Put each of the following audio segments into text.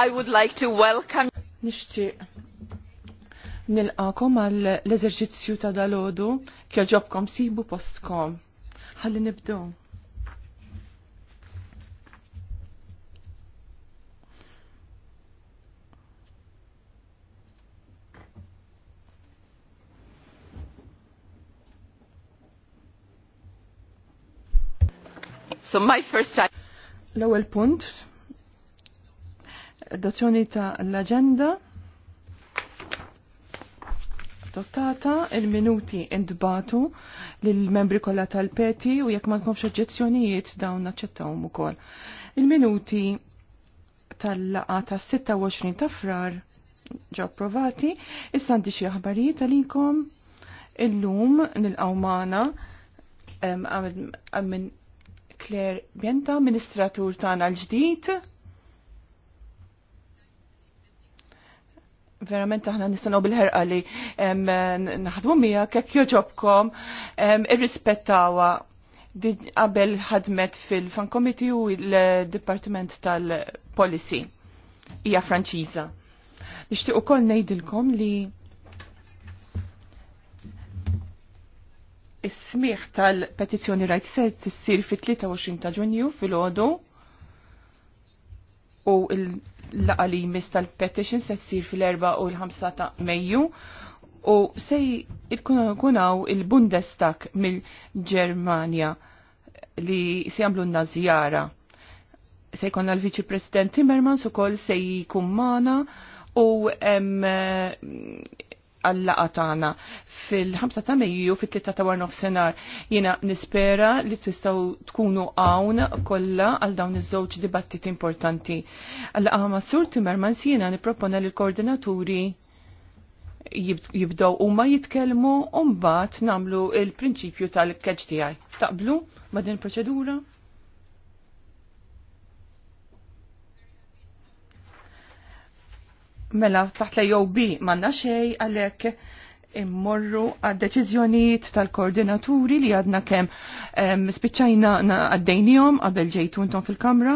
I would like to welcome. Nishtiq nilqakom għal l-eżerġizzju ta' dalodu jobkom sibu postkom. Ħalli nibdu. So my first time. L-ewwel punt Dozzjoni ta' l-agenda Dottata il-minuti indbatu lill-membri kollha tal-peti u jekk ma tkomx oġġezzjonijiet dawn naċċettawhom ukoll. Il-minuti tal-laqa tas-26 ta' frar ġo approvati, issa għandi xi aħbarijiet għalikom illum nilqgħu magħna minn Claire Bienta, Ministratur tagħna l-ġdid, verament aħna nistanaw bil-ħerqa li naħdmu mija kek joġobkom irrispettawa qabel ħadmet fil-Fan Committee u l-Departiment tal-Policy hija Franċiża. Nixtieq ukoll ngħidilkom li is-smieħ tal-petizzjoni rajt se tissir fit-23 ta' Ġunju fil-għodu u il- laqali qalimis tal-petition se tsir fil-4 u l-5 ta' Mejju u se jkunaw il-Bundestag mill-Ġermanja li se jagħmlu lna żjara. Se jkollna l-Viċi President Timmermans ukoll se jkun Mana u għallaqa tagħna fil-5 ta' Mejju fit-3 ta' warnof senar. Jiena nispera li tistgħu tkunu għawn kolla għal dawn iż-żewġ dibattit importanti. Għallaqa s Sur Timmermans jiena nippropona li l-koordinaturi jibdow u ma jitkellmu u mbagħad nagħmlu il-prinċipju tal-catch Taqblu ma' din proċedura? Mela, taħt l jow bi manna xej għalek immorru għad deċiżjonijiet tal-koordinaturi li għadna kem spiċċajna għaddejnijom għabel ġejtuntom fil-kamra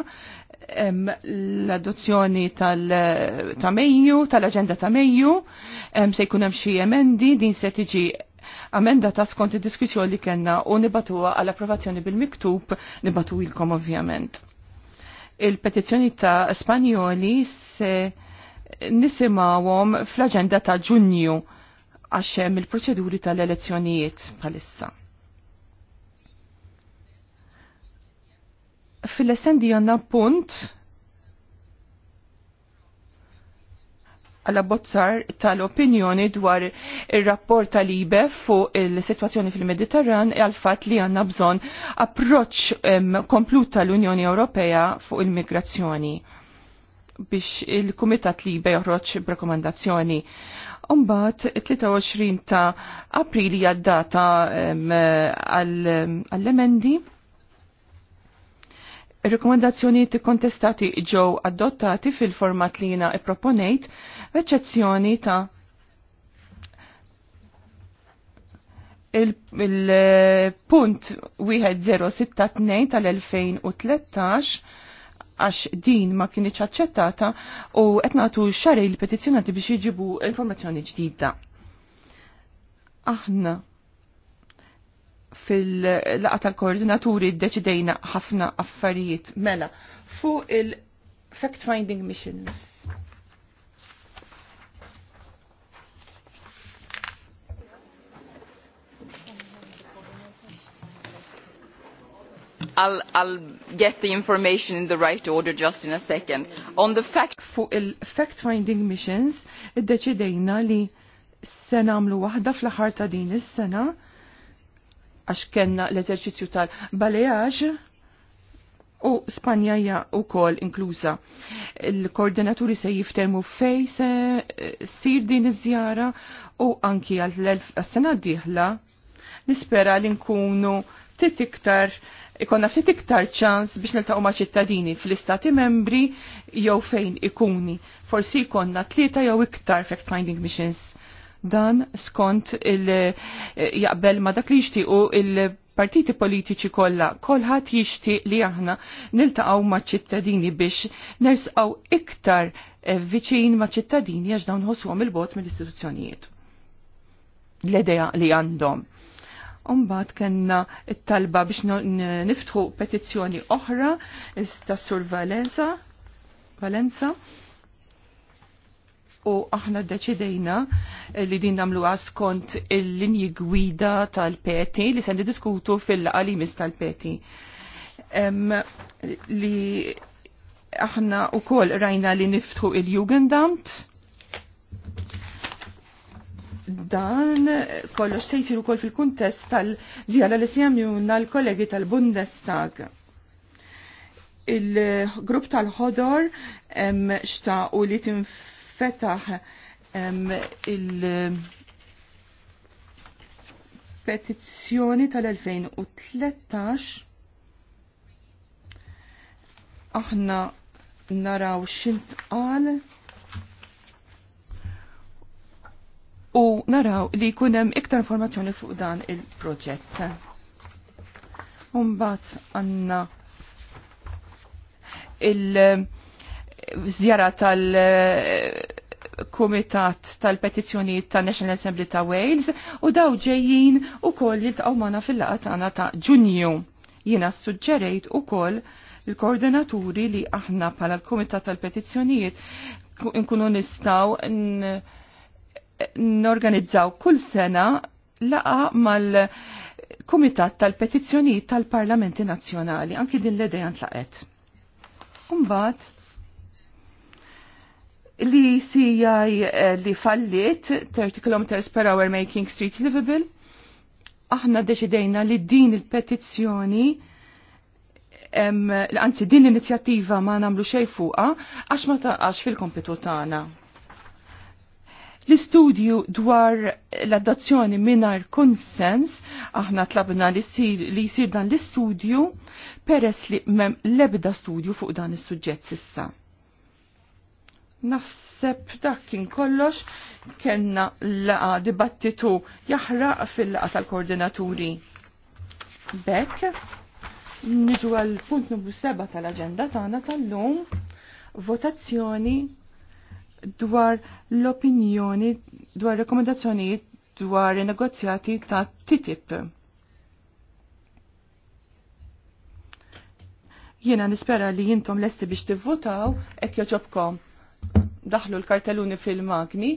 l-adozzjoni tal-Mejju, tal-Aġenda ta' Mejju, se jkun hemm xi emendi din se tiġi amenda ta' skont id-diskussjoni li kellna u nibatuha għal approvazzjoni bil-miktub nibatu ilkom ovvjament. Il-petizzjoni ta' Spanjoli se nisimawom fl-aġenda ta' Ġunju għax hemm il-proċeduri tal-elezzjonijiet bħalissa. Fil-essendi għandna punt għalla bozzar tal-opinjoni dwar il-rapport tal-IBE fuq il-situazzjoni fil-Mediterran e għal-fat li għanna bżon approċ kompluta l-Unjoni Ewropea fuq il-migrazzjoni biex il-Kumitat Libe joħroġ b'rekomandazzjoni. Umbat, 23 ta' aprili għad għall-emendi. Rekomendazzjoni kontestati ġew adottati fil-format li jina proponejt, eċezzjoni ta' il-punt il 1062 tal-2013 għax din ma kienieċ aċċettata u qed nagħtu xarej l-petizzjonati biex jiġibu informazzjoni ġdida. Aħna fil-laqa tal-koordinaturi deċidejna ħafna affarijiet mela fuq il-fact-finding missions. I'll, I'll get the information in the right order just in a second. On the fact... Fuq il-fact-finding missions, id-deċidejna li se namlu waħda fl-ħar ta' din is-sena, għax kellna l-eżerċizzju tal-baleaġ, u Spanja hija wkoll inkluża. Il-koordinaturi se jiftemu fej se eh, sir din iż-żjara u anki għal-sena d-dieħla nispera li nkunu tit iktar ikonna ftit iktar ċans biex niltaqgħu ma' ċittadini fl-istati membri jew fejn ikuni. Forsi jkollna tlieta jew iktar fact-finding missions dan skont il-jaqbel ma dak li jixtiequ il-partiti politiċi kollha kolħat jixtieq li aħna niltaqgħu ma' ċittadini biex nersqgħu iktar eh, viċin ma' ċittadini għax dawn ħossuhom il-bot mill-istituzzjonijiet. L-idea li għandhom Umbat kena it-talba biex niftħu petizzjoni oħra ta' Sur Valenza, Valenza u aħna deċidejna li din namlu skont il-linji gwida tal-peti li se diskutu fil-qalimis tal-peti. Li aħna u koll rajna li niftħu il-Jugendamt Dan kollox se jisir ukoll fil-kuntest tal-żjara li sjemjuna l-kollegi tal-Bundestag. Il-grupp tal-ħodor xtaqu li tinfetaħ il- petizzjoni tal-2013 aħna naraw xintqal u naraw li kunem iktar informazzjoni fuq dan il-proġett. Umbat għanna il-zjara tal-Kumitat tal petizjoni tal National Assembly ta' Wales u daw ġejjin u koll jiltaqaw fil fil tagħna ta' ġunju. Jina suġġerejt u koll il-koordinaturi li aħna pala l-Kumitat tal-Petizzjonijiet nkunu nistaw norganizzaw kull sena laqa mal-Kumitat tal petizjoni tal-Parlamenti Nazzjonali, anki din l-edejan tlaqet. Umbat, eh, li CI li fallit 30 km per hour making streets livable, aħna deċidejna li din il-petizzjoni anzi din l-inizjattiva ma namlu xej fuqa għax ma taqax fil-kompitu tagħna. L-istudju dwar l-adozzjoni minar konsens, aħna tlabna li jisir dan l-istudju, peress li mem lebda studju fuq dan is-suġġett sissa. Naħseb dakin kollox kenna laqa dibattitu jaħraq fil-laqa tal-koordinaturi. Bekk, niġu għal punt numru 7 tal-agenda tagħna tal-lum, votazzjoni dwar l-opinjoni dwar rekomendazzjoni dwar negozjati ta' TTIP. Jiena nispera li jintom lesti biex tivvotaw ek joġobkom daħlu l-kartelluni fil-magni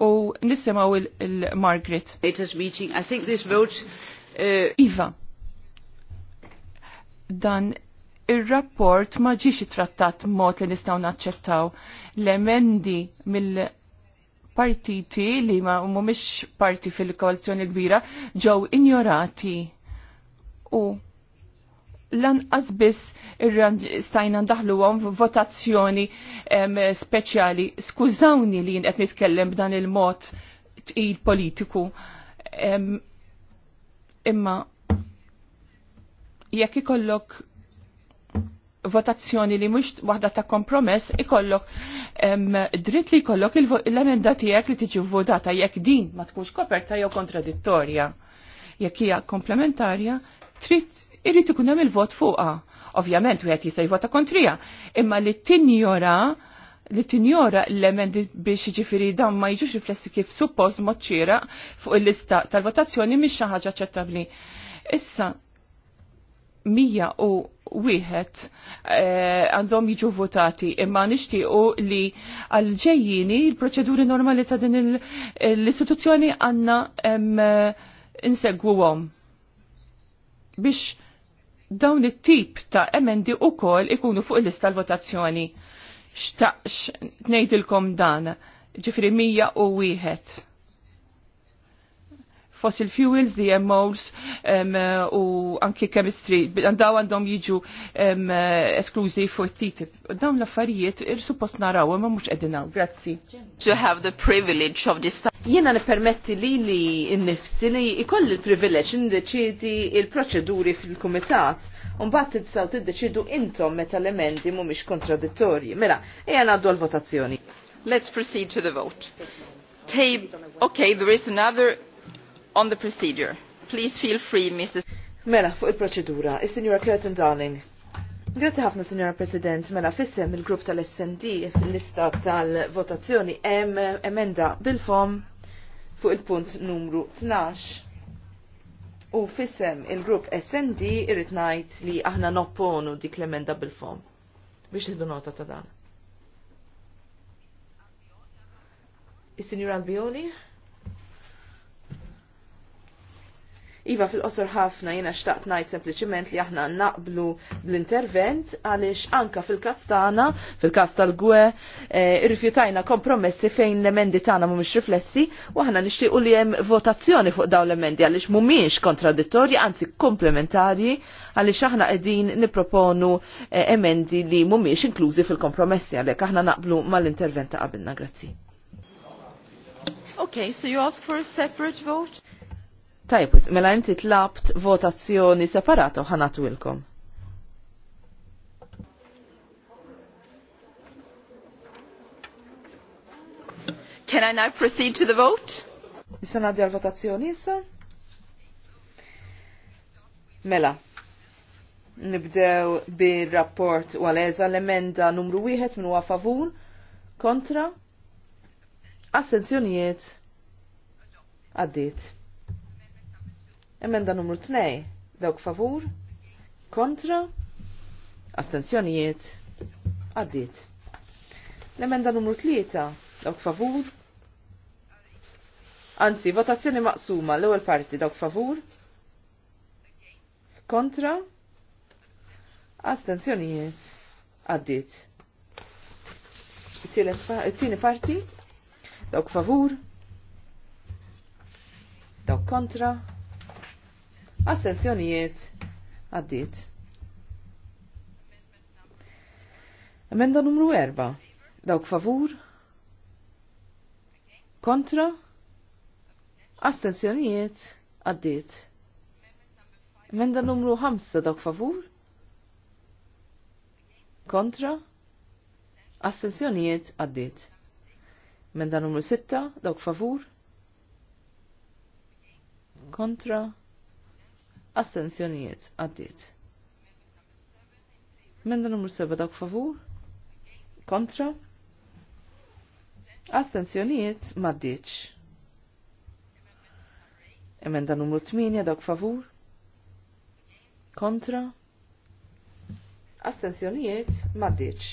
u nisimaw il-Margaret. meeting, I think this vote... Uh, iva, dan ir-rapport ma ġiex trattat mod li nistgħu naċċettaw l-emendi mill partiti li ma mhumiex parti fil-koalizzjoni kbira ġew injorati u lanqas biss stajna ndaħluhom votazzjoni speċjali. Skużawni li jien qed nitkellem b'dan il-mod tqil politiku. Imma jekk ikollok votazzjoni li mhux waħda ta' kompromess ikollok dritt li jkollok l-emenda tiegħek li tiġi votata jekk din ma tkunx koperta jew kontradittorja. Jekk hija komplementarja, trid irrid ikun hemm il-vot fuqha. Ovvjament wieħed jista' jvota kontrija, imma li tinjora li tinjora l-emendi biex ġifiri dan ma jiġux riflessi kif suppost mod ċira fuq il-lista tal-votazzjoni mhix xi ħaġa aċċettabbli. Issa, mija u wieħed eh, għandhom jiġu votati imma nixtiequ li għal-ġejjini il-proċeduri normali ta' din l-istituzzjoni għandna insegwuhom biex dawn it-tip ta' emendi u kol ikunu fuq il-lista l-votazzjoni. Xtaqx nejdilkom dan, ġifri mija u wieħed fossil fuels, DMOs um, eh, u anki chemistry, daw għandhom jiġu um, esklużi fuq TTIP. Dawn l-affarijiet suppost naraw, ma mux edinaw. Grazzi. To have the privilege of this Jena nipermetti li li nifsi li ikoll il-privilege indeċidi il-proċeduri fil-komitat. Unbat tidsaw deċidu intom meta l-emendi mumiex kontradittorji. Mela, jena għaddu l-votazzjoni. Let's proceed to the vote. Tab okay, there is another on the procedure. Please feel free, Mrs. Mela, fuq il-proċedura, il-Signora Curtin Darling. Grazie ħafna, Signora President. Mela, fissem il-grupp tal-SND fil-lista tal-votazzjoni em emenda bil-fom fuq il-punt numru 12. U fissem il-grupp SND irrit ngħid li aħna nopponu dik l-emenda bil-fom. Biex tiħdu nota ta' dan. Is-Signor Albioli? Iva fil-qosor ħafna jena xtaqt najt sempliciment li aħna naqblu bl-intervent għalix anka fil-kas tagħna, fil każ tal-gwe, eh, irrifjutajna kompromessi fejn l-emendi tagħna mhumiex riflessi u aħna nixtiequ li hemm votazzjoni fuq dawn l-emendi għaliex mhumiex kontradittorji, anzi komplementarji għaliex aħna qegħdin nipproponu eh, emendi li mhumiex inklużi fil-kompromessi għalhekk aħna naqblu mal-intervent ta' qabilna. Grazzi. Okay, so you ask for a separate vote? Tajb, mela inti tlabt votazzjoni separato ħanatu ilkom. Can I now proceed to the vote? Issa nadja l votazzjoni issa? Mela, nibdew bir-rapport għal-eża l-emenda numru 1 minn huwa favur, kontra, assenzjonijiet, għaddit. Emenda numru 2. Dawk favur? Kontra? Astenzjonijiet? Għaddit. L-emenda numru 3. Dawk favur? Anzi, votazzjoni maqsuma l-ewwel parti dawk favur? Kontra? Astenzjonijiet? Għaddit. It-tieni parti? Dawk favur? Dawk kontra? Astenzjonijiet għaddit. Emenda numru 4. Dawk favur? Kontra? Astenzjonijiet għaddit. Emenda numru 5. Dawk favur? Kontra? Astenzjonijiet għaddit. Emenda numru 6. Dawk favur? Kontra? Astenzjonijiet għaddiet. Menda numru 7 dak favur? Kontra? Astenzjonijiet maddiċ. Emenda numru 8 dak favur? Kontra? Astenzjonijiet maddiċ.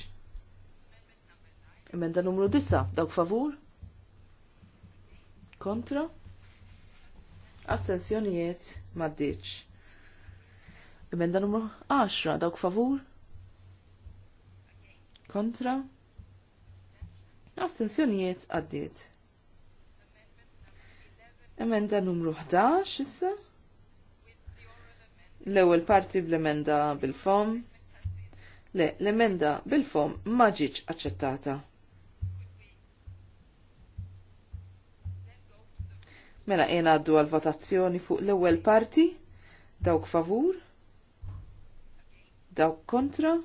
Emenda numru 9 dak favur? Kontra? Astenzjonijiet maddiċ. Emenda numru 10, dawk favur? Kontra? Astenzjonijiet għaddiet. Emenda numru 11, issa? L-ewel parti bl-emenda bil-fom? Le, l-emenda bil-fom maġiċ accettata. Mela jena għaddu għal-votazzjoni fuq l-ewel parti? Dawk favur? Dawk kontra?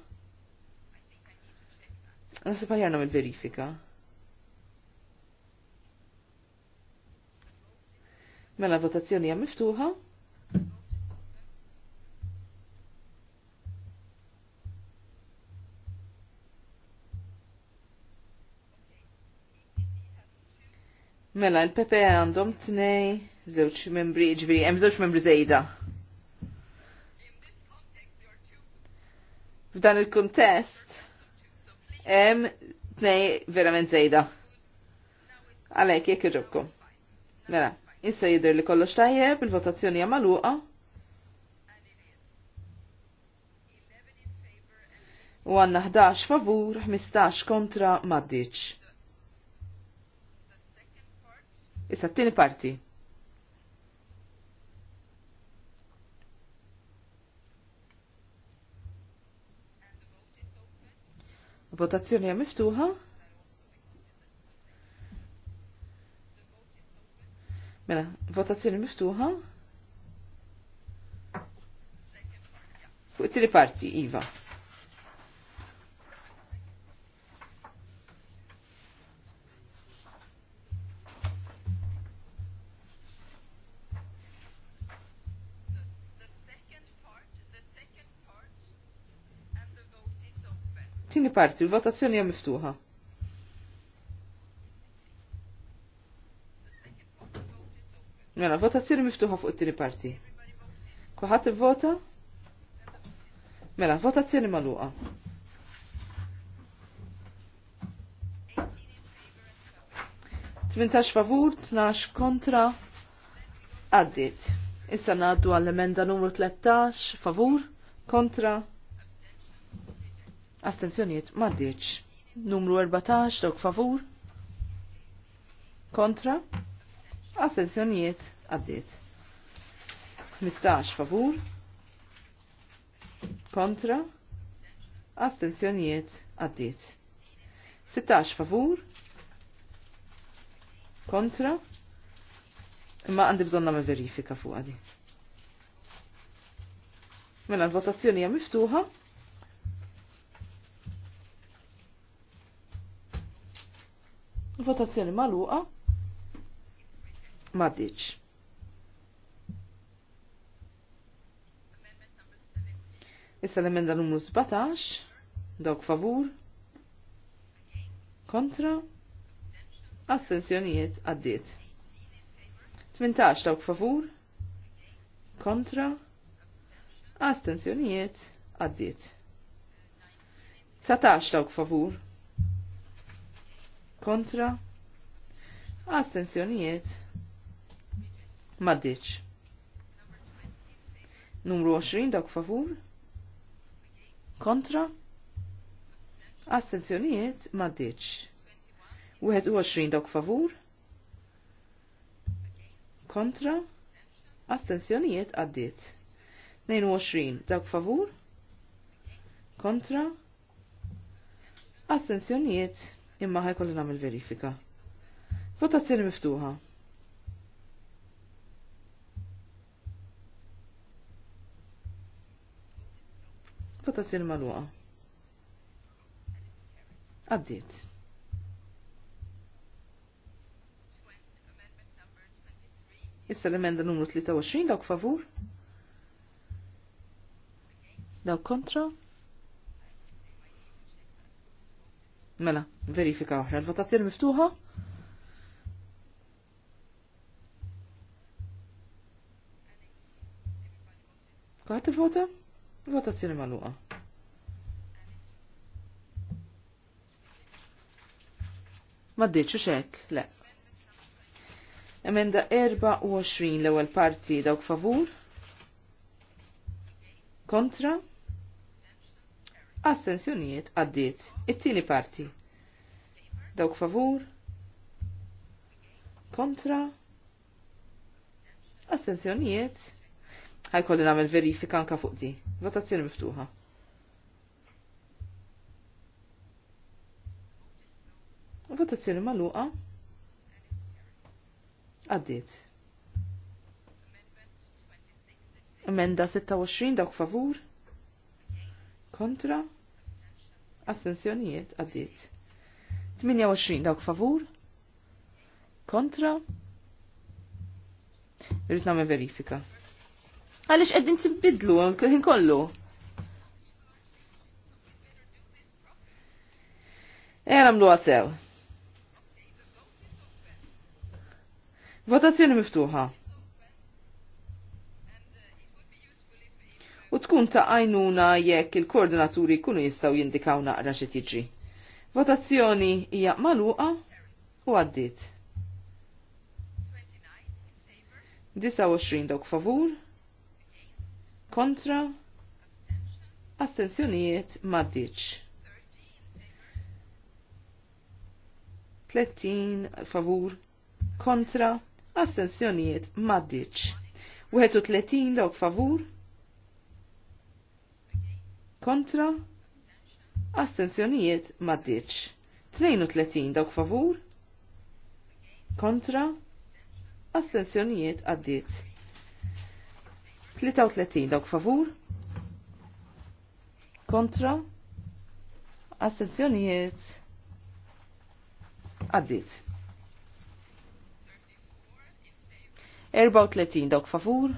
Nasib ħajjarna mill-verifika. Mela votazzjoni hija miftuħa. Mela, il-PP e għandhom tnej, zewċ membri, ġviri, hemm zewċ membri zejda. f'dan il-kuntest hemm tnej verament zejda. Għalek, jekk iġobkom. Mela, issa jidher li kollox tajjeb, il-votazzjoni hija magħluqa. U għanna 11 favur, 15 kontra maddiċ. Issa t-tini parti. Votazzjoni hija miftuħa. Mela, votazzjoni miftuħa. Fuq it-tri parti, Iva. Tini parti, il-votazzjoni hija miftuħa. Mela, votazzjoni miftuħa fuq it-tieni parti. Kulħadd ivvota? Mela, votazzjoni magħluqa. Tmintax favur, tnax kontra, għaddit. Issa naddu għall-emenda numru 13, favur, kontra, Astenzjoniet maddieċ. Numru 14 dok favur. Kontra. Astenzjoniet għaddiet. 15 favur. Kontra. Astenzjoniet għaddiet. 16 favur. Kontra. Imma għandi bżonna me verifika fuq għadi. Mela l-votazzjoni hija miftuħa. Votazzjoni maluqa. ma Maddiċ. Issa l-emenda numru 17, dawk favur, kontra, astensjonijiet għaddiet. 18 dawk favur, kontra, astensjonijiet għaddiet. 19 dawk favur, kontra, kontra astenzjonijiet maddiċ. Numru 20 dak favur kontra astenzjonijiet maddiċ. 21 dak favur kontra astenzjonijiet għaddiet. 22 dak favur kontra astenzjonijiet imma ħajkolli nagħmel verifika. Votazzjoni miftuħa. Votazzjoni maluqa. Għaddiet. Issa l-emenda numru 23 dawk favur? Dawk kontra? Mela, verifika oħra. L-votazzjoni miftuħa? Kħat vota? Votazzjoni maluqa. Maddiċu xek, le. Emenda 24 l-ewel parti dawk favur? Kontra? Kontra? Astensjonijiet għaddiet. It-tieni parti. Dawk favur. Kontra. Astensjonijiet. Ħajkolli nagħmel verifika anka fuq di. Votazzjoni miftuħa. Votazzjoni magħluqa. Għaddiet. Emenda 26 dawk favur. Kontra. Astenzjonijiet għaddit. 28 dawk favur. Kontra. Irrit nagħmel verifika. Għaliex qegħdin tibidlu ħin kollu. Ejja eh, nagħmlu sew. Votazzjoni miftuħa. u tkun ta' għajnuna jekk il-koordinaturi kunu jistaw jindikaw naqra xi tiġri. Votazzjoni hija maluqa u għaddiet. 29 dawk favur, kontra, astensjonijiet maddiċ. 30 favur, kontra, astensjonijiet maddiċ. 31 dawk favur, kontra, astenzjonijiet maddiċ. 32 dawk favur, kontra, astenzjonijiet għaddiet. 33 dawk favur, kontra, astenzjonijiet għaddiet. 34 dawk favur,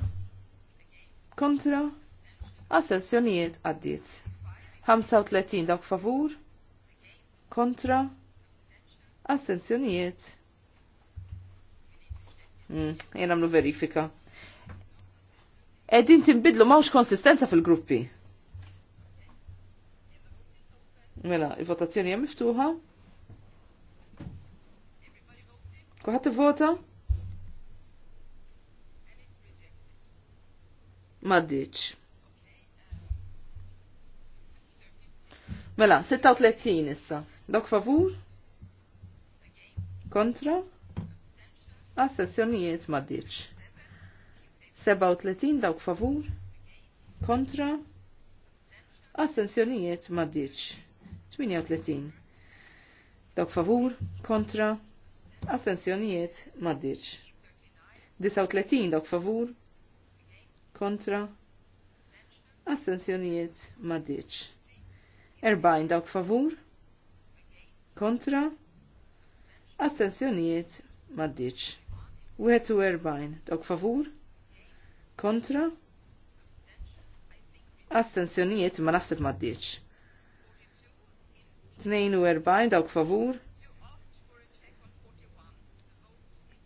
kontra, Assenzjonijiet għaddiet. 35 dawk favur, kontra, assenzjonijiet. Mm, jena verifika. Edin timbidlu mawx konsistenza fil-gruppi. Mela, il-votazzjoni hija miftuħa. Kuħat vota? Maddiċ. Mela, 36 issa. Dok favur? Kontra? Assessjonijiet maddiċ. 37 dawk favur? Kontra? Assessjonijiet maddiċ. 38. Dawk favur? Kontra? Assessjonijiet maddiċ. 39 dawk favur? Kontra? Assessjonijiet maddiċ. Erbajn dawk favur, kontra, astensjonijiet maddiċ. erbajn dawk favur, kontra, astensjonijiet ma naħseb maddiċ. erbajn dawk favur,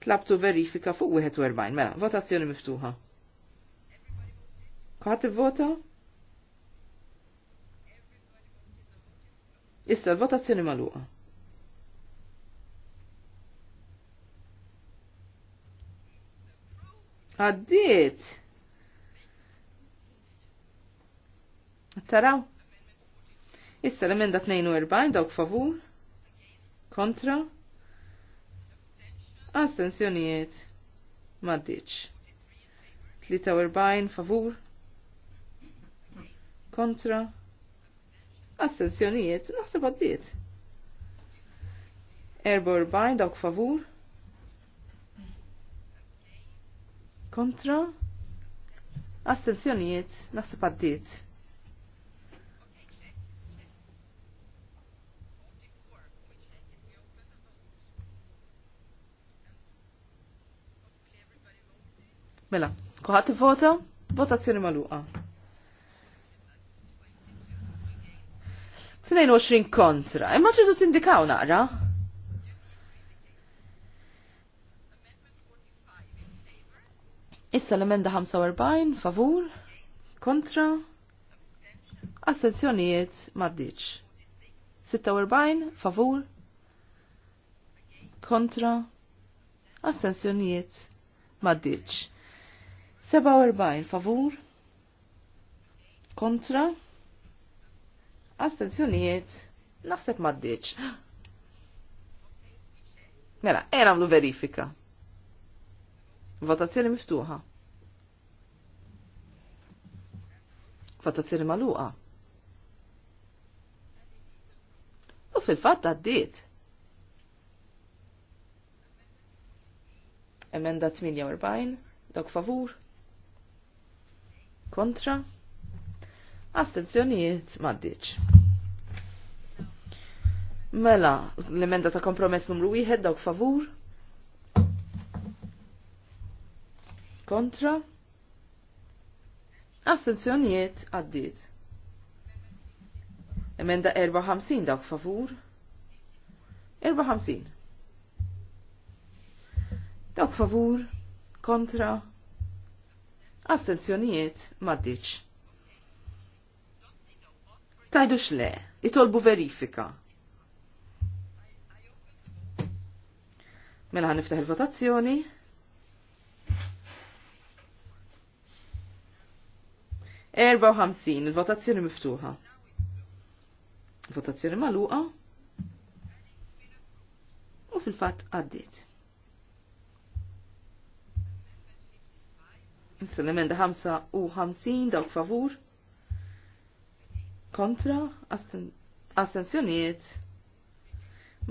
tlabtu verifika fuq erbajn. mela, votazzjoni miftuħa. Kħat vota? vota Issa l-votazzjoni maluqa. Għaddiet! Taraw? Issa l-emenda 42 dawk favur? Kontra? Astenzjonijiet? Maddiċ. 43 favur? Kontra? Astenzjonijiet, naħseb għaddiet. 44 dawk favur. Kontra. Astenzjonijiet, naħseb għaddiet. Mela, kuħat vota, votazzjoni maluqa. 22 kontra. Imma ċertu tindikaw naqra. Issa l-emenda 45, favur, kontra, astenzjonijiet maddiċ. 46, favur, kontra, astenzjonijiet maddiċ. 47, favur, kontra, Astenzjonijiet, naħseb maddiċ. Mela, era għamlu verifika. Votazzjoni miftuħa. Votazzjoni maluqa. U fil-fatt għaddiet. Emenda 48, dok favur. Kontra. Astenzjonijiet maddiċ. Mela, l-emenda ta' kompromess numru 1 dawk favur. Kontra. Astenzjonijiet għaddiet. Emenda 54 dawk favur. 54. Dawk favur, kontra, astenzjonijiet maddiċ. Tajdux le, jitolbu verifika. Mela ħan niftaħ il-votazzjoni. Erba' 54, il-votazzjoni miftuħa. Votazzjoni maluqa. U fil-fatt għaddit. Issa l-emenda 55 dawk favur kontra astensjoniet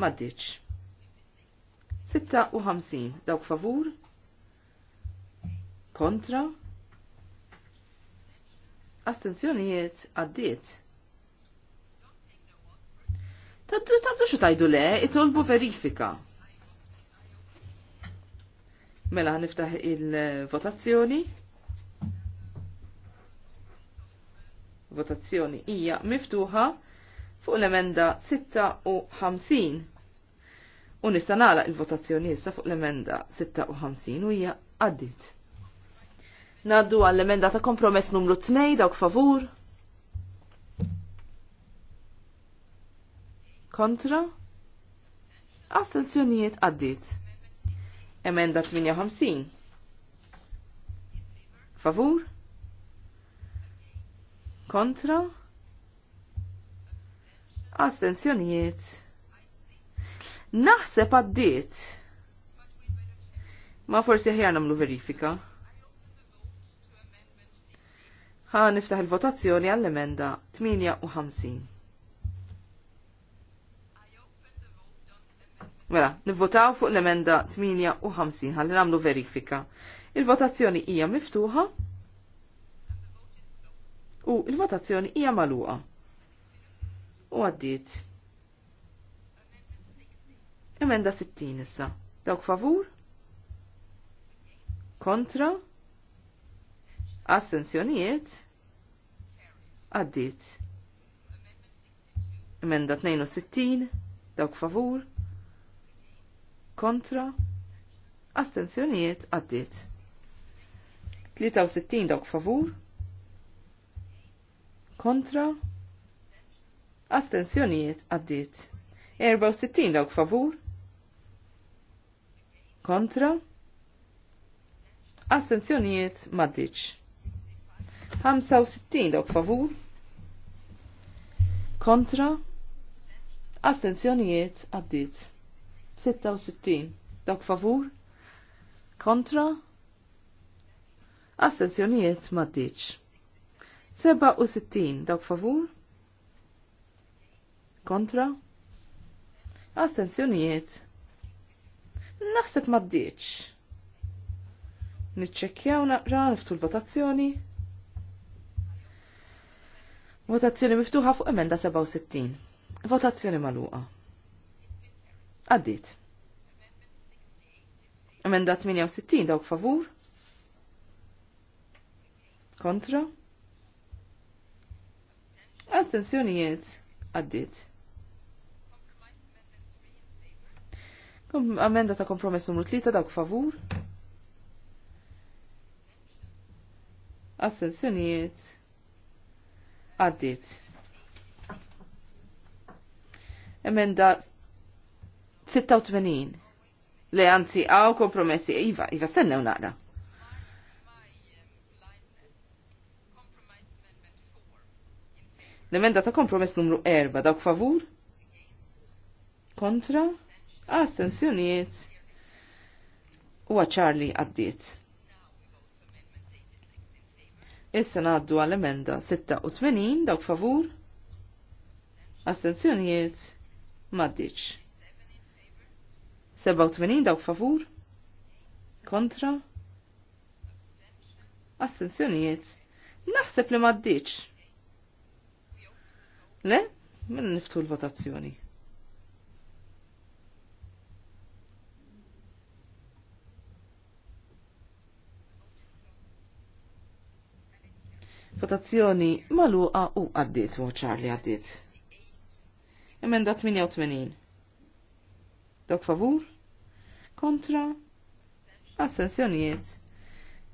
maddiċ. 56 dawk favur kontra astensjonijiet għaddiet. Taddu taddu xo tajdu le, itolbu verifika. Mela niftaħ il-votazzjoni. Votazzjoni hija miftuħa fuq l-emenda 56. U nista' nagħlaq il-votazzjoni issa fuq l-emenda 56 u hija għaddit. Naddu għall-emenda ta' kompromess numru 2 dawk favur. Kontra? Astenzjonijiet għaddit. Emenda 58. Favur? kontra, astenzjonijiet. Naħseb għaddiet. Ma forsi ħjar namlu verifika. Ħa niftaħ il-votazzjoni għall-emenda 58. Mela, nivvotaw fuq l-emenda 58 ħalli għamlu verifika. Il-votazzjoni hija miftuħa. U il-votazzjoni hija maluqa. U għaddiet. Emenda 60 issa. Dawk favur? Kontra? Astenzjonijiet? Għaddit. Emenda 62? Dawk favur? Kontra? Astenzjonijiet? għaddit. 63 dawk favur? kontra, astensjonijiet għaddit. 64 dawk favur, kontra, astensjonijiet maddiċ. 65 dawk favur, kontra, astensjonijiet għaddit. 66 dawk favur, kontra, astensjonijiet maddiċ. 67 dawk favur kontra Astenzjonijiet? naħseb ma d-dieċ. Niċċekkjaw naqra niftu l-votazzjoni. Votazzjoni miftuħa fuq emenda 67. Votazzjoni maluqa. Għaddit. Emenda 68 dawk favur. Kontra. Astenzjonijiet għaddit. Amenda ta' kompromess numru 3 dawk favur. Astenzjonijiet għaddit. Emenda 86. Le anzi għaw kompromessi. Iva, iva stennew naqra. L-emenda ta' kompromess numru 4, dawk favur? Kontra? Astensjoniet? U ċarli għaddiet. Issa naddu għal-emenda 86, dawk favur? Astensjoniet? Maddiċ. 87 dawk favur? Kontra? Astensjoniet? Naħseb li maddiċ. Le? Mela niftu l-votazzjoni. Votazzjoni maluqa u għaddit, moċar li għaddit. Emenda 88. Dok favur? Kontra? Assenzjonijiet?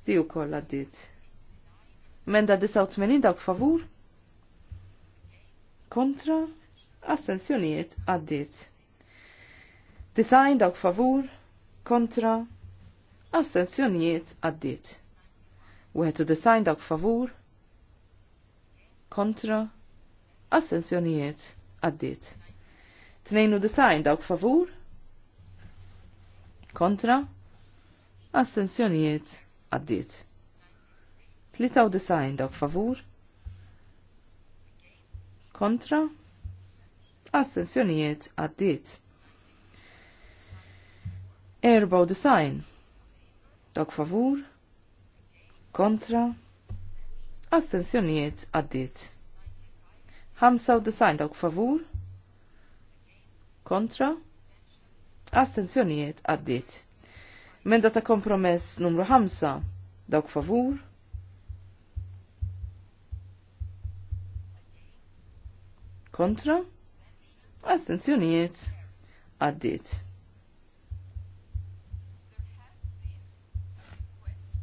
Diju koll għaddit. Emenda 89 dok favur? kontra, astensjonijiet għaddit. Design dawk favur, kontra, astensjonijiet għaddit. Wieħed u design dawk favur, kontra, astensjonijiet għaddit. Tnejnu design dawk favur, kontra, astensjonijiet għaddit. Tlita u design dawk favur, kontra, astensjonijiet għaddit. 94 Dok favur, kontra, astensjonijiet għaddit. 95 Dok favur, kontra, astensjonijiet għaddit. Menda ta' kompromess numru 5 dawk favur, kontra, astenzjonijiet għaddit.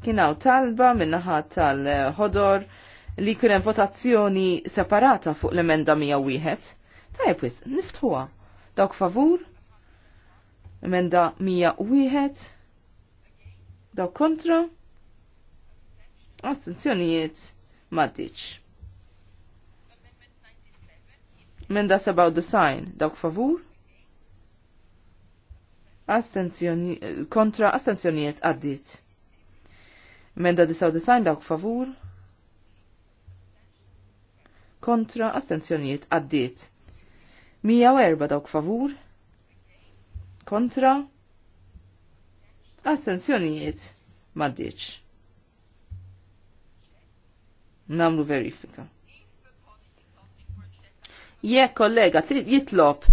Kinaw talba minnaħa tal-ħodor li kunem votazzjoni separata fuq l-emenda 101. Tajb wis, niftħuha. Dawk favur? Emenda 101? Dawk kontra? Astenzjonijiet maddiċ about the sign, dawk favur. Astenzjoni, kontra astenzjonijiet għaddit. Minn da sign, dawk favur. Kontra astenzjonijiet għaddit. erba' dawk favur. Kontra astenzjonijiet maddiċ. Namlu verifika jekk kollega jitlob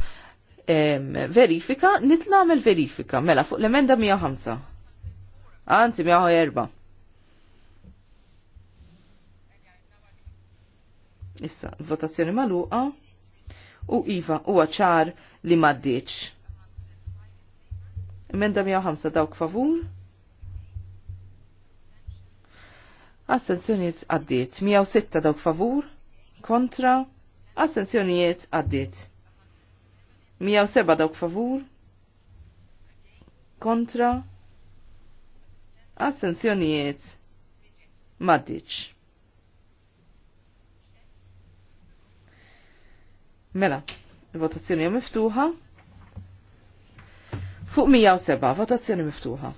verifika, nitlu il verifika, mela fuq l-emenda 105. Anzi, 104. Issa, votazzjoni maluqa u Iva u ċar li maddiċ. Emenda 105 dawk favur. Astenzjoniet għaddiet. 106 dawk favur. Kontra. Astenzjonijiet għaddit. 107 dawk favur. Kontra. Astenzjonijiet maddiċ. Mela, votazzjoni miftuħa. Fuq 107, votazzjoni miftuħa.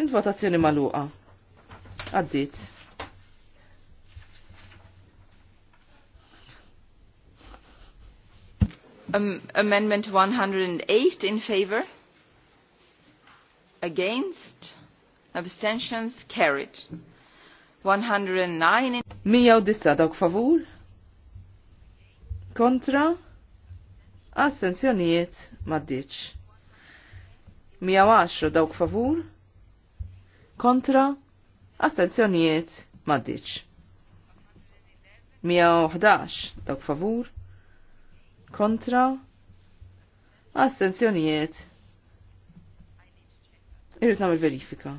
Il-votazzjoni maluqa. Għaddit. Um, amendment 108 in favor? Against? Abstentions carried. 109 in favor? favur? Kontra? Astenzjonijiet maddiċ. 110 dawk favur? Kontra? Astenzjonijiet maddiċ. 111 dawk favur? kontra, astenzjonijiet. Irrit namel verifika.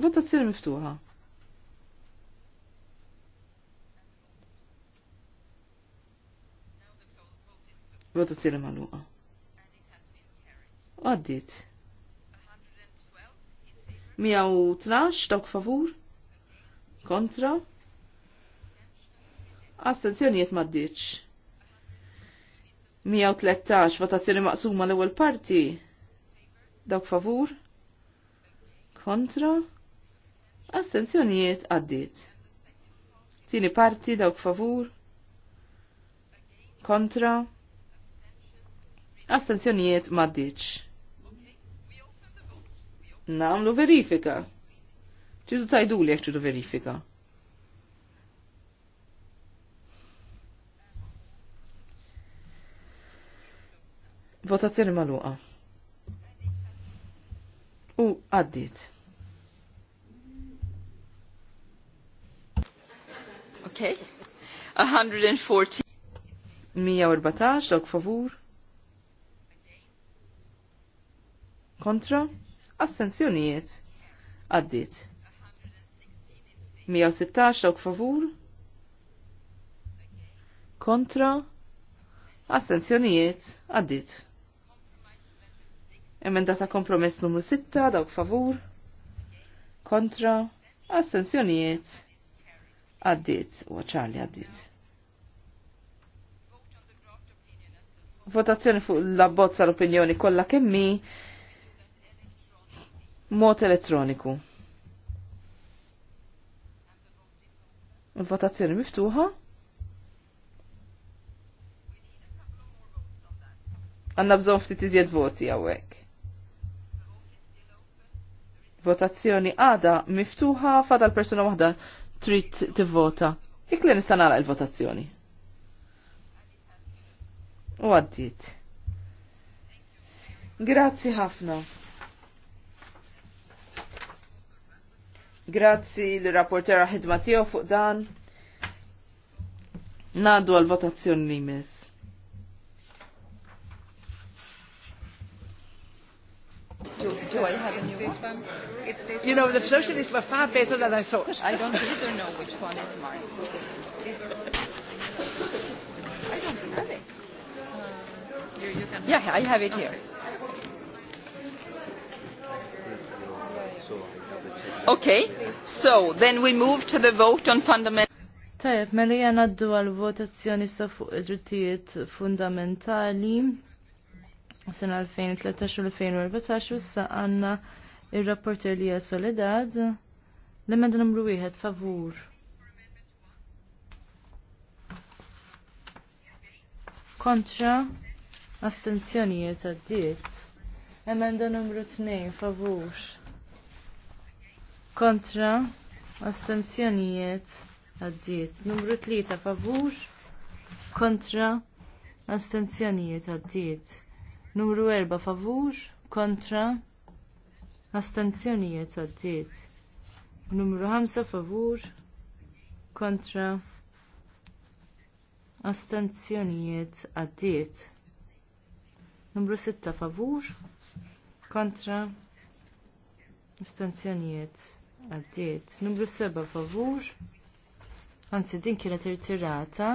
Votazzjoni miftuħa. Votazzjoni maluqa. Għaddit. 112 dawk favur? Kontra? Astenzjonijiet maddiċ. 113 votazzjoni maqsuma l-ewwel parti. Dawk favur? Kontra? Astenzjonijiet għaddiet. Tieni parti dawk favur? Kontra? Astenzjonijiet maddiċ. Namlu verifika. Ċidu tajdu li jek verifika. Votazzjoni maluqa. U għaddit. Ok. 114. 114, dok favur. Kontra? Assenzjonijiet. Għaddit. 116 dawk favur. Kontra? Assenzjonijiet. Għaddit. Emendata kompromess numru 6, dawk favur. Kontra. assenzjonijiet. Għaddit. U ċarli għaddit. Votazzjoni fuq l bozza l-opinjoni kollha kemmi mod elettroniku. Il-votazzjoni miftuħa. Għanna bżon ftit iżjed voti għawek votazzjoni għada miftuħa fada l-persuna wahda trid tivvota. li nista' nara l-votazzjoni. U għaddiet. Grazzi ħafna. Grazzi l-rapportera ħidma tiegħu fuq dan. Nadu għal-votazzjoni li Do, do I have a new this one? It's this you one. know, the socialists were far better than I thought. I don't either know which one is mine. I don't have it. Uh, you, you can yeah, I have it okay. here. Okay, so then we move to the vote on fundamental. Tajab, mellija naddu għal votazzjoni sa fuq id-drittijiet fundamentali sena 2013 2014 wissa għanna il-rapporter li Soledad l-emenda numru 1 favur. Kontra astenzjonijiet għaddiet. Emenda numru 2 favur. Kontra astenzjonijiet għaddiet. Numru 3 favur. Kontra astenzjonijiet għaddiet. Numru 4 favur kontra astanzjonijiet għaddiet. Numru 5 favur kontra astenzjonijiet għaddiet. Numru 6 favur kontra astenzjonijiet għaddiet. Numru 7 favur Anzi, din kienet irtirata.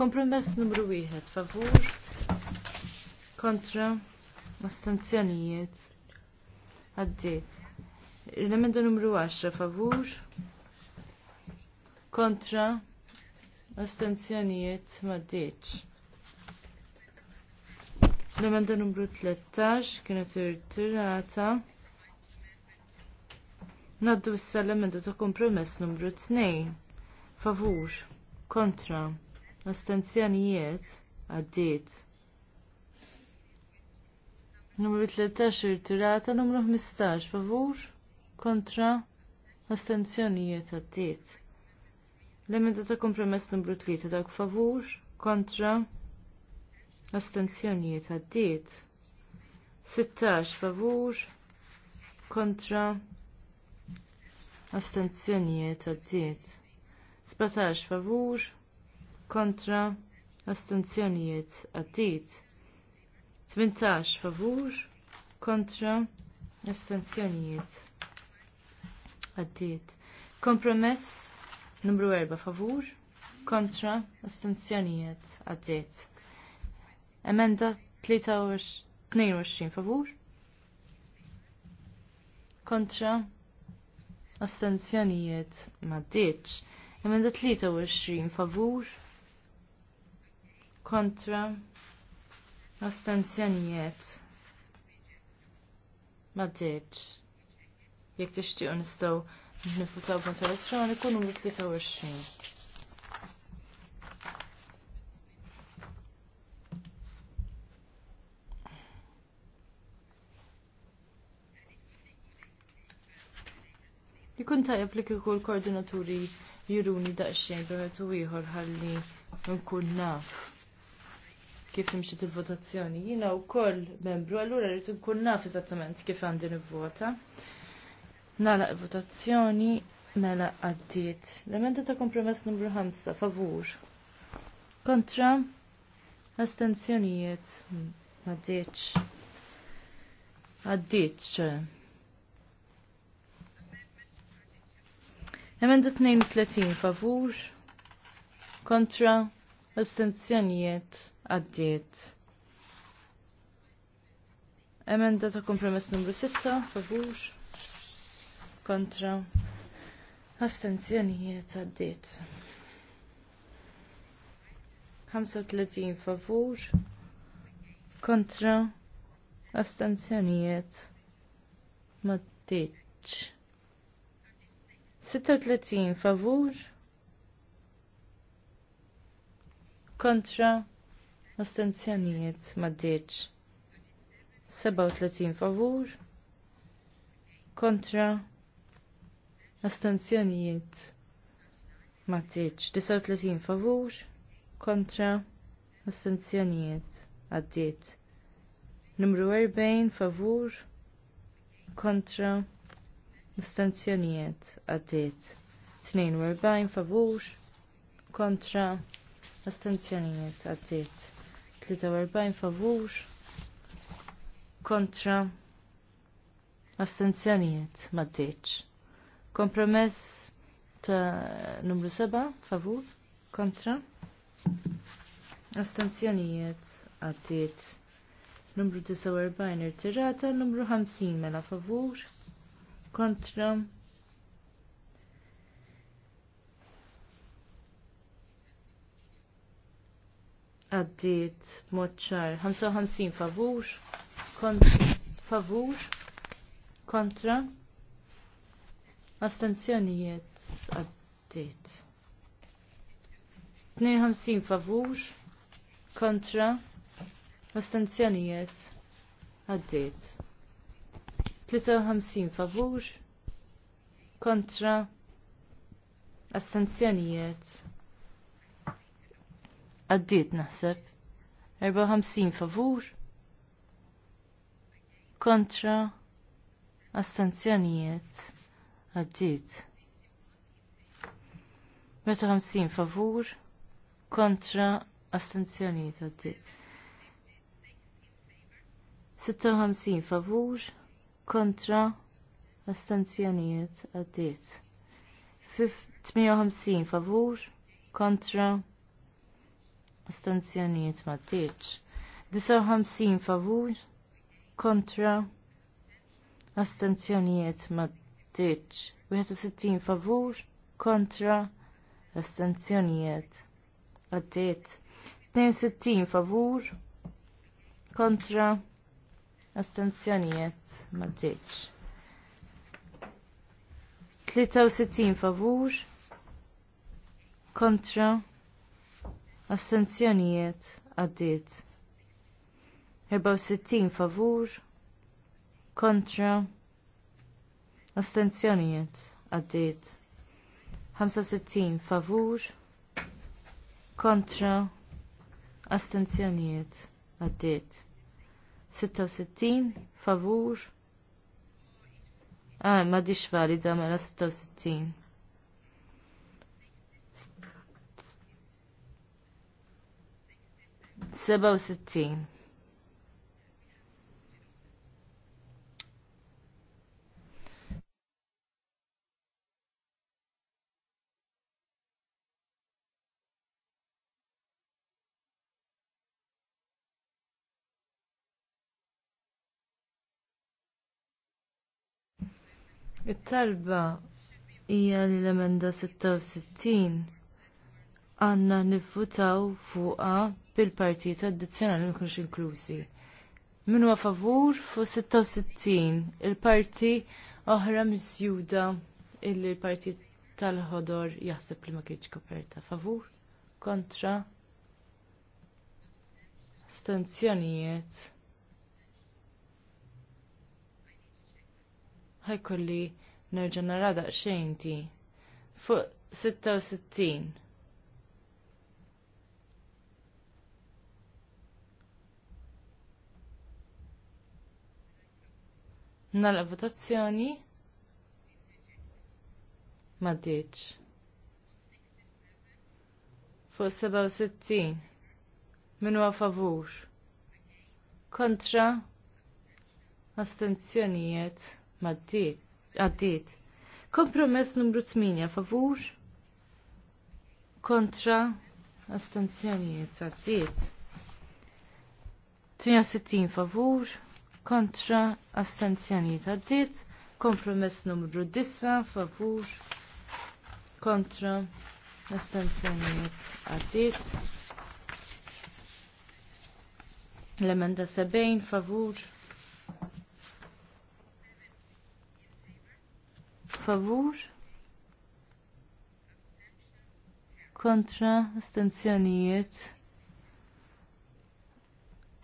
Kompromess numru 1 favur kontra sanzjonijiet. għaddiet. Il-emenda numru 10 favur kontra astenzjonijiet maddiċ. L-emenda numru 13 kienet irtirata. Naddu issa l-emenda ta' kompromess numru 2. Favur, kontra, astenzjonijiet, għaddiet. Numru 13 tirata numru 15 favur kontra astenzjonijiet għaddiet. L-emenda ta' kompromess numru 3 dak favur kontra astenzjonijiet għaddiet. 16 favur kontra astenzjonijiet għaddiet. 17 favur kontra astenzjonijiet għaddiet. 18 favur kontra estensjonijiet. Għaddiet. Kompromess numru 4 favur kontra astenzjonijiet. Għaddiet. Emenda 22 favur kontra astenzjonijiet. Maddiċ. Emenda 23 favur kontra Astenzjonijiet. Ma ddiċ. Jek tixtiqu nistaw nifutaw b'mod elettroniku numru 23. Jikun tajab li kiku l-koordinaturi jiruni daqxejn bħetu ieħor ħalli nkun naf kif imxiet il-votazzjoni. Jina u koll membru, allura rrit nkun naf eżattament kif għandi nivvota. il votazzjoni mela għaddiet. L-emenda ta' kompromess numru 5, favur. Kontra, astenzjonijiet, għaddiet. Għaddiet. Emenda 32, favur. Kontra, astenzjonijiet għaddiet. Emenda ta' kompromess numru 6, favur, kontra, astenzjonijiet għaddiet. 35 favur, kontra, astenzjonijiet maddiċ. 36 favur, kontra astenzjonijiet deċ. 37 favur kontra astenzjonijiet deċ. 39 favur kontra astenzjonijiet għaddiet. Numru 40 favur kontra astenzjonijiet għaddiet. 42 favur kontra astenzjonijiet għaddiet 43 favur kontra astenzjonijiet maddiċ. Kompromess ta' numru 7 favur kontra astenzjonijiet għaddiet numru 49 irtirata, numru 50 mela favur kontra għaddit moċċar 55 favur kontra favur kontra astenzjonijiet għaddit 52 favur kontra astenzjonijiet għaddit 53 favur kontra astenzjonijiet Għaddiet naħseb. 54 favur. Kontra. Astenzjonijiet. Għaddiet. 54 favur. Kontra. Astenzjonijiet. Għaddiet. 56 favur. Kontra. Astenzjonijiet. Għaddiet. 58 favur. Kontra astenzjonijiet ma tiċ. 59 favur kontra astenzjonijiet ma tiċ. 61 favur kontra astenzjonijiet Tnejn 62 favur kontra astenzjonijiet ma tiċ. 63 favur kontra Astenzjonijiet għaddit. 64 favur kontra astenzjonijiet għaddit. 65 favur kontra astenzjonijiet għaddit. 66 favur Ah, ma diċ valida mela 66. 67. It-talba hija l-emenda 66 għanna nifutaw fuqa bil parti addizzjonali ma kienx inklużi. Minu a favur fu 66 il-parti oħra misjuda illi il parti tal-ħodor jaħseb li ma kienx koperta. Favur kontra stanzjonijiet. kolli nerġa' narada xejnti Fuq 66 Nal votazzjoni. Ma ditx. Fuq 67. Minu a favur. Kontra. Astenzjonijiet. Ma ditx. Għaddit. Kompromess numru 8. Favur. Kontra. Astenzjonijiet. Għaddit. 68 favur kontra astenzjonijiet għaddit, kompromess numru disa, favur kontra astenzjonijiet għaddit. L-emenda 70 favur favur kontra astenzjonijiet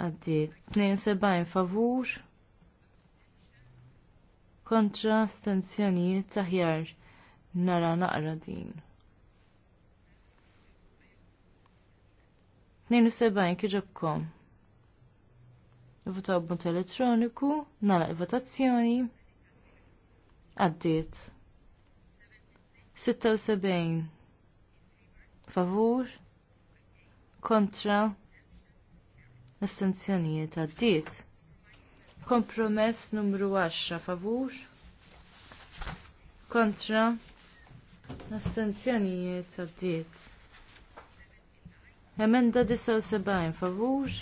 għaddiet 72 favur kontra stenzjonijiet taħjar nara naqra din. 72 kħiġobkom. Votaw bunt elettroniku, nara votazzjoni, għaddiet. 76 favur kontra astenzjonijiet għaddiet. Kompromess numru 10 favur kontra L-assenzjonijiet għaddiet. Emenda 79 favur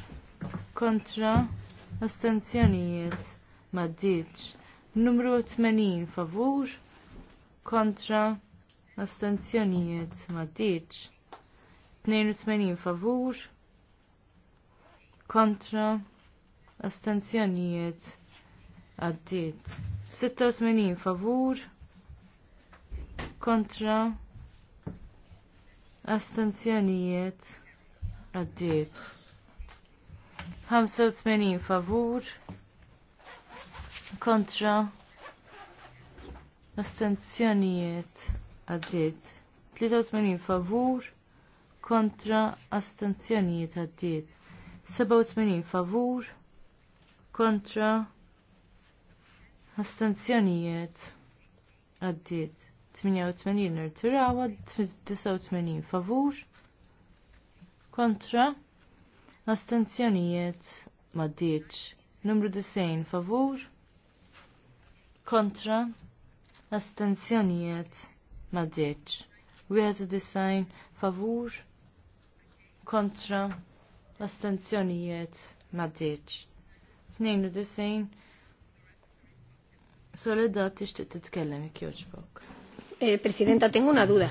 kontra L-assenzjonijiet maddiċ. Numru 80 favur kontra L-assenzjonijiet maddiċ. 82 favur kontra astenzjonijiet għaddiet. 86 favur kontra astenzjonijiet għaddiet. 85 favur kontra astenzjonijiet għaddiet. 83 favur kontra astenzjonijiet għaddiet. 87 favur kontra astenzjonijiet għaddiet 88 nirtirawa 89 favur kontra astenzjonijiet maddiċ numru 90 favur kontra astanzjonijiet maddiċ 91 favur kontra l astenzjonijiet maddiċ. 92 Soledad tixtieq titkellem ikjoġbok. Eh, Presidenta, tengo una duda.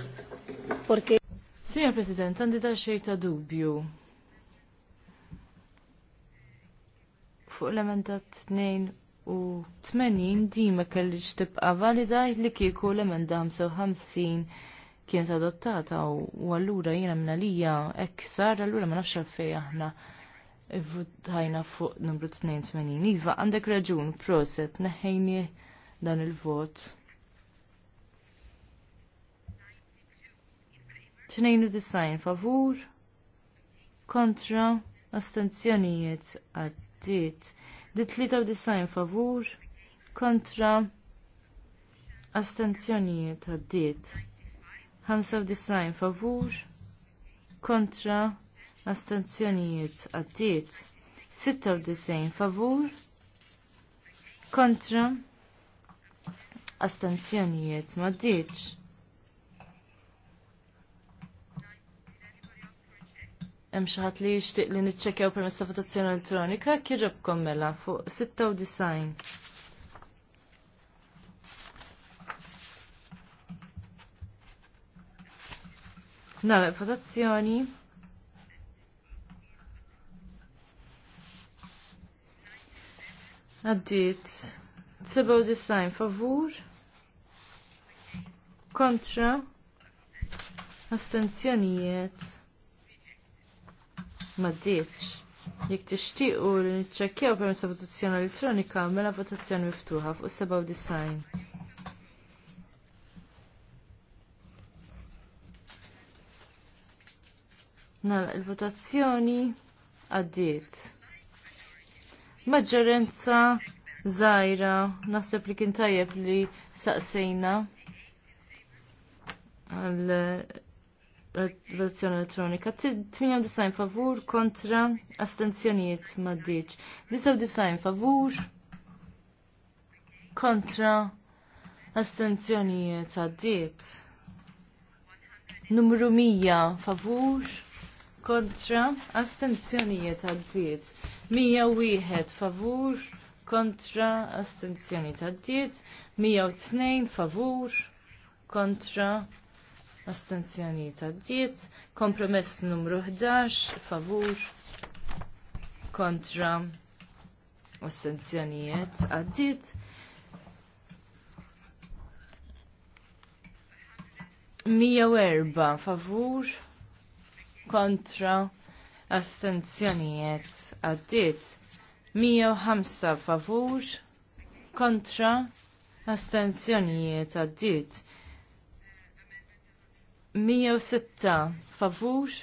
Porque... Signor President, għandi da xej ta' dubju. Fuq l-emendat 2 u 80 di ma kellix tibqa valida li kieku l-emenda 55 kienet adottata u allura jiena minna lija hekk sar allura ma nafx għalfej aħna votajna fuq numru 82. Iva, għandek raġun, proset, neħejni dan il-vot. 92 favur, kontra, astenzjonijiet għaddit. Di 93 favur, kontra, astenzjonijiet għaddit. 95 favur kontra astenzjonijiet għaddiet 96 favur kontra astenzjonijiet ma Hemm xi ħadd li jixtieq li niċċekkjaw permezz ta' votazzjoni elettronika kieġobkom kommella fuq 96. Nala, votazzjoni. Għaddit. design, favur. Kontra. Astenzjonijiet. Maddiċ. Jek tixtiqu li n-ċekkjaw permessa votazzjoni elettronika, mela votazzjoni miftuħa fuq design. Nala, il-votazzjoni għaddiet. Maġġorenza zaħira, naħseb li kien tajjeb li saqsejna għal votazzjoni elettronika. 98 favur kontra astenzjonijiet maddiċ. 99 favur kontra astenzjonijiet għaddiet. Numru 100 favur kontra astenzjonijiet għaddiet. 101 favur kontra astenzjonijiet għaddiet. 102 favur kontra astenzjonijiet għaddiet. Kompromess numru 11 favur kontra astenzjonijiet għaddiet. erba, favur kontra astenzjonijiet għaddit 105 favur kontra astenzjonijiet għaddit 106 favur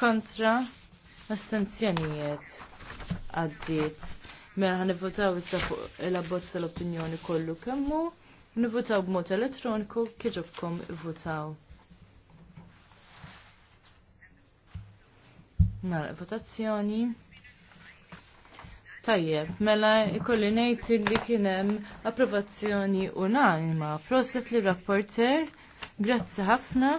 kontra astenzjonijiet għaddit mela ħanivvotaw issa fuq il-abbozz tal-opinjoni kollu kemmu nivvotaw b'mod elettroniku kieġobkom votaw. Nal votazzjoni. Tajjeb, mela ikolli ngħid li kien hemm approvazzjoni unanima. Proset li rapporter, grazzi ħafna.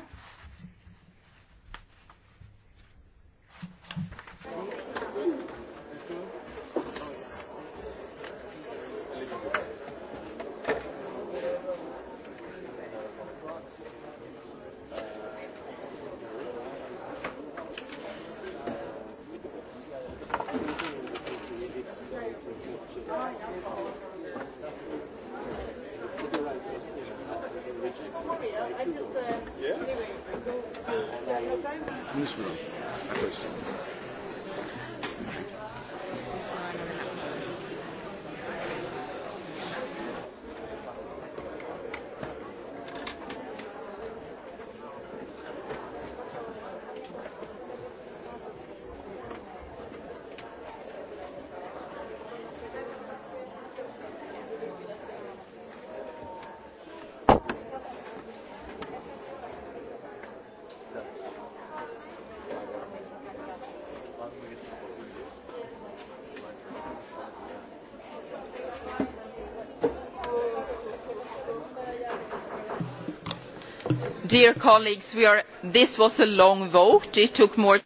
Dear colleagues, we are, this was a long vote. It took more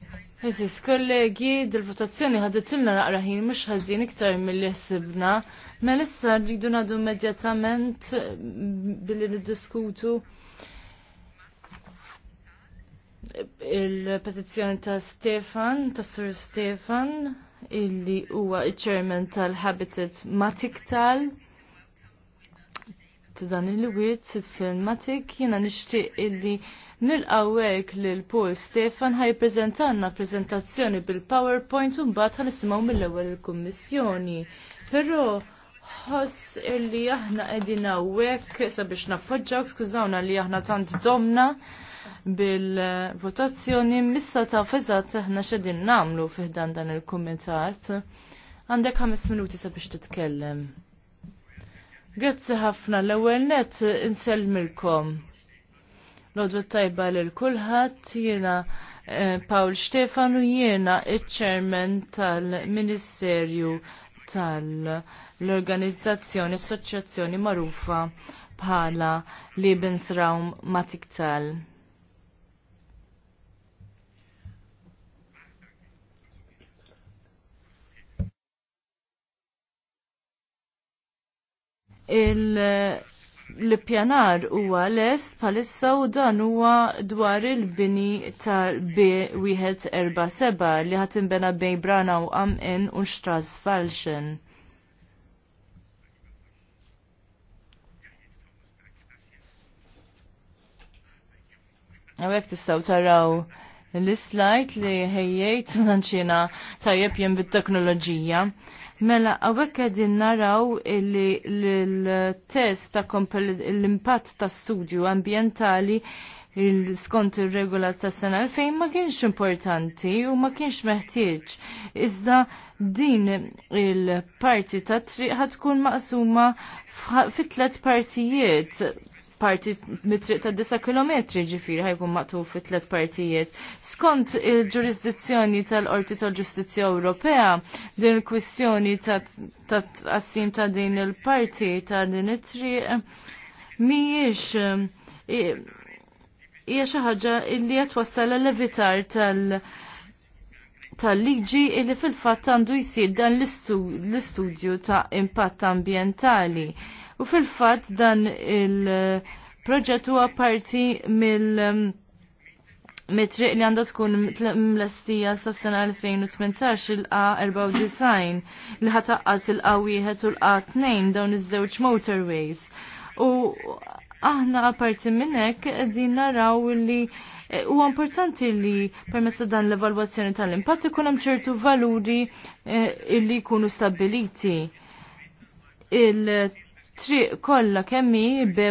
Eżis, kollegi, dil-votazzjoni ħadet imna naqra ħin mhux ħażin iktar li ħsibna. Mela issa rridu nadu immedjatament mm, billi niddiskutu il-petizzjoni ta' Stefan, ta' Sur Stefan, illi huwa il chairman tal-Habitat Matiktal dan il-wiet fil-matik jina nishtiq illi nil-għawek l-Paul Stefan ħaj prezentanna prezentazzjoni bil-PowerPoint un bat ħanisimaw mill-ewel il-Kommissjoni. Pero ħoss illi aħna edin għawek sabiex nafodġaw skużawna li aħna tant domna bil-votazzjoni missa ta' fezat aħna xedin namlu fiħdan dan il-komitat. Għandek 5 minuti sabiex titkellem. Grazzi ħafna l-ewwel net inselmilkom. Lodwa tajba lil kulħadd jiena eh, Paul Stefanu jiena iċ-chairman tal-Ministerju tal-organizzazzjoni assoċjazzjoni marufa bħala Lebensraum Matiktal. l-pjanar huwa lest palissa u dan huwa dwar il-bini b seba' li ħat bena bejn Brana u un u falxen. Għawek tistaw taraw l-slajt li ħejjejt lanċina tajjeb jem bit-teknoloġija. Mela, għawek għedin naraw li l-test ta' l-impatt ta' studju ambientali skont il-regola ta' sena 2000 ma kienx importanti u ma kienx meħtieġ. Iżda din il-parti ta' triq ħatkun maqsuma fit-tlet partijiet parti mit-triq ta' 10 km ġifiri ħajkun maqtuf fi tlet partijiet. Skont il-ġurisdizzjoni tal-Qorti tal-Ġustizzja Ewropea, din il-kwistjoni ta' tqassim ta' din il-parti ta' din it-triq mhijiex hija xi ħaġa li qed wassal l-levitar tal- tal-liġi illi fil-fatt għandu jisir dan l-istudju ta' impatt ambientali. U fil-fatt dan il-proġett huwa parti mill- um, mitriq li għandha tkun mlestija sa' sena 2018 il-A94 li ħataqqat il-A1 u l-A2 dawn iż-żewġ motorways. U aħna apparti minnek din naraw li u importanti li permezz dan l-evalwazzjoni tal-impatt ikun hemm ċertu valuri eh, illi jkunu stabiliti. il triq kollha kemmi b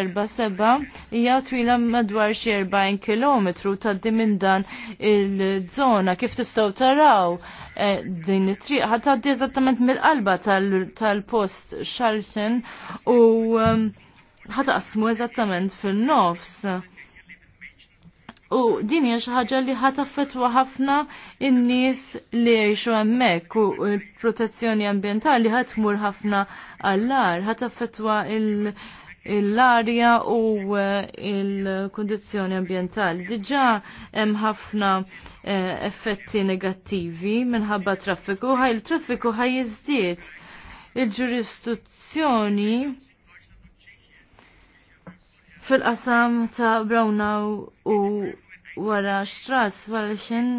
erba' seba' hija twila madwar xi 40 km tgħaddi minn dan il-żona kif tistgħu taraw eh, din it-triq ħadd tgħaddi eżattament mill-qalba tal-post Charlton u ehm, ħataqsmu eżattament fil nofs U din hija xi ħaġa li ħadd affettwa ħafna n-nies li jgħixu hemmhekk u l-protezzjoni ambjentali ħadd tmur ħafna għall-ar, ħadd affettwa l-arja u eh, l-kundizzjoni ambjentali. Diġà hemm ħafna eh, effetti negattivi minħabba traffiku, ħaj il-traffiku ħaj jiżdied il-ġurisdizzjoni fil-qasam ta' Brownaw u wara Stras għalxin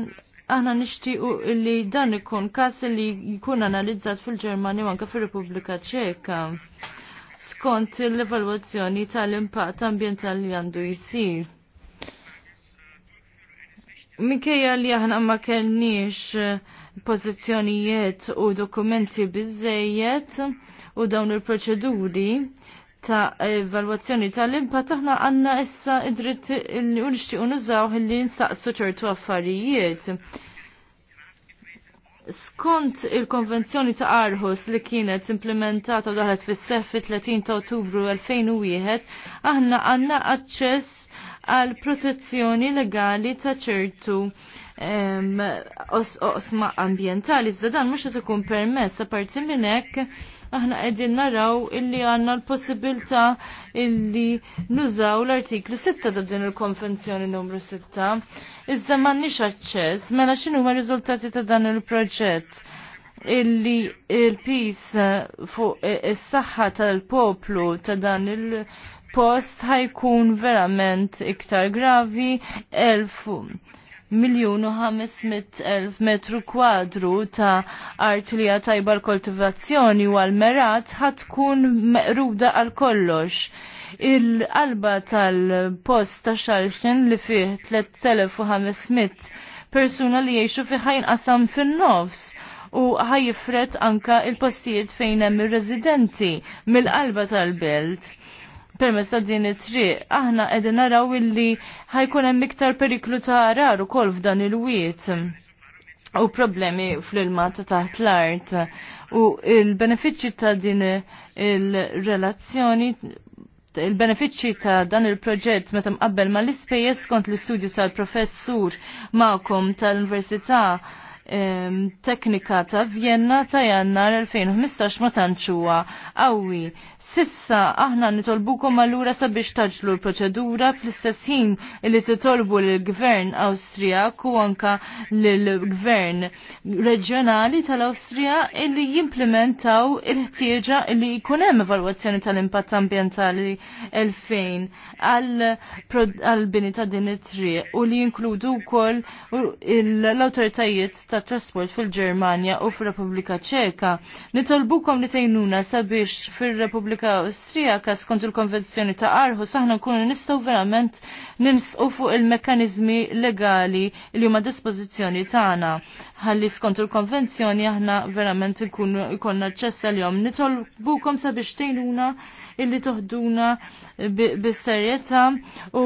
aħna nixtiequ li dan ikun każ li jkun analizzat fil-Ġermanja u anke fir-Repubblika Ċeka skont l-evalwazzjoni tal-impatt ambjentali li għandu jsir. Minkejja li aħna ma kellniex eh, pożizzjonijiet u dokumenti biżejjed u dawn il-proċeduri, ta' evalwazzjoni tal-impatt aħna għanna issa id-dritt li nixtiequ nużaw li nsaqsu ċertu affarijiet. Skont il-konvenzjoni ta' Arhus li kienet implementata u daħlet fis-sef 30 ta' Ottubru 2001, aħna għanna aċċess għal protezzjoni legali ta' ċertu osma ambientali. ambjentali, iżda dan mhux qed ikun permess apparti minn hekk aħna qegħdin naraw illi għandna l-possibilità illi nużaw l-artiklu 6 ta' din il-konvenzjoni numru 6. Iżda m'għandniex aċċess, mela x'inhu ma' riżultati ta' dan il-proġett illi il-pis fuq is-saħħa tal-poplu ta' dan il- post ħajkun verament iktar gravi elfu miljon u elf metru kwadru ta' art li għatajba l-koltivazzjoni u għal-merat ħatkun meqruda għal-kollox. Il-qalba tal-post ta' xalxin li fih 3500 persuna li jiexu fi ħajn qasam fin-nofs u ħajifret anka il-postijiet fejn hemm ir-residenti mill-qalba tal-belt permezz ta' din it-triq, aħna qegħdin naraw illi ħajkun hemm iktar periklu ta' arar ukoll f'dan il-wiet u problemi fl-ilma ta' taħt l-art. U il-benefiċċji ta' din il-relazzjoni il-benefiċċji ta' dan il-proġett meta mqabbel ma' l-ispejjeż kont l-istudju tal-professur Malcolm tal-Università teknika ta' Vienna ta' jannar 2015 ma tanċuwa. qawwi. Sissa aħna nitolbukom allura sabiex taġlu l-proċedura fl-istess ħin li titolbu l-Gvern Awstrijak u anka l-Gvern Reġjonali tal-Awstrija illi jimplementaw il-ħtieġa li jkun hemm evalwazzjoni tal-impatt ambjentali 2000 għal bini ta' din it-triq u li jinkludu wkoll l-awtoritajiet ta' ta' trasport fil-Ġermanja u fir-Repubblika Ċeka. Nitolbukom li tajnuna sabiex fir-Repubblika Awstrijaka skont il-Konvenzjoni ta' Arħu saħna nkunu nistgħu verament nimsqu fuq il-mekkaniżmi legali li huma dispożizzjoni tagħna. Ħalli skont il-Konvenzjoni aħna verament nkunu jkollna ċess għal-jom. Nitolbukom sabiex tajnuna illi toħduna bis-serjetà u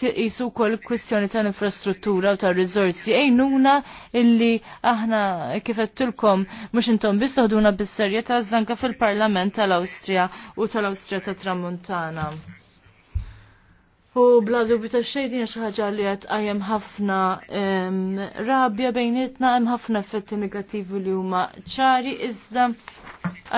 tqisu wkoll kwestjoni tal-infrastruttura u tar-riżorsi għejnuna illi aħna kif mux mhux intom biss toħduna bis-serjetà żanka fil-Parlament tal-Awstrija u tal-Awstrija tat-Tramuntana. U bla dubju ta' xejdin xi ħaġa li qed qajjem ħafna rabja bejnietna hemm ħafna effetti negattivi li huma ċari iżda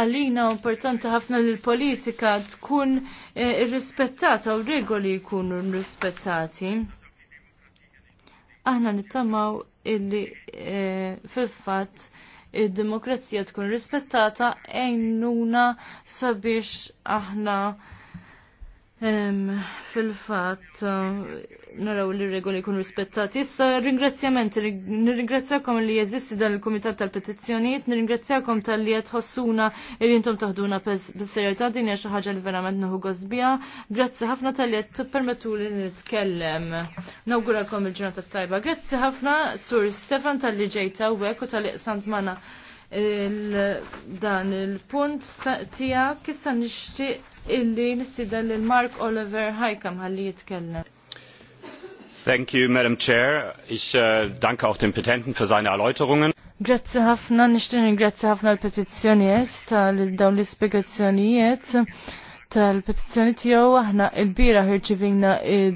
għalina importanti ħafna li l-politika tkun e, irrispettata u regoli jkunu rispettati. Aħna nittamaw illi e, fil-fatt id-demokrazija tkun rispettata għajnuna sabiex aħna Fil-fat, eh, naraw li regoli kun rispettati. Issa, ringrazzjament, nirringrazzjakom li jeżisti dan il-Komitat tal-Petizzjonijiet, nirringrazzjakom tal-li jtħossuna il jintom taħduna bis-serjetà din jaxa xi ħaġa li verament naħu għazbija. Grazzi ħafna tal-li qed permetu li nitkellem. Nawguralkom il-ġurnata tajba. Grazzi ħafna Sur Stefan tal-li ġejta u tal-li Mana dan il-punt tiegħek kissa nishti illi nistida l Mark Oliver Haikam għalli jitkellem. Thank you, Madam Chair. Ich äh, danke auch dem Petenten für seine Erläuterungen. Grazzi ħafna, nishtin grazzi ħafna l-petizzjonijiet tal dawn l-ispiegazzjonijiet tal-petizzjoni tiegħu aħna l-bira ħirċivina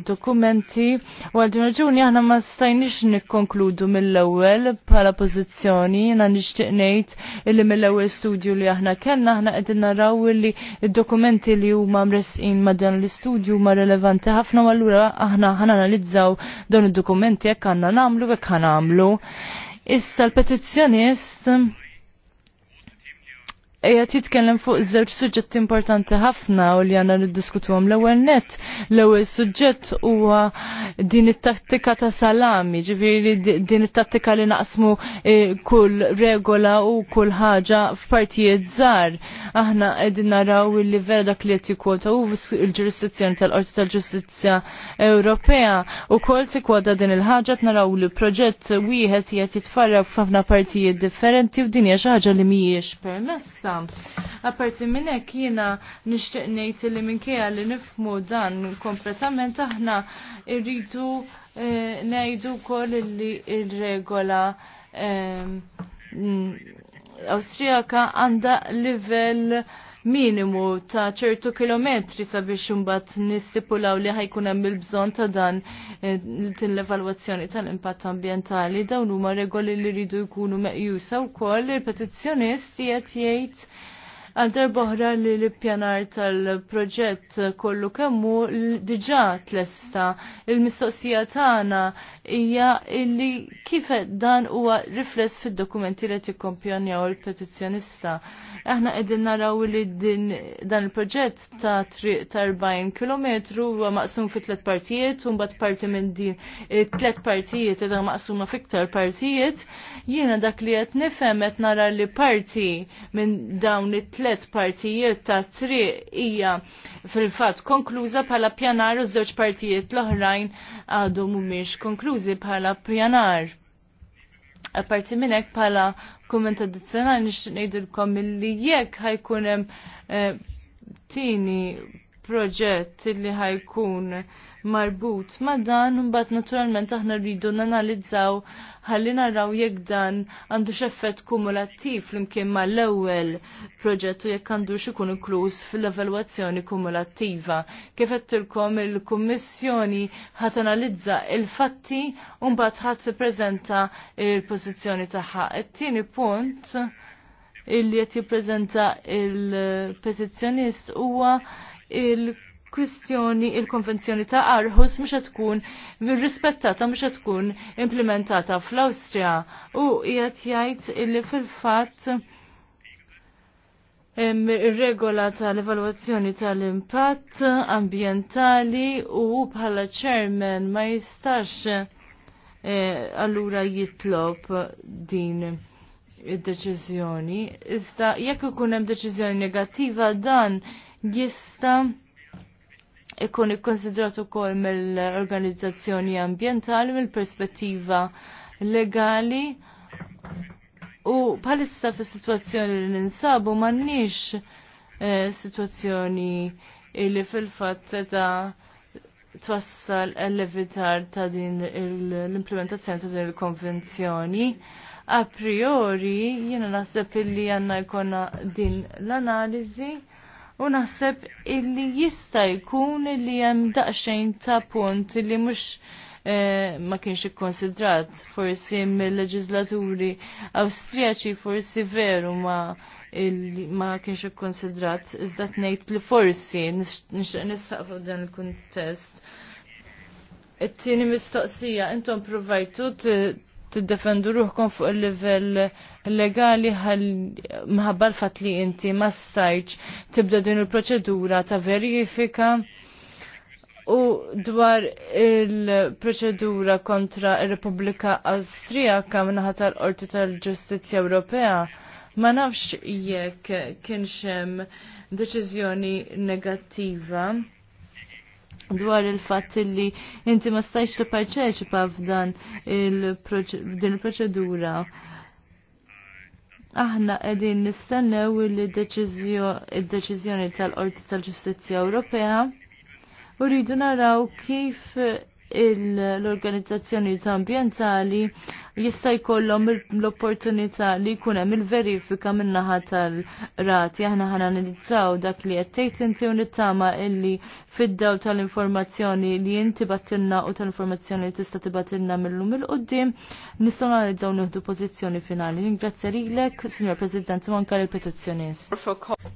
dokumenti u għal din raġuni aħna ma stajniex nikkonkludu mill-ewwel bħala pożizzjoni jiena nixtieq ngħid illi mill-ewwel studju li aħna kellna aħna qegħdin naraw illi id-dokumenti li huma mresqin ma' dan l-istudju huma relevanti ħafna u allura aħna analizzaw dawn id-dokumenti jekk għandna nagħmlu jekk ħanamlu. Issa l-petizzjonist Eja titkellem fuq żewġ suġġetti importanti ħafna u li għanna niddiskutu għom l-ewel net. L-ewel suġġett huwa din it-tattika ta' salami, ġifiri din it-tattika li naqsmu e, kull regola u kull ħaġa f'partijiet żgħar. Aħna qegħdin naraw il vera dak li qed jikwota u l-ġurisdizzjoni tal-Qorti tal-Ġustizzja Ewropea u kol tikkwota din il-ħaġa naraw li proġett wieħed jgħet jitfarraq f'ħafna partijiet differenti u din hija xi ħaġa li mhijiex permessa Apparti minn hekk jiena nixtieq ngħid li minkejja li nifhmu dan kompletament aħna rridu eh, ngħidu wkoll li r-regola eh, Awstrijaka għandha livell minimu ta' ċertu kilometri sabiex imbagħad nistipulaw li ħajkun hemm il-bżonn ta' dan eh, l-evalwazzjoni tal-impatt ambjentali dawn huma regoli li rridu jkunu meqjusa wkoll il-petizzjonist qiegħed jgħid għal darboħra li l-pjanar tal-proġett kollu kemmu diġa tlesta il-mistoqsija tagħna hija illi kif dan huwa rifless fid-dokumenti li qed jikkompjonjaw il-petizzjonista. Aħna qegħdin naraw li din dan il-proġett ta' triq ta' 40 km huwa maqsum fi tliet partijiet u mbagħad parti minn din eh, tliet partijiet qiegħda maqsuma fiktar partijiet. Jiena dak li qed nifhem qed nara li parti minn dawn it-tliet partijiet ta' triq hija fil-fatt konkluża bħala pjanar u żewġ partijiet l-oħrajn għadhom mhumiex konklużi inklużi bħala pjanar. Apparti minn hekk bħala kumment addizzjonali nixtieq ngħidilkom milli jekk ħajkun eh, tini proġett li ħajkun marbut ma' dan mbagħad naturalment aħna rridu nanalizzaw ħalli naraw jekk dan għandu x'effett kumulattiv flimkien mal-ewwel proġett u jekk għandux ikun inkluż fil-evalwazzjoni kumulattiva. Kif tilkom il-Kummissjoni ħat analizza il-fatti u mbagħad ħadd tippreżenta il-pożizzjoni tagħha. It-tieni punt illi qed jippreżenta il-petizzjonist huwa il kwistjoni il-konvenzjoni ta' Arhus mhux qed tkun rispettata mhux qed tkun implementata fl-Awstrija u qiegħed jgħid illi fil-fatt Ir-regola tal-evalwazzjoni tal-impatt ambientali u bħala chairman ma jistax e, allura jitlob din id-deċiżjoni. Iżda jekk ikun hemm deċiżjoni negattiva dan jista' ikun ikkonsidrat ukoll mill-organizzazzjoni ambjentali mill-perspettiva legali u bħalissa fis situazzjoni li ninsabu m'għandniex eh, situazzjoni li fil-fatt ta' twassal l-levitar ta' din l-implementazzjoni ta' din il-konvenzjoni. A priori, jiena naħseb illi għanna jkonna din l-analizi U naħseb illi jista' jkun illi hemm daqsxejn ta' punt illi mhux eh, ma kienx ikkonsidrat forsi mill-leġislaturi Awstrijaċi forsi veru ma ma kienx ikkonsidrat iżda nejt li forsi nixtieq nissaqfu dan il-kuntest. It-tieni mistoqsija intom provajtu tiddefendu ruħkom fuq il-livell legali mħabba l-fat li inti ma stajċ tibda din il-proċedura ta' verifika u dwar il-proċedura kontra il-Repubblika Awstrijaka minħatar Orti tal-Ġustizja Ewropea ma nafx jekk kienx hemm deċiżjoni negattiva dwar il-fatt li inti ma stajx li parċeċipa f'dan il il-proċedura. Aħna qegħdin nistennew il-deċizjoni deċiżjoni tal-Qorti tal-Ġustizzja Ewropea u rridu naraw kif l-organizzazzjoni ambjentali jista' jkollhom l-opportunità li jkun hemm il-verifika min-naħa tal-rati aħna ħana nidizzaw dak li qed tgħid inti u nittama illi fid tal-informazzjoni li inti battilna u tal-informazzjoni li tista' tibatilna millum il-qudiem nistgħu analizzaw nieħdu pożizzjoni finali. Ningrazzja lilek, Signor President, u anke l-petizzjonist.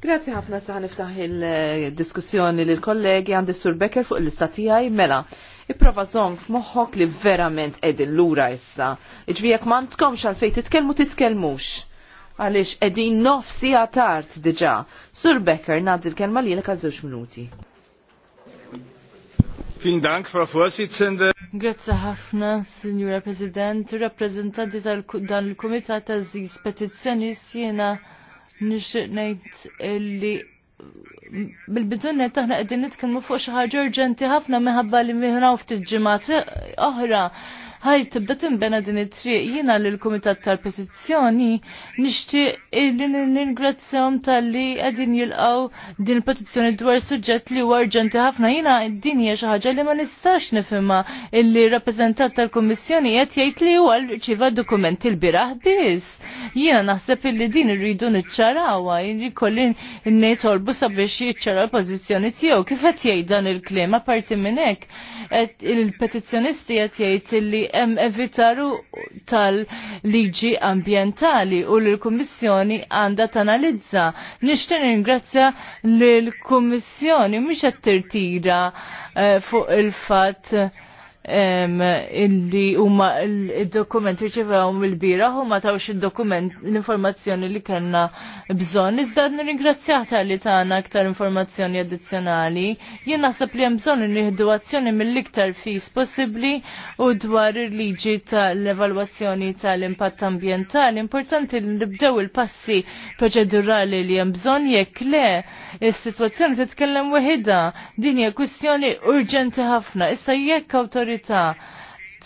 Grazzi ħafna saħ niftaħ il-diskussjoni lill kollegi għandi Sur Becker fuq l-istatijaj mela. Iprova zom f'moħħok li verament edin lura issa. Iġvi jekk m'għandkomx għalfejn titkellmu titkellmux. Għaliex edin nofsi għatart diġa. Sur Becker nagħti l-kelma li l żewġ minuti. Fin Dank, Grazie ħafna, Signora President. Rappresentanti tal-dan il-Komitat ta' petizjoni Petizzjonis jena nixtieq ngħid li bil-bidunna taħna qegħdin nitkellmu fuq xi ħaġa urġenti ħafna minħabba li mieħnaw ftit ġimgħat oħra ħaj tibda timbena din it-triq jiena lill kumitat tal-Petizzjoni nixtieq illi tal talli qegħdin jilqgħu din il-petizzjoni dwar suġġett li huwa urġenti ħafna jiena din hija xi ħaġa li ma nistax nifhimha illi rappreżentant tal-Kummissjoni qed jgħid li huwa rċieva dokument l-biraħ biss. Jiena naħseb illi din irridu niċċarawha, jkolli ngħid tolbu sabiex jiċċara l-pożizzjoni tiegħu kif qed jgħid dan il-kliem apparti minn hekk il-petizzjonisti qed jgħid li hemm evitaru tal-liġi ambientali u l-Kummissjoni għandha tanalizza. Nixtieq ringrazzja lill-Kummissjoni mhix qed tirtira eh, fuq il-fatt illi huma id-dokument riċevew mill-bira huma tawx id-dokument l-informazzjoni li kellna bżonn. Iżda nirringrazzjata li tagħna aktar informazzjoni addizzjonali. Jien naħseb li hemm bżonn nieħdu azzjoni mill-iktar fis possibbli u dwar il-liġi tal-evalwazzjoni tal-impatt ambjentali. Importanti li nibdew il-passi proċedurali li hemm bżonn jekk le is-sitwazzjoni titkellem weħida. Din hija kwistjoni urġenti ħafna. Issa jekk awtorità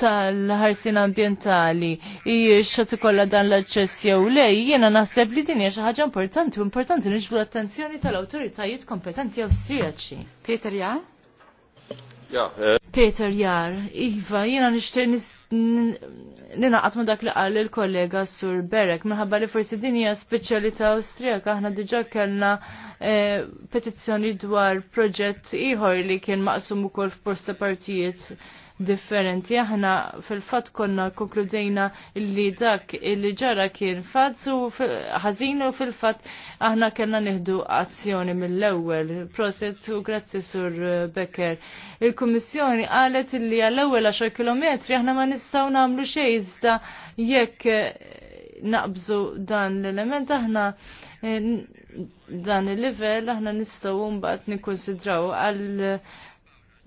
tal-ħarsin ambientali jiexħa ikolla dan l-aċċess jew lej, jiena naħseb li din hija xi ħaġa importanti u importanti niġbu l-attenzjoni tal-awtoritajiet kompetenti Awstrijaċi. Peter Jan? Eh. Peter Jar, Iva, jina nishtiq nina ma dak li qal il-kollega Sur Berek, minħabba li forsi din hija speċjalità Awstrijaka aħna diġà kellna eh, petizzjoni dwar proġett ieħor li kien maqsum ukoll f'posta partijiet differenti. Aħna fil-fatt konna konkludejna li dak li ġara kien fatt u ħażin u fil-fatt aħna kellna nieħdu azzjoni mill-ewwel. Proset u grazzi sur Becker. Il-Kummissjoni qalet li għall-ewwel 10 kilometri aħna ma nistgħu nagħmlu xejn iżda jekk naqbżu dan l-element aħna eh, dan il-level aħna nistgħu mbagħad nikkonsidraw għal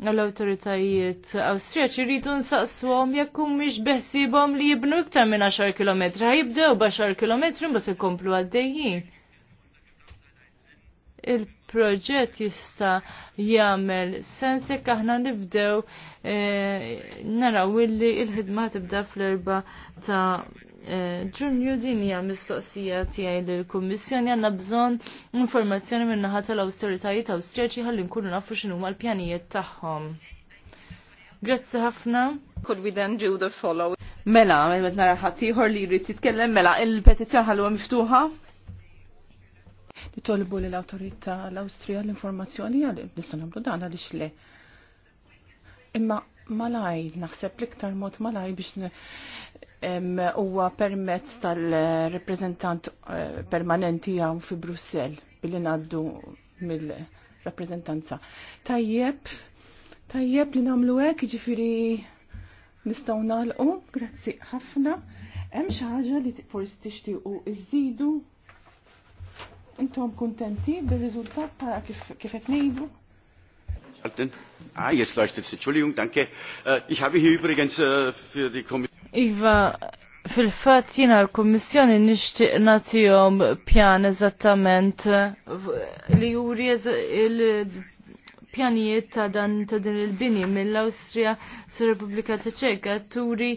l-autoritajiet Awstrijaċi rridu nsaqsuhom jekk miex beħsibom li jibnu iktar minn 10 km, ba' 10 km mbagħad ikomplu għaddejjin. Il-proġett jista' jagħmel sens jekk aħna nibdew eh, naraw illi l ħidma tibda fl-erba ta' Ġunju din hija mistoqsija tiegħi lill-Kummissjoni għandna bżonn informazzjoni minn naħa tal-awtoritajiet Awstriaċi ħalli nkunu nafu x'inhuma l-pjanijiet tagħhom. Grazzi ħafna. Could we then do the follow? Mela, mela nara mela, mela, ħaddieħor li jrid jitkellem, mela il-petizzjoni ħalluha miftuħa. Nitolbu lill awtorità l-Awstrija l-informazzjoni għal nistgħu nagħmlu dan għaliex le. Imma malaj, naħseb l-iktar mod malaj biex huwa permezz tal-reprezentant eh, permanenti għaw fi Brussel billi ngħaddu mill-rappreżentanza. Tajjeb, tajjeb li nagħmlu hekk, jiġifieri nistgħu nagħlqu, grazzi ħafna. Hemm xi ħaġa li forsi tixtiequ iżidu intom kuntenti bir-riżultat ta' kif qed ngħidu? Ah, jetzt leuchtet es. Entschuldigung, danke. Äh, ich habe hier übrigens äh, für die Kommission Iva, fil-fat jina l-Kommissjoni nishtiq natijom pjan eżattament li juri il-pjanijiet ta' dan ta' din il-bini mill-Austria s repubblika ta' ċeka turi e,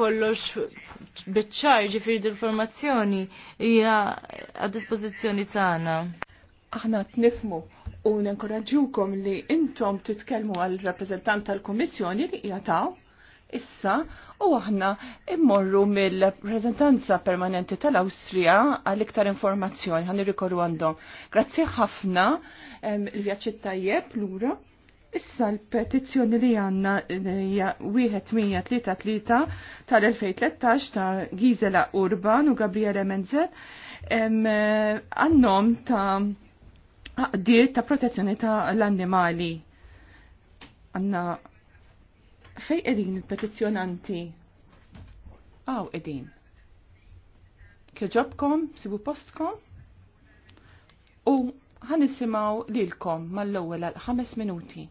kollox ġifiri d informazzjoni hija għad dispożizzjoni tagħna. Aħna tnifmu u nenkoraġġukom li intom titkellmu għal rappreżentant tal-Kummissjoni li hija ta' issa u aħna immorru mill-reprezentanza permanenti tal-Awstrija għal iktar informazzjoni għan irrikorru għandhom. Grazzi ħafna il-vjaċċi tajjeb lura. Issa l-petizzjoni li għanna 1133 tal-2013 ta' Gizela Urban u Gabriele Menzel għannom ta' dir ta' protezzjoni ta' l-annimali. Għanna Fej edin il-petizjonanti? Għaw edin. Keġobkom, sibu postkom? U ħanisimaw lilkom mal-ewwel għal ħames minuti.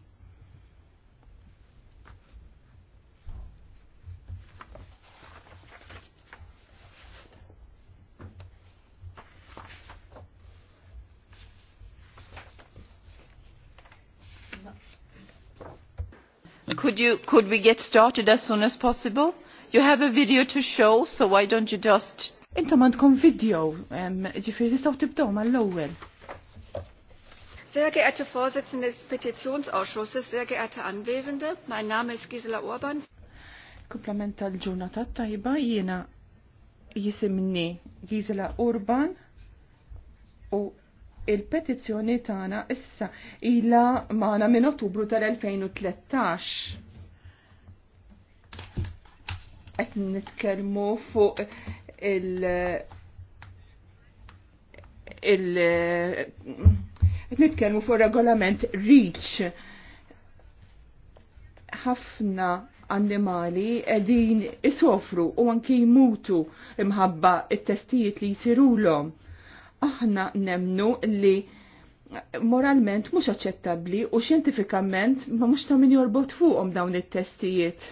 could, you, could we get started as soon as possible? You have a video to show, so why don't you just... Intom għandkom video, ġifiri um, tistaw tibdow mal-ewwel. Sehr geehrte Vorsitzende des Petitionsausschusses, sehr geehrte Anwesende, mein Name ist Gisela Orban. Kompliment tal-ġurnata tajba jiena jisimni Gisela Urban u il-petizzjoni tagħna issa ilha magħna minn Ottubru tal-2013. Qed nitkellmu fuq il- il- qed nitkellmu fuq regolament REACH. Ħafna annimali qegħdin isofru u anki jmutu imħabba it-testijiet li jsirulhom aħna nemnu li moralment mhux aċċettabbli u xjentifikament ma mhux ta' min jorbot fuqhom dawn it-testijiet.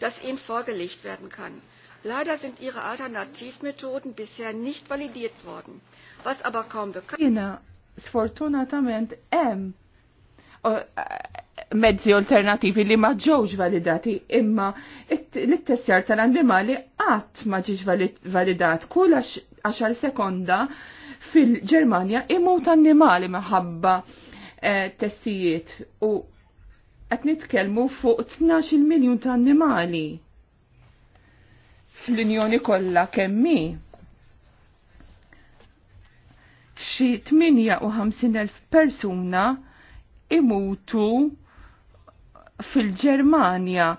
Das ihnen vorgelegt werden kann. Leider sind ihre Alternativmethoden bisher nicht validiert worden, was aber kaum bekannt Jena, sfortunatament, em mezzi alternativi li ma ġewx validati imma l-tessjar tal-annimali qatt ma validat kulax 10 sekonda fil-Ġermanja imut annimali maħabba eh, testijiet u qed nitkellmu fuq 12 miljun ta' annimali fl-Unjoni kollha kemmi. Xi 58,000 persuna imutu fil-Ġermanja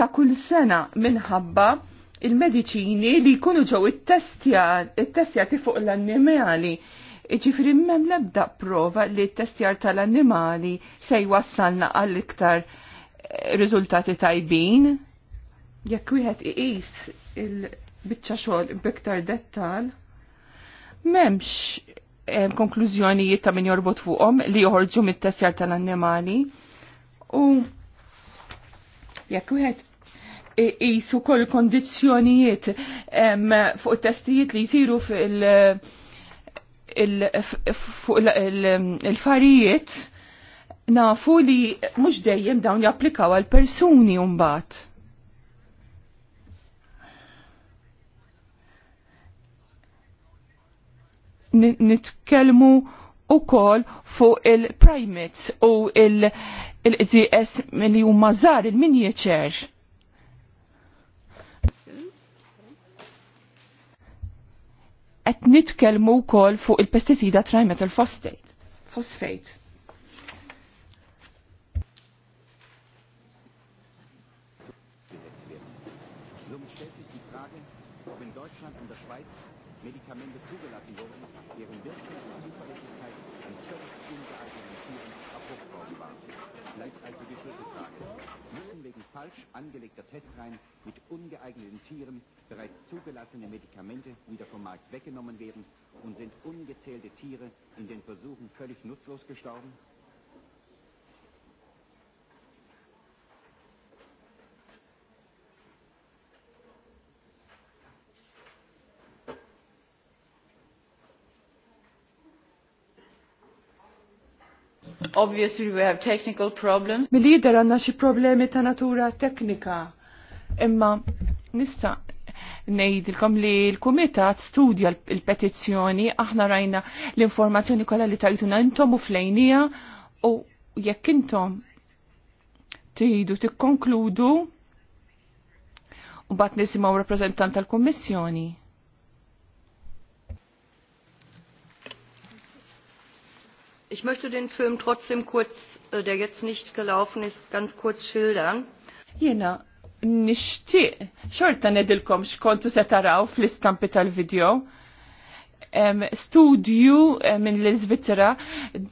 ta' kull sena minħabba il-medicini li jkunu ġew it-testjati fuq l-annimali. Iġifri mem lebda prova li t-testjar tal-annimali se jwassalna għall-iktar eh, riżultati tajbin. Jekk wieħed iqis il-biċċa xogħol b'iktar dettal, m'hemmx eh, konklużjonijiet ta' min jorbot fuqhom li joħorġu mit-testjar tal-annimali. U jekk wieħed jisu kol kondizjonijiet fuq testijiet li jisiru fil-farijiet nafu li mux dejjem dawn japplikaw għal persuni umbat. Nitkelmu u kol fuq il-primates u il-ZS li huma żar il-miniature qed nitkellmu wkoll fuq il-pestisida trimethyl phosphate. Phosphate. Medikamente falsch angelegter Testreihen mit ungeeigneten Tieren bereits zugelassene Medikamente wieder vom Markt weggenommen werden und sind ungezählte Tiere in den Versuchen völlig nutzlos gestorben? Obviously we have technical problems. Mi lider għanna xi problemi ta' natura teknika. Imma nista' ngħidilkom li l-Kumitat studja l-petizzjoni, aħna rajna l-informazzjoni kollha li tajtuna intom u flejnija u jekk intom tridu tikkonkludu u bat nisimgħu rappreżentant tal-Kummissjoni. Ich möchte den Film trotzdem kurz, äh, der jetzt nicht gelaufen ist, ganz kurz schildern. Jena, nishti, xorta nedilkom xkontu se taraw fl-istampi tal-video. Um, studju um, minn l izvitra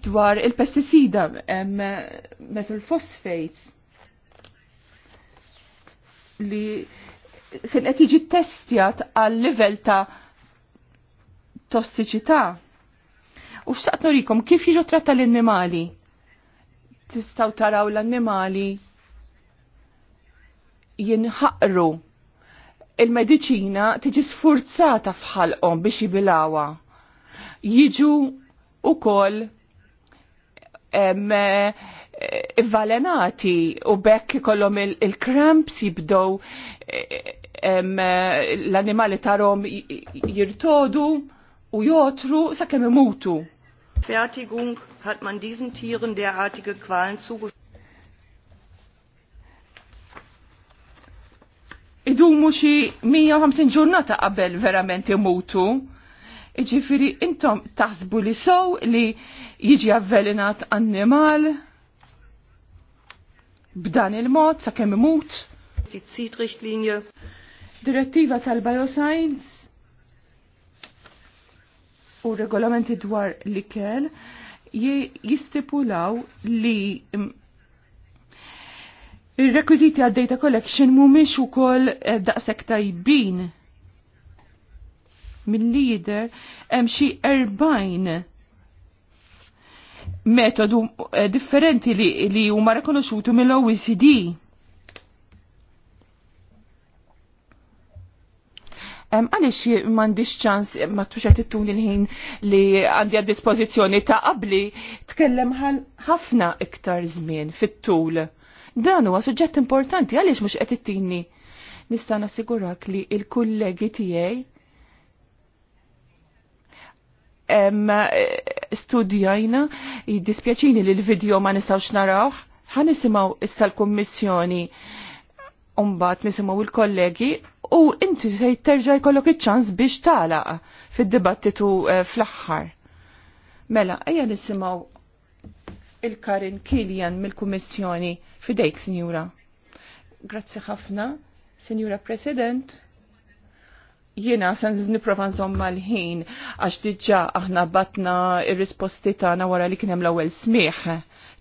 dwar il-pesticida um, metal-phosphates li kien qed jiġi testjat għal livell ta' tossiċità u xtaqt norikom kif jiġu tratta l-annimali. Tistaw taraw l-annimali jinħaqru il-medicina tiġi sfurzata fħalqom biex jibilawa. Jiġu u koll valenati u bekk kollom il-kramps jibdow l-animali tarom jirtodu u jotru sa' kemm imutu. Fertigung hat man diesen Tieren derartige Qualen zugefügt. Idumu xi 150 ġurnata qabel verament imutu. Iġifiri, intom taħsbu li sow li jiġi avvelinat annimal b'dan il-mod sa kemm imut. Direttiva tal-Bioscience u regolamenti dwar l-ikel jistipulaw li mm, il-rekwiziti għad data collection mumiex u koll eh, daqsek tajbin mill-lider hemm xi erbajn metodu eh, differenti li huma rekonoxutu mill-OECD Għalix mandiċ ċans ma tuxet it-tuni l-ħin li għandi dispozizjoni ta' qabli tkellem ħafna iktar żmien fit-tul. Dan huwa suġġett importanti għaliex mhux qed tittini. Nista' nassigurak li il-kullegi tiegħi studjajna jiddispjaċini li l-video ma nistawx narawh, nisimaw issa l-kommissjoni. Umbat nisimaw il-kollegi u inti se terġa' jkollok iċ-ċans biex tagħlaq fid-dibattitu eh, fl-aħħar. Mela, ejja nisimgħu il-Karin Kilian mill-Kummissjoni fidejk, Sinjura. Grazzi ħafna, Sinjura President jiena san niprofa nżomma l-ħin għax diġà aħna batna ir-risposti tagħna wara li kien hemm l-ewwel smieħ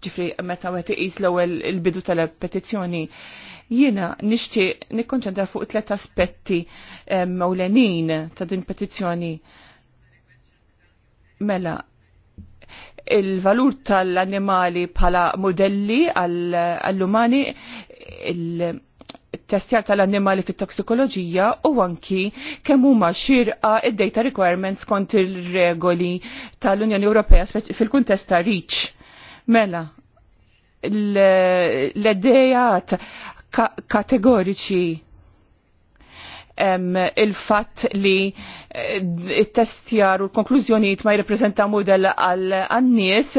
ġifri meta wet iqis l-ewwel il-bidu tal-petizzjoni Jiena nixtieq nikkonċentra fuq it-tlet aspetti eh, mewlenin ta' din petizzjoni mela il-valur tal-animali bħala modelli għall-umani il- testjar tal-annimali fit-toksikoloġija u anki kemm huma xirqa id-data requirements kont il-regoli tal-Unjoni Ewropea fil-kuntest ta' REACH. Mela, l-edejat ka kategoriċi il-fatt li eh, il-testjar u l-konklużjonijiet ma jirrepreżenta model għal-nies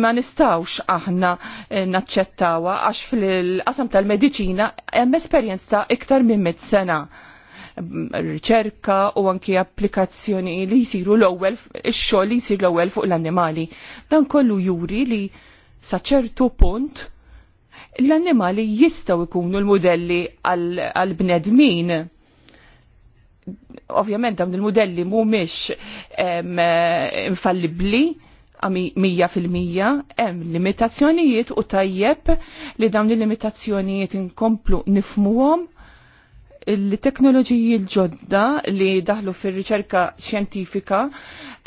ma nistawx aħna eh, naċċettawa għax fil-qasam tal-medicina hemm esperjenza iktar minn mit sena riċerka u anki applikazzjoni li jisiru l-ewwel ix-xogħol li jsir l-ewwel fuq l-annimali. Dan kollu juri li sa ċertu punt l-annimali jistaw ikunu l-modelli għal-bnedmin. Ovvjament dawn il-modelli mhumiex infallibli mija fil-mija, hemm limitazzjonijiet u tajjeb li dawn il-limitazzjonijiet inkomplu nifmuhom il-teknoloġiji l-ġodda li daħlu fir-riċerka xjentifika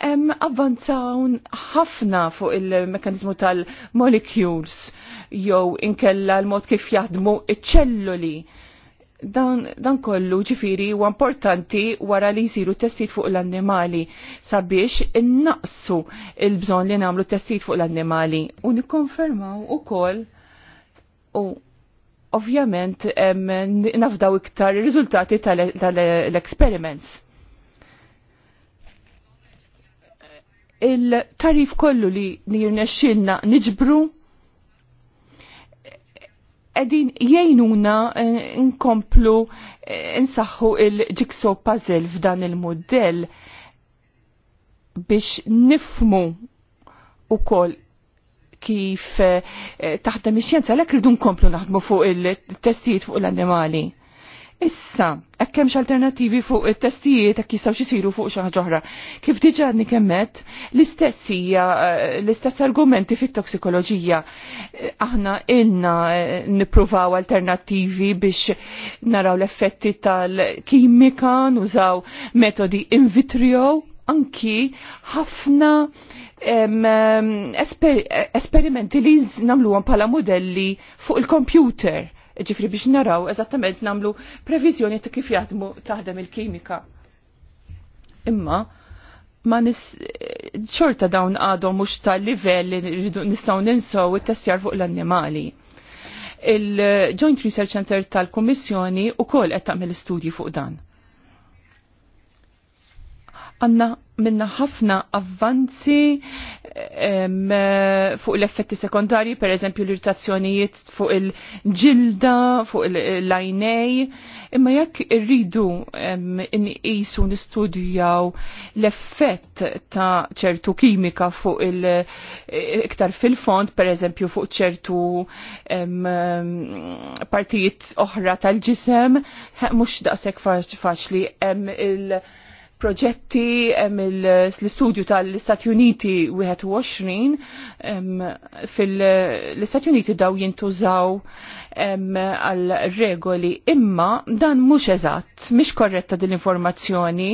avvanzawn ħafna fuq il-mekanizmu tal-molecules jew inkella l-mod kif jaħdmu iċ-ċelluli. Dan, dan kollu ġifiri u importanti wara li jisiru testijiet fuq l-annimali sabiex innaqsu il-bżon li namlu testijiet fuq l-annimali u nikkonfermaw u koll u ovvjament nafdaw iktar il-rizultati tal-experiments. Tal il-tarif kollu li nirnexxilna niġbru edin jgħinuna eh, nkomplu eh, nsaħħu il-jigsaw puzzle f'dan il-modell biex nifmu u koll kif eh, taħdem ix-xjenza l-ek ridu nkomplu naħdmu fuq il-testijiet fuq l-annimali. Issa, hekk hemmx alternattivi fuq it-testijiet hekk jistgħu xisiru fuq xi ħaġa oħra. Kif diġà kemmet, l-istessija eh, l-istess argumenti fit-toksikoloġija eh, aħna ilna eh, nippruvaw alternattivi biex naraw l-effetti tal-kimika, nużaw metodi in vitrio, anki ħafna esperimenti li namluhom bħala modelli fuq il-computer ġifri biex naraw eżattament namlu previżjoni ta' kif jaħdmu taħdem il-kimika. Imma, ma nis xorta dawn għadhom mhux ta' livell li nistgħu ninsaw it-testjar fuq l-annimali. Il-Joint Research Center tal-Kommissjoni u qed tagħmel studji fuq dan għanna minna ħafna avvanzi fuq l-effetti sekondari, per eżempju l-irritazzjonijiet fuq il-ġilda, fuq l-lajnej, imma jekk irridu inqisu nistudjaw l-effett ta' ċertu kimika fuq il-iktar fil fond per eżempju fuq ċertu partijiet oħra tal-ġisem, mux daqsek faċli il- proġetti l-istudju tal-Istati Uniti 21 fil-Istati Uniti daw jintużaw għal regoli imma dan mhux eżatt, mhix korretta din l-informazzjoni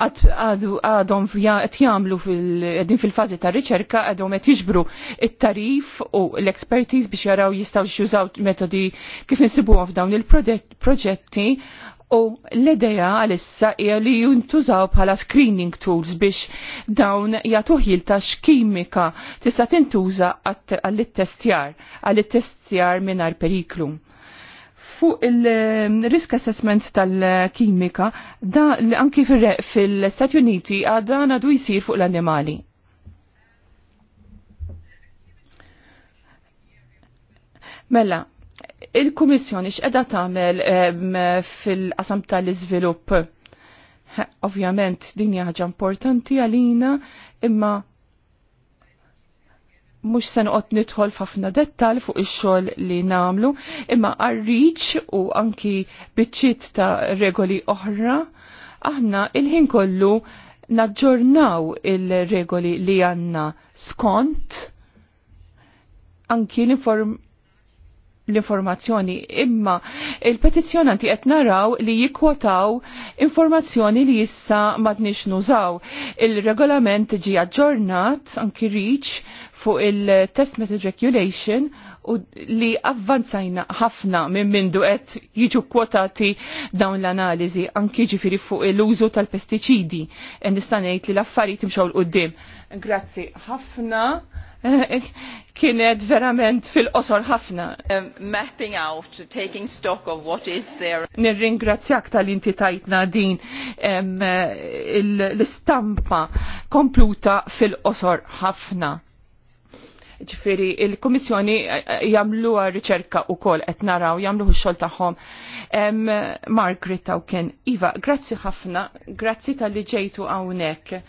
għadhom qed jagħmlu qegħdin fil-fażi ta' riċerka għadhom qed jiġbru it-tarif u l-expertise biex jaraw jistgħu jużaw metodi kif insibuhom f'dawn il-proġetti U l-ideja għalissa hija li jintużaw bħala screening tools biex dawn jatuħil ta' x'kimika tista' tintuża għall-ittestjar, għall-ittestjar mingħajr periklu. Fuq il-risk assessment tal-kimika, da anki fil-Stati Uniti għadda għadu jisir fuq l-annimali. Mela, Il-Kummissjoni x'qeda tagħmel ehm, fil-qasam tal-iżvilupp? Ovvjament din hija ħaġa importanti għalina imma mhux se noqgħod nidħol f'ħafna dettal fuq ix-xogħol li nagħmlu, imma għarriċ u anki biċċiet ta' regoli oħra, aħna il-ħin kollu naġġornaw il-regoli li għandna skont anki l-inform l-informazzjoni imma il-petizjonanti qed naraw li jikkwotaw informazzjoni li issa m'għadniex nużaw. Il-regolament ġi aġġornat anki reach fuq il-test method regulation u li avvanzajna ħafna minn mindu qed jiġu kwotati dawn l-analiżi anki ġifiri fuq il użu tal-pestiċidi. E nista' ngħid li l-affarijiet imxew l-qudiem. Grazzi ħafna. kienet verament fil-qosor ħafna. Um, mapping out, taking stock of what is there. Nirringrazzjak tal-inti tajtna din um, l-istampa kompluta fil-qosor ħafna. Ġifiri, il-Komissjoni eh, eh, jamluwa riċerka u kol et naraw, jamluħu xol taħħom. Um, Margaret Tawken, Iva, grazzi ħafna, grazzi tal-li ġejtu għawnek.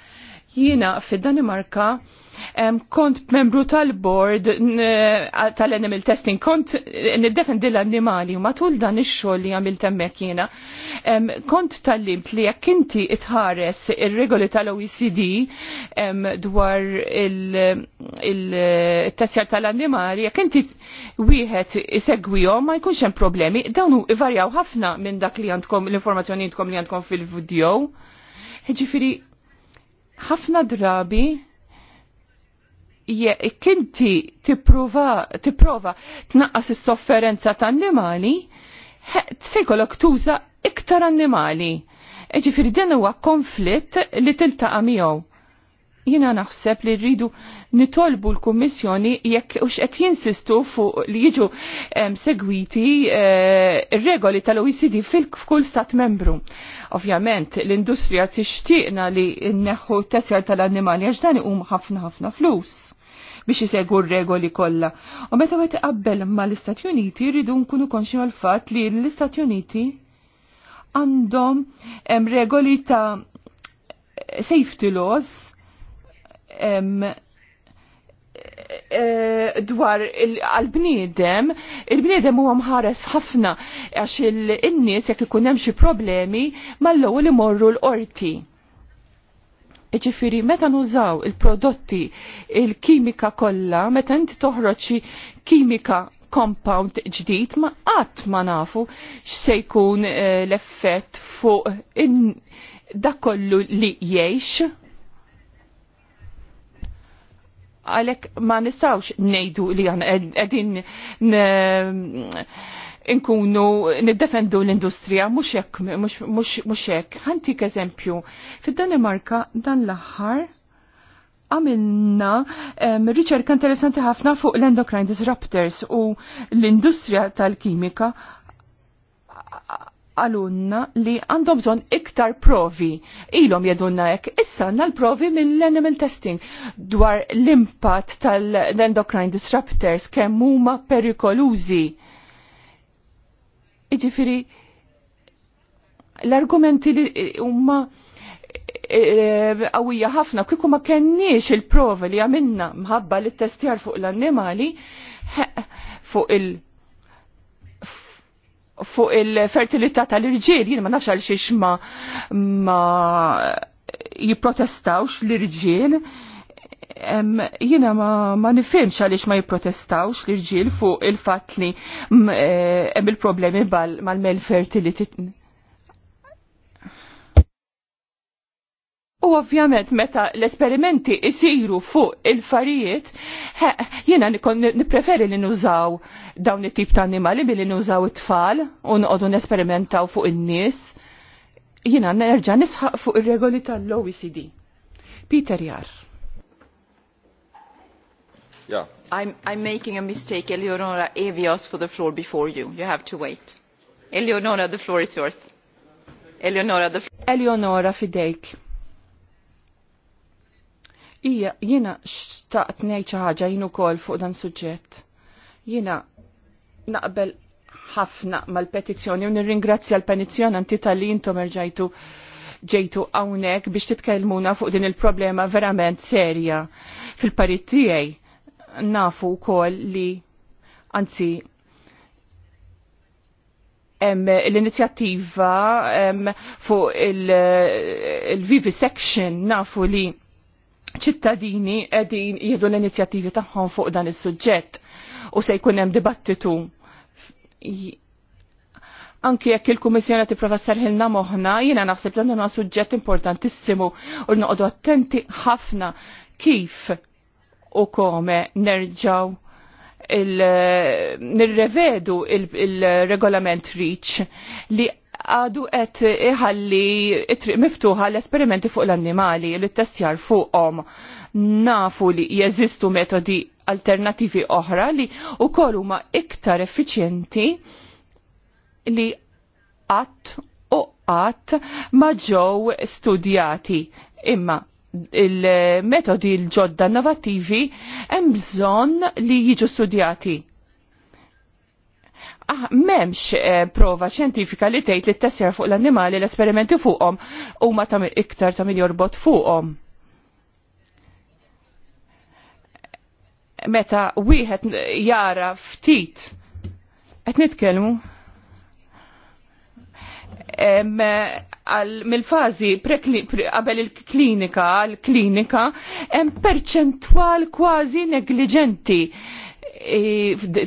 Jiena fid-Danimarka kont membru tal-board eh, tal-animal testing, kont eh, niddefendi l-annimali, ma tul dan ix-xogħol li għamilt hemmhekk jiena, kont tal-limp li jekk inti itħares ir-regoli tal-OECD dwar il tessjar tal-annimali, jekk inti wieħed isegwihom ma jkunx hemm problemi, dawn ivarjaw ħafna minn dak li għandkom l-informazzjoni għandkom li għandkom fil-video. Ġifiri, ħafna drabi kinti tipprova tipprova tnaqqas is-sofferenza ta' annimali, se jkollok tuża iktar annimali. Ġifiri dan huwa konflitt li tiltaqa' miegħu jina naħseb li rridu nitolbu l-Kummissjoni jekk u qed jinsistu fuq li jiġu segwiti eh, regoli tal-OECD fil-kull stat membru. Ovvjament, l-industrija tixtieqna li neħu tesjar tal-annimali għax dan huma ħafna ħafna flus biex r regoli kollha. U meta għet qabbel ma l-Istati Uniti rridu nkunu konxi għal-fatt li l-Istati Uniti għandhom regoli ta' safety laws Eh, dwar għal-bniedem, il-bniedem huwa mħares ħafna għax il-nies jekk ikun hemm xi problemi mal-ewwel imorru l-qorti. Iġifiri, meta nużaw il-prodotti, il-kimika kollha, meta inti toħroġ kimika compound ġdid ma qatt ma nafu x'se jkun eh, l-effett fuq dak kollu li jgħix għalek ma nistawx nejdu li għan għedin inkunu niddefendu l-industrija, mux jekk, mux jekk. Għantik eżempju, fil-Danimarka dan l-axħar għamilna riċerka interessanti ħafna fuq l-endocrine disruptors u l-industrija tal-kimika għalunna li għandhom bżon iktar provi. Ilom jedunna ek, issa għanna l-provi mill-animal testing dwar l-impatt tal-endocrine disruptors kemm huma perikolużi. Iġifiri, l-argumenti li huma e, e, għawija ħafna, kiku ma kenniex il-provi li għamilna mħabba li testjar fuq l-annimali, fuq il- fuq il-fertilità tal-irġiel, jien ma nafx għal xiex ma, jiprotestawx l-irġiel, jiena ma, ma nifhimx għaliex ma jipprotestawx l-irġiel fuq il-fatt li mm, eh, hemm il-problemi mal-fertilità ovvjament meta l-esperimenti isiru fuq il-farijiet, jiena nipreferi li nużaw dawn it-tip ta' animali billi nużaw it-tfal u nqogħdu nesperimentaw fuq in-nies. Jiena nerġa' nisħaq fuq ir-regoli tal-OECD. Peter Jar. Yeah. I'm, I'm making a mistake, Eleonora Evios, asked for the floor before you. You have to wait. Eleonora, the floor is yours. Eleonora, the floor. Eleonora, fidejk. Ija, jina xtaqt nejċa ħaġa jinu kol fuq dan suġġett. Jina naqbel ħafna mal-petizjoni u nirringrazzja l-penizjonanti tal-li jintom erġajtu ġejtu għawnek biex titkellmuna fuq din il-problema verament serja. Fil-parit tijaj nafu kol li, anzi, l-inizjattiva fuq il-vivisection il nafu li ċittadini qegħdin jieħdu l-inizjattivi tagħhom fuq dan is-suġġett u se jkun hemm dibattitu anki jekk il-Kummissjoni Professor Hilna moħna, jiena naħseb dan huwa suġġett importantissimu u noqogħdu attenti ħafna kif u kome nerġaw nirrevedu il il-regolament il REACH li għadu qed iħalli it-triq miftuħa l-esperimenti fuq l-annimali li testjar fuqhom nafu li jeżistu metodi alternativi oħra li u huma iktar effiċjenti li qatt u qatt ma ġew studjati imma il-metodi l-ġodda innovativi hemm bżonn li jiġu studjati Ah, memx eh, prova ċentifika li tgħid li t-tessjar fuq l-annimali l-esperimenti fuqhom huma ta' iktar ta' min jorbot fuqhom. Meta wieħed jara ftit qed nitkellmu mill-fazi qabel il-klinika għal-klinika hemm perċentwal kważi negliġenti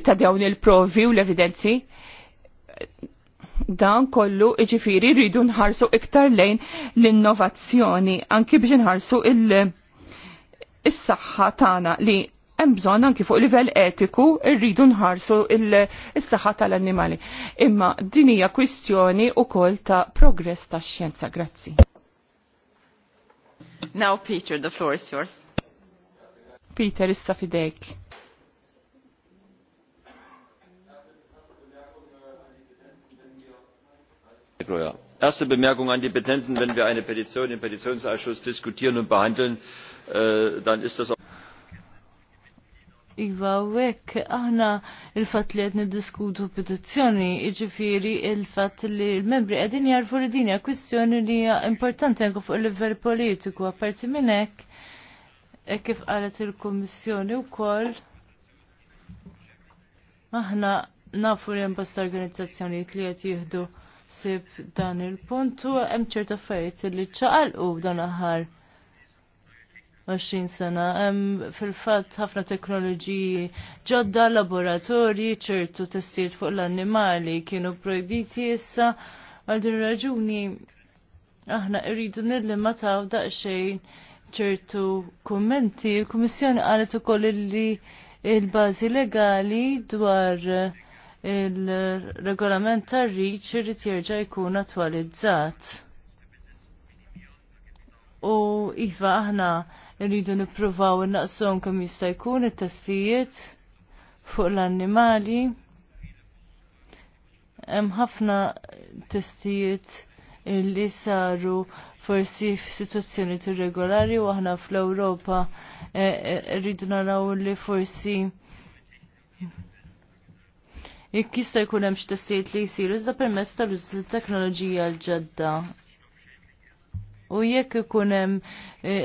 ta' dawn il-provi u l-evidenzi dan kollu iġifiri rridu nħarsu iktar lejn l-innovazzjoni anki biex nħarsu il-saxħa tagħna li hemm bżonn anki fuq livell etiku rridu nħarsu il-saħħa tal-annimali. Imma din hija kwistjoni wkoll ta' progress tax-xjenza. Grazzi. Now Peter, the floor is yours. Peter, issa fidejk. Erste Bemerkung an die Petenten. Wenn wir eine Petition im Petitionsausschuss diskutieren und behandeln, äh, dann ist das Iva, wek, aħna il-fat li għedni diskutu petizzjoni, iġifiri il-fat li l-membri għedin jarfu li dinja kwistjoni li importanti għanku fuq il-level politiku, għaparti minnek, e kif għalet il komissjoni u kol, aħna nafu li jembasta organizzazzjoni li għed jihdu Sib dan il puntu hemm ċerta affarijiet li ċaqalqu dan aħħar 20 sena. Hemm fil-fatt ħafna teknoloġiji ġodda, laboratorji, ċertu testijiet fuq l-annimali kienu projbiti issa għal din raġuni aħna rridu irridu taw daqsxejn ċertu kummenti. Il-Kummissjoni qalet ukoll li il-bażi legali dwar il-regolament tar-riċ irid jerġa' jkun attwalizzat. U iva aħna rridu nippruvaw innaqshom kemm jista' jkun it-testijiet fuq l-annimali. Hemm ħafna testijiet li saru forsi f'sitwazzjoni irregolari u aħna fl-Ewropa eh, eh, rridu naraw li forsi jekk jista' jkun hemm xi testijiet li jsiru iżda permezz tal-użu tat-teknoloġija l-ġodda. U jekk ikun hemm e,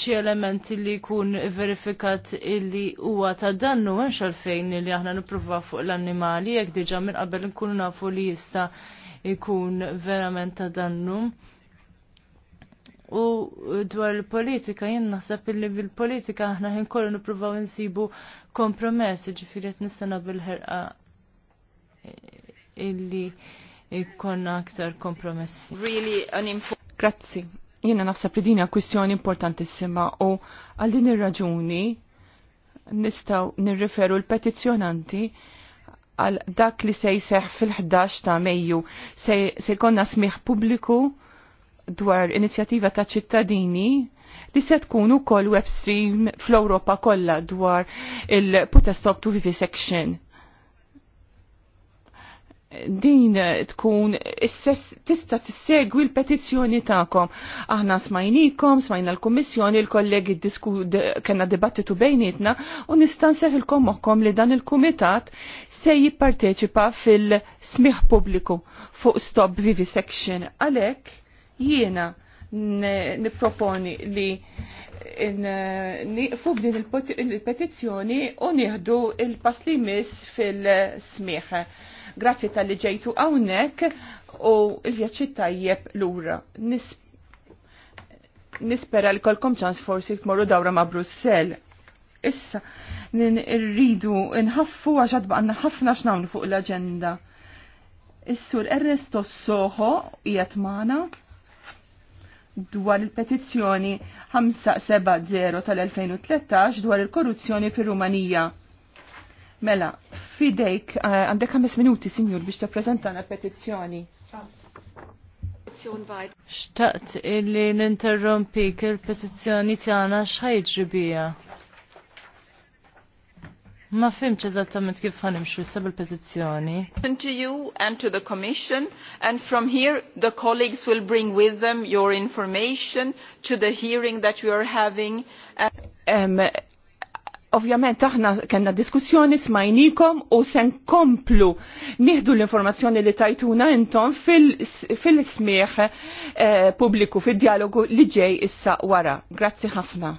xi elementi li jkun verifikat illi huwa ta' dannu għax għalfejn li aħna nipprova fuq l-annimali jekk diġà minn qabel nkunu nafu li jista' jkun verament ta' dannu. U dwar il-politika, jien naħseb illi bil-politika aħna ħin kollu nippruvaw insibu kompromess, ġifiri għet nistana bil-ħerqa illi konna aktar kompromessi. Really an Grazzi. Jiena naħseb li dinja kwistjoni importantissima u għal din ir-raġuni nistaw nirriferu l-petizjonanti għal dak li se jseħ fil-11 ta' Mejju se jkonna smiħ pubbliku dwar inizjattiva ta' ċittadini li se tkun ukoll web stream fl-Ewropa kollha dwar il-Protestop to Vivisection. Din tkun tista' tissegwi l-petizzjoni tagħkom. Aħna smajnikom, smajna l-Kummissjoni, l-kollegi kena dibattitu bejnietna u nista' seħilkom moħħkom li dan il-Kumitat se jipparteċipa fil-smiħ pubbliku fuq Stop Vivisection. Għalhekk Jiena niproponi li niqfu din il-petizzjoni u nieħdu il-pass li miss fil-smieħ. Grazzi tal-li ġejtu għawnek u il-vjaċċi tajjeb lura. Nispera li kolkom ċans forsi tmorru dawra ma' Brussel. Issa, rridu nħaffu għaxad baqanna ħafna x'namlu fuq l-agenda. Is-sur Ernesto Soho jgħat dwar il-petizzjoni 570 tal-2013 dwar il-korruzzjoni fir-Rumanija. Mela, fidejk, eh, għandek 5 minuti, sinjur, biex t-prezentana petizzjoni. Xtaqt illi ninterrompik il-petizzjoni tjana xħajġri bija. Ma fimx eżattament kif ħanimxu sab il-petizzjoni. To you and to the Commission and from here the colleagues will bring with them your information to the hearing that we are having. Ovvjament aħna kena diskussjoni smajnikom u sen komplu nieħdu l-informazzjoni li tajtuna intom fil-smieħ fil eh, pubbliku, fil-dialogu li ġej issa wara. Grazzi ħafna.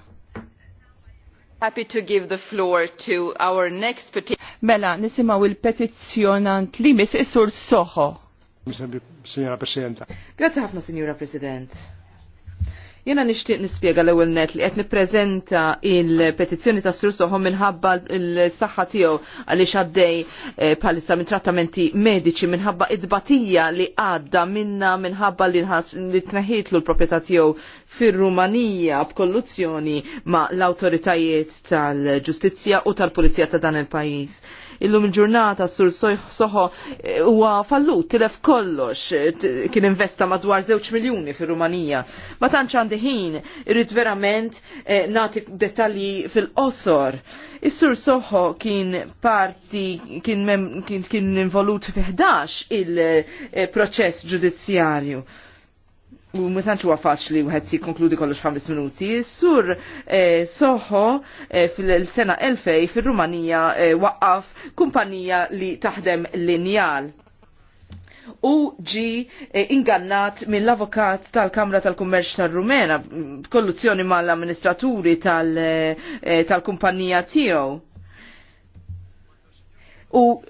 Happy to give the floor to our next petition. Mela, nisimaw il petizjonant li mis sur soħo. Grazie ħafna, Signora President. Jena nishtiq nispiega l-ewel net li qed nippreżenta il-petizzjoni ta' Sur Soħom minħabba l-saħħa tiegħu għaliex għaddej palissa eh, minn trattamenti mediċi minħabba idbatija li għadda minna minħabba li tneħitlu l propieta tiegħu fir-Rumanija b'kolluzzjoni ma' l-awtoritajiet tal-ġustizzja u tal-pulizija ta' dan il-pajjiż illum il-ġurnata sur soħo huwa fallu, tilef kollox kien investa madwar 2 miljuni fir rumanija Ma tantx għandi ħin irrid verament eh, nagħti dettalji fil-qosor. Is-sur soħo kien parti kien, kien involut fi 11 il-proċess eh, ġudizzjarju u mutanċu huwa faċli wieħed si konkludi kollox 5 minuti, sur eh, soħo eh, fil-sena 2000 fil-Rumanija eh, waqqaf kumpanija li taħdem linjal u ġi ingannat mill-avokat tal-Kamra tal-Kummerċ tal-Rumena, kolluzzjoni mal-amministraturi tal-kumpanija tiegħu u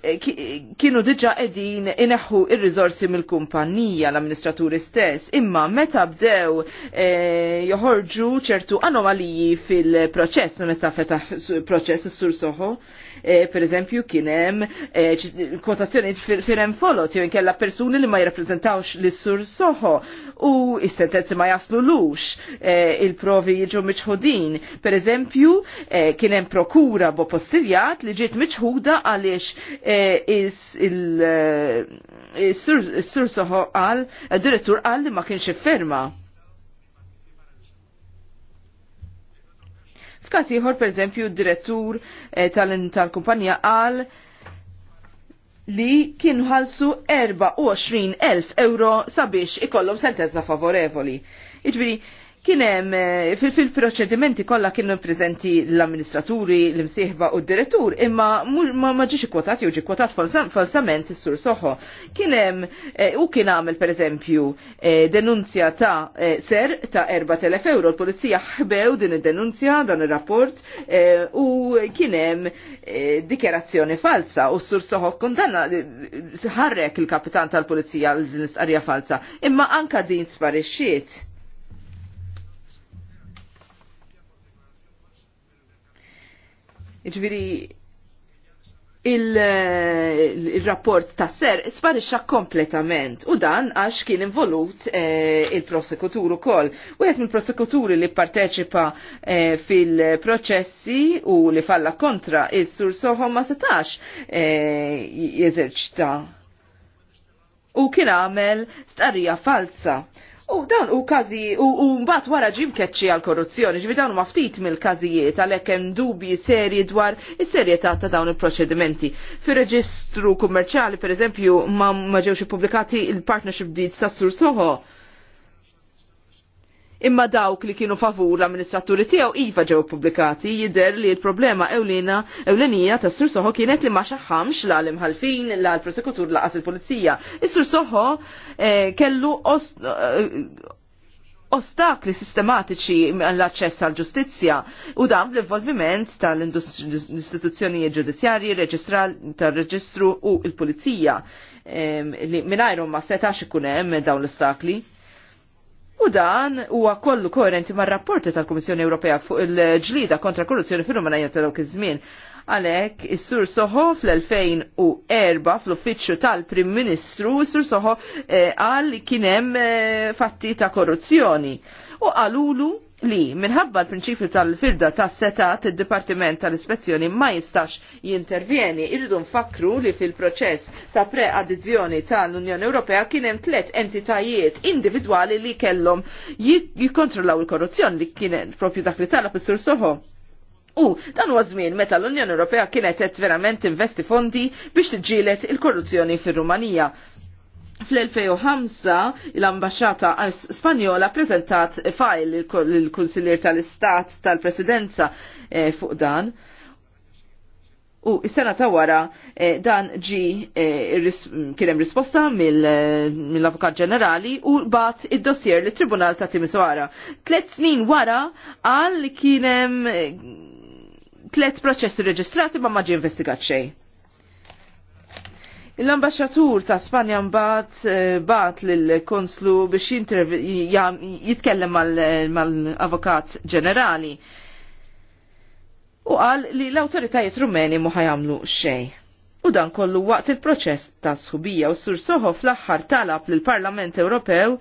kienu diġa edin ineħħu il rizorsi mill-kumpanija l-amministraturi stess, imma meta bdew eh, joħorġu ċertu anomaliji fil-proċess, meta feta proċess s-sur soħo, eh, per eżempju kienem eh, kwotazzjoni firem folot, jew kella persuni li ma jirrappreżentawx l-sur soħo u s sentenzi ma jaslu lux, il-provi jiġu miċħudin. Per eżempju, kienem prokura bo postiljat li ġiet miċħuda għaliex Eh, il-sur eh, soħo għal, eh, direttur għal li ma kienx ferma. F'każ ieħor pereżempju d-direttur tal-kumpanija qal li kienu ħalsu 24,000 euro sabiex ikollhom sentenza favorevoli. Iġbiri, kienem eh, fil-proċedimenti kollha kienu prezenti l-amministraturi, l-imsieħba u d-direttur, imma ma ġiex ikkwotat jew kwotat falsament is-sur soħo. Kienem eh, u kien għamel pereżempju eh, denunzja ta' ser ta' 4000 euro, l-pulizija ħbew din id-denunzja dan ir-rapport u kienem dikjerazzjoni falsa u s-sur soħo kondanna ħarrek il-kapitan tal-pulizija l-din istqarrija falsa, imma anka din sparixxiet Ġviri, il-rapport ta' ser sparixxa kompletament u dan għax kien involut e, eh, il-prosekuturu kol. U għet mill-prosekuturi li parteċipa e, fil-proċessi u li falla kontra il-sur soħom ma setax e, eh, jeżerċta. U kien għamel starija falsa U dawn u kazi, u mbagħad wara ġim keċċi għal korruzzjoni, ġivi dawn ftit mill-każijiet għalhekk hemm dubji serji dwar is-serjetà ta' dawn il-proċedimenti. Fir-reġistru kummerċali pereżempju ma ġewx ippubblikati il-partnership deeds ta' Sur Soho imma dawk li kienu favur l-amministraturi tiegħu iva ġew pubblikati jidher li l-problema ewlina ewlenija ta' Sur Soħo kienet li ma xaħamx l-imħalfin la l-prosekutur laqas il-pulizija. Is-Sur Soħo eh, kellu eh, ostakli sistematiċi l-aċċess għal ġustizzja u dan l-involviment tal-istituzzjonijiet ġudizzjarji, tal-reġistru u l-pulizija e, li ma setax ikun hemm dawn l-ostakli. U dan huwa kollu koerenti mar-rapporti tal-Kummissjoni Ewropea fuq il-ġlida kontra korruzzjoni fenomenajja tal dawk iż-żmien. Għalhekk is-Sur Soħo fl-2004 fl-uffiċċju tal-Prim Ministru, is-Sur Soħo qal eh, kien hemm eh, fatti ta' korruzzjoni. U qalulu li minħabba l-prinċipju tal-firda tas setat id-Dipartiment tal-Ispezzjoni ma jistax jintervjeni irridu nfakru li fil-proċess ta' preadizjoni tal-Unjoni Ewropea kien hemm tliet entitajiet individwali li kellhom jikkontrollaw il-korruzzjoni li kienet propju dak li tala pissur soħo. U dan huwa żmien meta l-Unjoni Ewropea kienet qed verament investi fondi biex tiġġieled il-korruzzjoni fir-Rumanija Fl-2005 l-ambasċata spanjola prezentat fajl il-Kunsiljer tal-Istat tal-Presidenza eh, fuq dan. U s-sena ta' wara eh, dan ġi eh, ris kienem risposta mill-Avukat mil Ġenerali u bat id-dossier li tribunal ta' Timiswara. Tlet snin wara għal kienem eh, tlet proċessi reġistrati ma maġi investigat xej l ambasġatur ta' Spanja mbagħad eh, bat lill-konslu biex jitkellem mal-avokat ġenerali u qal li l-awtoritajiet rumeni mu ħajamlu xejn. U dan kollu waqt il-proċess ta' sħubija u sur soħo fl-aħħar talab lill-Parlament Ewropew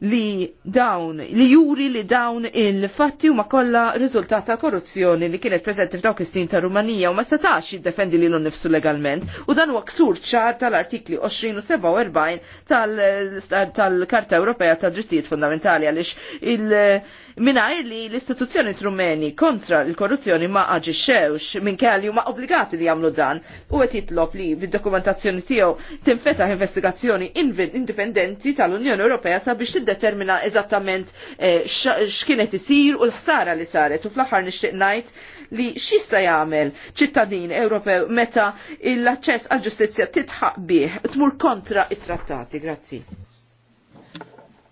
li dawn, li juri li dawn il-fatti u ma kolla rizultat ta' korruzzjoni li kienet prezenti f'dawk is-snin ta' Rumanija u ma setax jiddefendi lilu nnifsu nifsu legalment u dan huwa ksur ċar tal-artikli 20 u 47 tal-Karta Ewropea ta' Drittijiet Fundamentali għaliex il- minajr li l-istituzzjoni trumeni kontra l-korruzzjoni ma xewx minn kelli ma obbligati li jamlu dan u għet jitlob li bid-dokumentazzjoni tiegħu tinfetaħ investigazzjoni indipendenti tal-Unjoni Ewropea sabiex tiddetermina eżattament eh, x'kienet isir u l-ħsara li saret u fl-aħħar nixtieq ngħid li x'jista' jagħmel ċittadin Ewropew meta l-aċċess għall-ġustizzja titħaq bih tmur kontra it-trattati. Grazzi.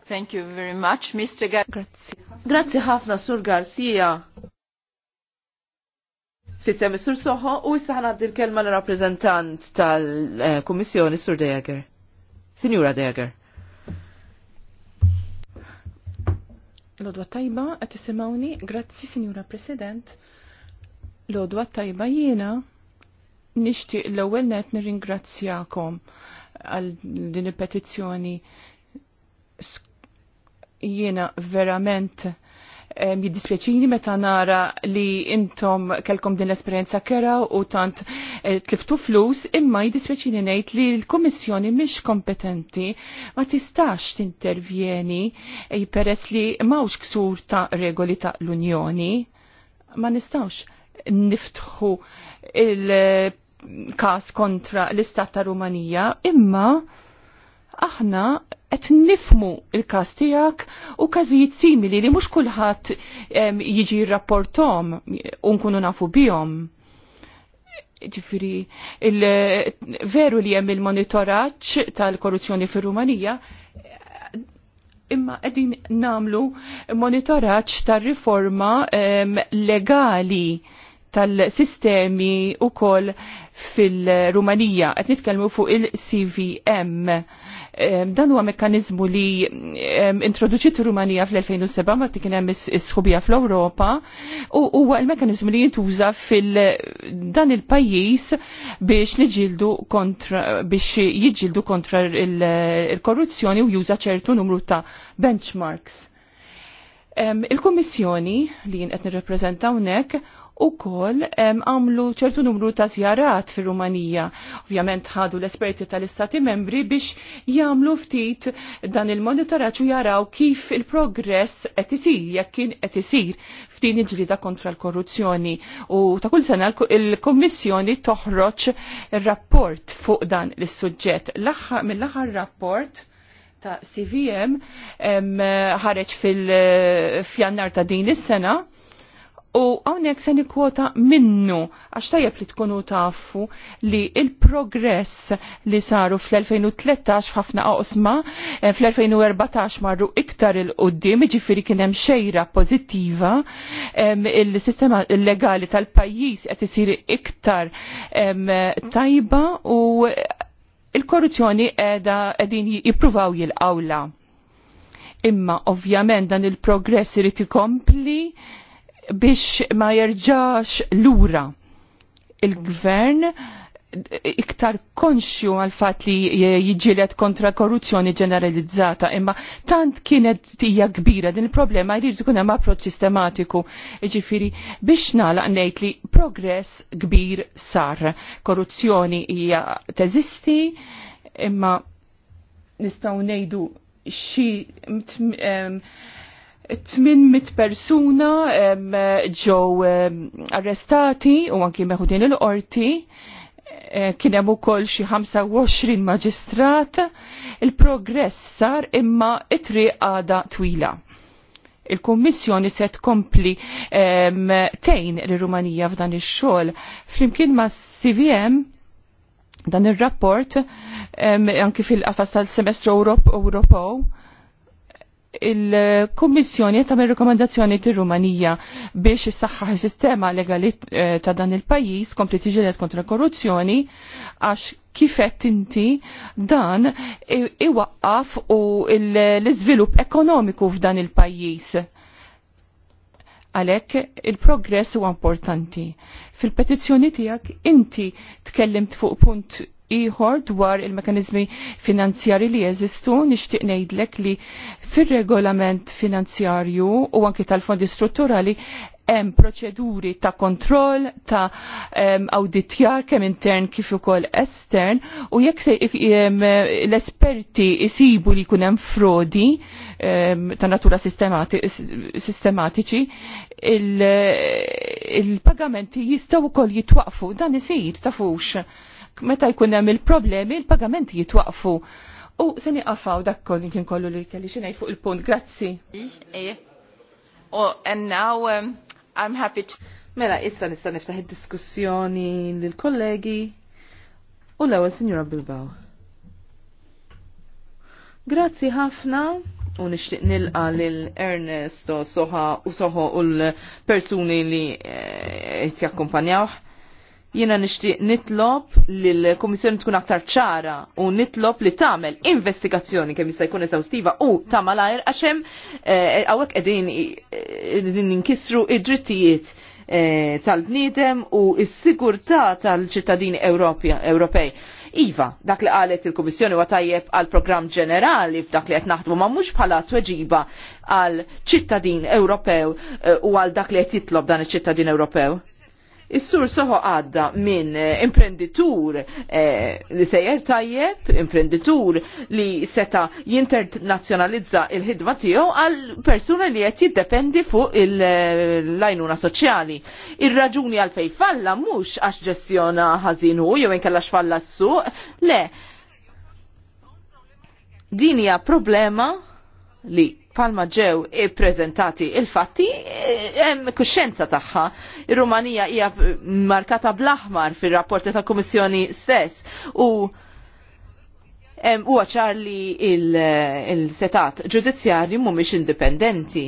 Thank you very much, Mr. Grazie. Grazie ħafna, Sur Garcia. Fissem Sur Soħo u issa għaddi l-kelma l-rappresentant tal-Kummissjoni, Sur Deager. Signora Dejager. Lodwa tajba, għat isimawni, grazzi Signora President. Lodwa tajba jiena, nishti l-ewwel net nirringrazzjakom għal din il-petizzjoni jiena verament jiddispjaċini meta nara li intom kelkom din l-esperienza kera u tant eh, tliftu flus, imma jiddispieċini nejt li l-Komissjoni mhix kompetenti ma tistax tintervjeni eh, peress li mawx ksur ta' regoli ta' l-Unjoni. Ma nistax niftħu il-kas kontra l-Istat ta' Rumanija, imma aħna qed nifmu il-każ tiegħek u każijiet simili li mhux kulħadd jiġi rrapportom u nkunu nafu bihom. Ġifieri, veru li hemm il-monitoraġġ tal-korruzzjoni fir-Rumanija, imma qegħdin namlu monitoraġġ tar-riforma legali tal-sistemi u koll fil-Rumanija. Għet nitkelmu fuq il-CVM. Dan huwa mekkanizmu li introduċit Rumanija fl-2007 ma kien hemm is-sħubija fl-Ewropa u huwa l-mekkanizmu li jintuża fil-dan il-pajjiż biex niġildu kontra biex jiġildu kontra il-korruzzjoni u juża ċertu numru ta' benchmarks. Il-Kummissjoni li jien qed nirrepreżentawnek u kol għamlu ċertu numru ta' zjarat fir rumanija Ovvjament ħadu l-esperti tal-istati membri biex jagħmlu ftit dan il-monitoraċ u jaraw kif il-progress qed isir jekk kien qed isir il ġlida kontra l-korruzzjoni u ta' kull sena il-Kommissjoni toħroġ rapport fuq dan l-suġġett. Mill-aħħar rapport ta' CVM ħareġ fil-fjannar ta' din is-sena U għawnek se kwota minnu, għax tajjeb li tkunu tafu li il-progress li saru fl-2013 ħafna qosma, eh, fl-2014 marru iktar il-qoddim, ġifiri kienem xejra pozittiva, il-sistema legali tal-pajis qed isir iktar tajba u il-korruzzjoni għedin jipruvaw jil għawla Imma ovvjament dan il-progress irid ikompli, kompli biex ma jerġax lura. Il-gvern iktar konxju għal fat li jiġilet kontra korruzzjoni ġeneralizzata, imma tant kienet tija kbira din il-problema jrid ikun hemm approċċ sistematiku. Ġifieri biex nagħlaq ngħid li progress kbir sar. Korruzzjoni hija teżisti, imma nistgħu ngħidu xi 800 persuna ġew arrestati u anki meħudin il-qorti e, kien hemm ukoll xi 25 maġistrat, il-progress sar imma it-triq għada twila. Il-Kummissjoni se tkompli tejn lir-Rumanija f'dan ix-xogħol. Flimkien ma' CVM dan ir-rapport anki fil-qafas tal-semestru Ewropew il-Kummissjoni tagħmel rekomendazzjoni tir-Rumanija biex issaħħaħ is-sistema legali eh, ta' dan il-pajjiż kompli tiġilet kontra korruzzjoni għax kifet inti dan iwaqqaf u l-iżvilupp ekonomiku f'dan il-pajjiż. Għalhekk il-progress huwa importanti. Fil-petizzjoni tiegħek inti tkellimt fuq punt ieħor dwar il-mekanizmi finanzjari li jeżistu nixtieq ngħidlek li fir-regolament finanzjarju u anki tal-fondi strutturali hemm proċeduri ta' kontroll ta' um, auditjar kemm intern kif ukoll estern u jekk se l-esperti isibu li jkun hemm frodi um, ta' natura sistematiċi il-pagamenti il jistgħu wkoll jitwaqfu dan isir tafux meta jkun hemm il-problemi il-pagamenti jitwaqfu. U se niqafaw dak kol jinkin kollu li kelli xinaj fuq il-punt, grazzi. E. And now um, I'm happy to Mela, issa nista' niftaħ id-diskussjoni lill-kollegi u l-ewwel Bilbao. Grazzi ħafna u nixtieq nilqa lil u Soħa u Soħo u l-persuni li eh, qed jakkumpanjawh. Jiena nixtieq nitlob li l-Kummissjoni tkun aktar ċara u nitlob li tagħmel investigazzjoni kemm jista' jkun eżawstiva u tamal malajr għax hemm eh, hawnhekk qegħdin eh, ninkisru id-drittijiet eh, tal-bniedem u s-sigurtà tal-ċittadini Ewropej. Iva, dak li qalet il-Kummissjoni wa tajjeb għal programm ġenerali f'dak li qed naħdmu ma mhux bħala tweġiba għal ċittadin Ewropew u għal dak li qed jitlob dan iċ-ċittadin Ewropew. Is-sur soħo għadda minn eh, imprenditur eh, li sejjer tajjeb, imprenditur li seta jinternazzjonalizza il-ħidma tiegħu għal persuna li qed jiddependi fuq il-lajnuna soċjali. Ir-raġuni għal fej falla mhux għax ġestjona ħażin hu jew inkella x'falla s-suq, le. Din hija problema li palma ġew ippreżentati il-fatti eh, hemm kuxenza tagħha. Ir-Rumanija hija markata bl-aħmar fir-rapporti tal-Kummissjoni stess u huwa ċar li il-setat ġudizzjarji mhumiex indipendenti.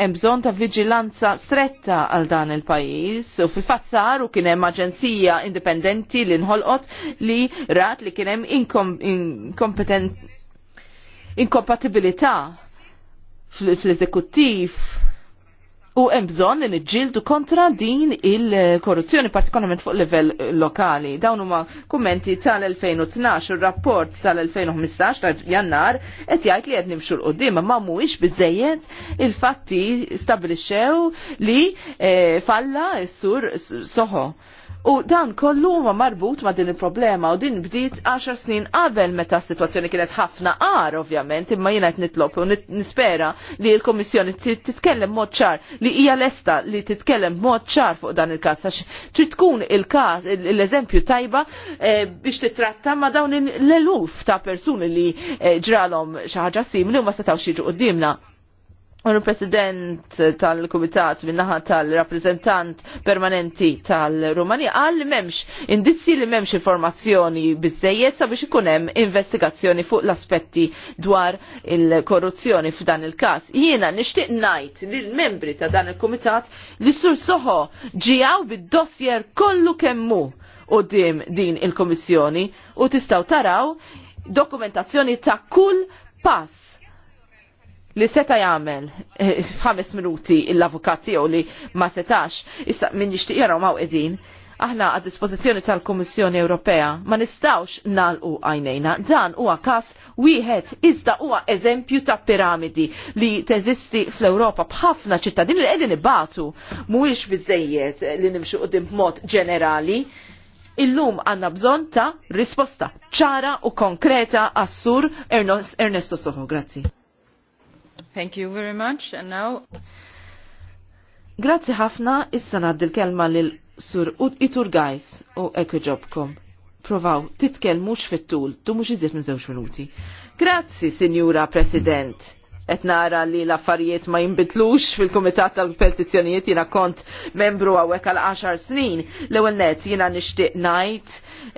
Hemm bżonn ta' viġilanza stretta għal dan il-pajjiż u fil-fatt saru kien hemm aġenzija indipendenti li nħolqot li rat li kien hemm inkompetenza inkompatibilità fl-eżekuttiv u hemm bżonn li niġġieldu kontra din il-korruzzjoni partikolarment fuq livell lokali. Dawn huma kummenti tal-2012 u rapport tal-2015 ta' Jannar qed jgħid li qed nimxu l qudiem ma mhuwiex biżejjed il-fatti stabilixxew li eh, falla s-sur soħo. U dan kollu ma marbut ma' din il-problema u din bdiet 10 snin qabel meta s-sitwazzjoni kienet ħafna qar ovvjament imma jiena qed nitlob u nispera li l-Kummissjoni titkellem mod ċar li hija lesta li titkellem mod ċar fuq dan il-każ għax trid tkun il-każ l-eżempju tajba eh, biex titratta ma' dawn l-eluf ta' persuni li eh, ġralhom xi ħaġa simili u ma setgħux jiġu qudiemna. Għonu president tal-Kumitat minnaħa tal-rappresentant permanenti tal-Rumanija għal li memx indizzi li memx informazzjoni bizzejiet sabiex ikunem investigazzjoni fuq l-aspetti dwar il-korruzzjoni f'dan il-kas. Jiena nishtiq najt lill-membri ta' dan il-Kumitat li sur soħo ġijaw bid-dossier kollu kemmu u dim din il-Komissjoni u tistaw taraw dokumentazzjoni ta' kull pass li seta jagħmel 5 eh, minuti l-avukat tiegħu li ma setax, issa min nixtieq jaraw ma' qegħdin, aħna għad dispożizzjoni tal-Kummissjoni Ewropea ma nistawx nalqu għajnejna. Dan huwa kaf wieħed iżda huwa eżempju ta' piramidi li teżisti fl-Ewropa b'ħafna ċittadini li qegħdin ibatu mhuwiex biżejjed li nimxu qudiem b'mod ġenerali illum għanna bżon ta' risposta ċara u konkreta għassur Ernesto Soho. Grazzi. Thank you very much. And now... Grazzi ħafna, issa naddi l-kelma lil sur Itur Gajs u ekwiġobkom. Provaw, titkelmux fit-tul, tu mux iżiet minn zewġ minuti. Grazzi, signora President qed nara li l-affarijiet ma jinbidlux fil-Kumitat tal-Petizzjonijiet jiena kont membru għawek għal 10 snin. L-ewwel nett jiena nixtieq ngħid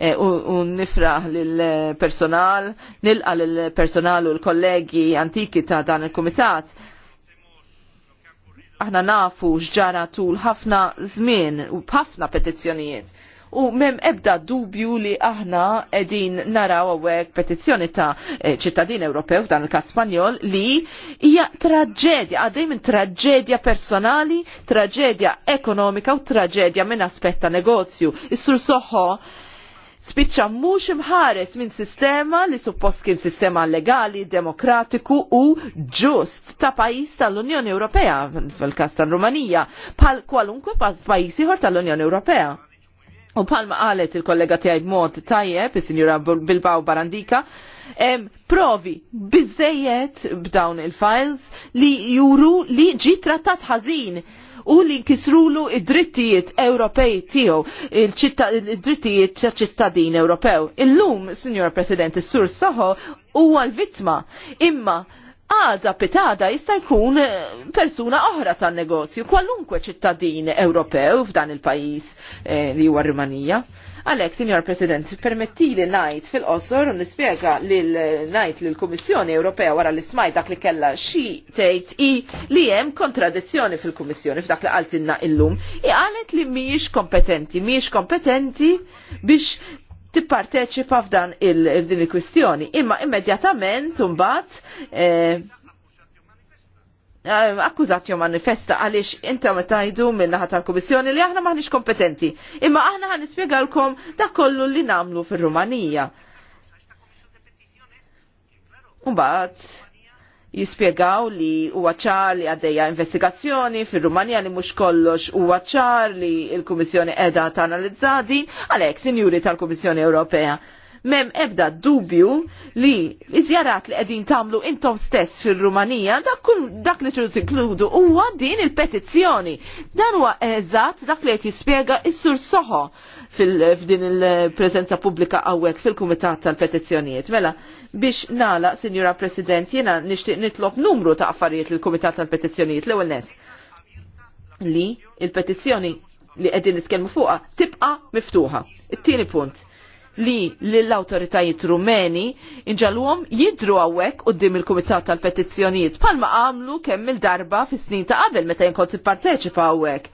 eh, u nifraħ lill-personal, nilqa' lill-personal u l-kollegi antiki ta' dan il-Kumitat. Aħna nafu x'ġara tul ħafna żmien u b'ħafna petizzjonijiet u mem ebda dubju li aħna edin naraw għawek petizjoni ta' eh, ċittadin Ewropew dan il-kas Spanjol li hija traġedja, għaddej minn traġedja personali, traġedja ekonomika u traġedja minn aspetta negozju. Is-sur soħħo spiċċa mhux imħares minn sistema li suppost kien sistema legali, demokratiku u ġust ta' pajjiż tal-Unjoni Ewropea, fil-kas tal-Rumanija, bħal kwalunkwe pajjiż ieħor tal-Unjoni Ewropea. U palma qalet il-kollega tiegħi mod tajjeb, is-Sinjura Bilbao Barandika, em, provi biżejjed b'dawn il-files li juru li ġi trattat ħażin u li nkisrulu id-drittijiet Ewropej tiegħu, id-drittijiet ta' ċittadin Ewropew. Illum, Sinjora President, is-Sur Soħo huwa l-vittma. Imma għada pitada jista' jkun eh, persuna oħra tan-negozju, kwalunkwe ċittadin Ewropew f'dan il-pajis eh, li huwa Rumanija. Alex, Signor President, permettili najt fil-qosor u nispiega li najt l kummissjoni Ewropea wara li smajt dak li kella xi tgħid i li hemm kontradizzjoni fil-Kummissjoni f'dak li qaltilna illum. I qalet li mhijiex kompetenti, mhijiex kompetenti biex tipparteċipa f'dan il-din il-kwistjoni. Imma immedjatament umbat eh, eh, akkużat akkużazzjoni manifesta għaliex inta ma tajdu minnaħa tal-Kummissjoni li aħna maħniex kompetenti. Imma aħna ħan nispjegalkom da kollu li namlu fir-Rumanija. Umbat, jispiegaw li huwa ċar li għaddejja investigazzjoni fir-Rumanija li mhux kollox huwa ċar li l-Kummissjoni qiegħda tanalizza din għalhekk sinjuri tal-Kummissjoni Ewropea mem ebda dubju li iżjarat li qegħdin tagħmlu intom stess fil-Rumanija dak kull dak li trid tinkludu huwa din il-petizzjoni. Dan huwa eżatt dak li qed jispjega s-sur soħo f'din il-preżenza pubblika hawnhekk fil-Kumitat tal-Petizzjonijiet. Mela, biex nala, Sinjura President, jiena nixtieq nitlob numru ta' affarijiet lill-Kumitat tal-Petizzjonijiet l-ewwel li il-petizzjoni li qegħdin nitkellmu fuqha tibqa' miftuħa. It-tieni punt li l-autoritajiet rumeni inġalwom jidru għawek u dim il-Kumitat tal-Petizzjonijiet palma għamlu kemm il-darba fis snin ta' qabel meta jinkont parteċipa għawek.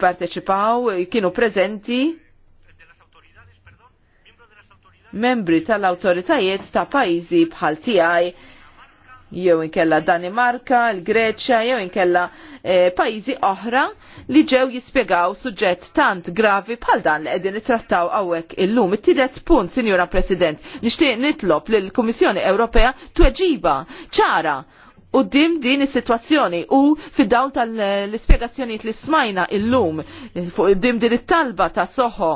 Parteċipaw, kienu prezenti membri tal-autoritajiet ta' pajzi bħal tiegħi jew inkella Danimarka, il greċja jew inkella e, pajjiżi oħra li ġew jispjegaw suġġett tant gravi bħal dan li qegħdin nittrattaw hawnhekk illum. It-tielet punt, Sinjura President, nixtieq nitlob lill kummissjoni Ewropea tweġiba ċara u dim din is-sitwazzjoni u fid-dawl tal-ispjegazzjonijiet li smajna illum eh, fuq dim din it-talba ta' soħo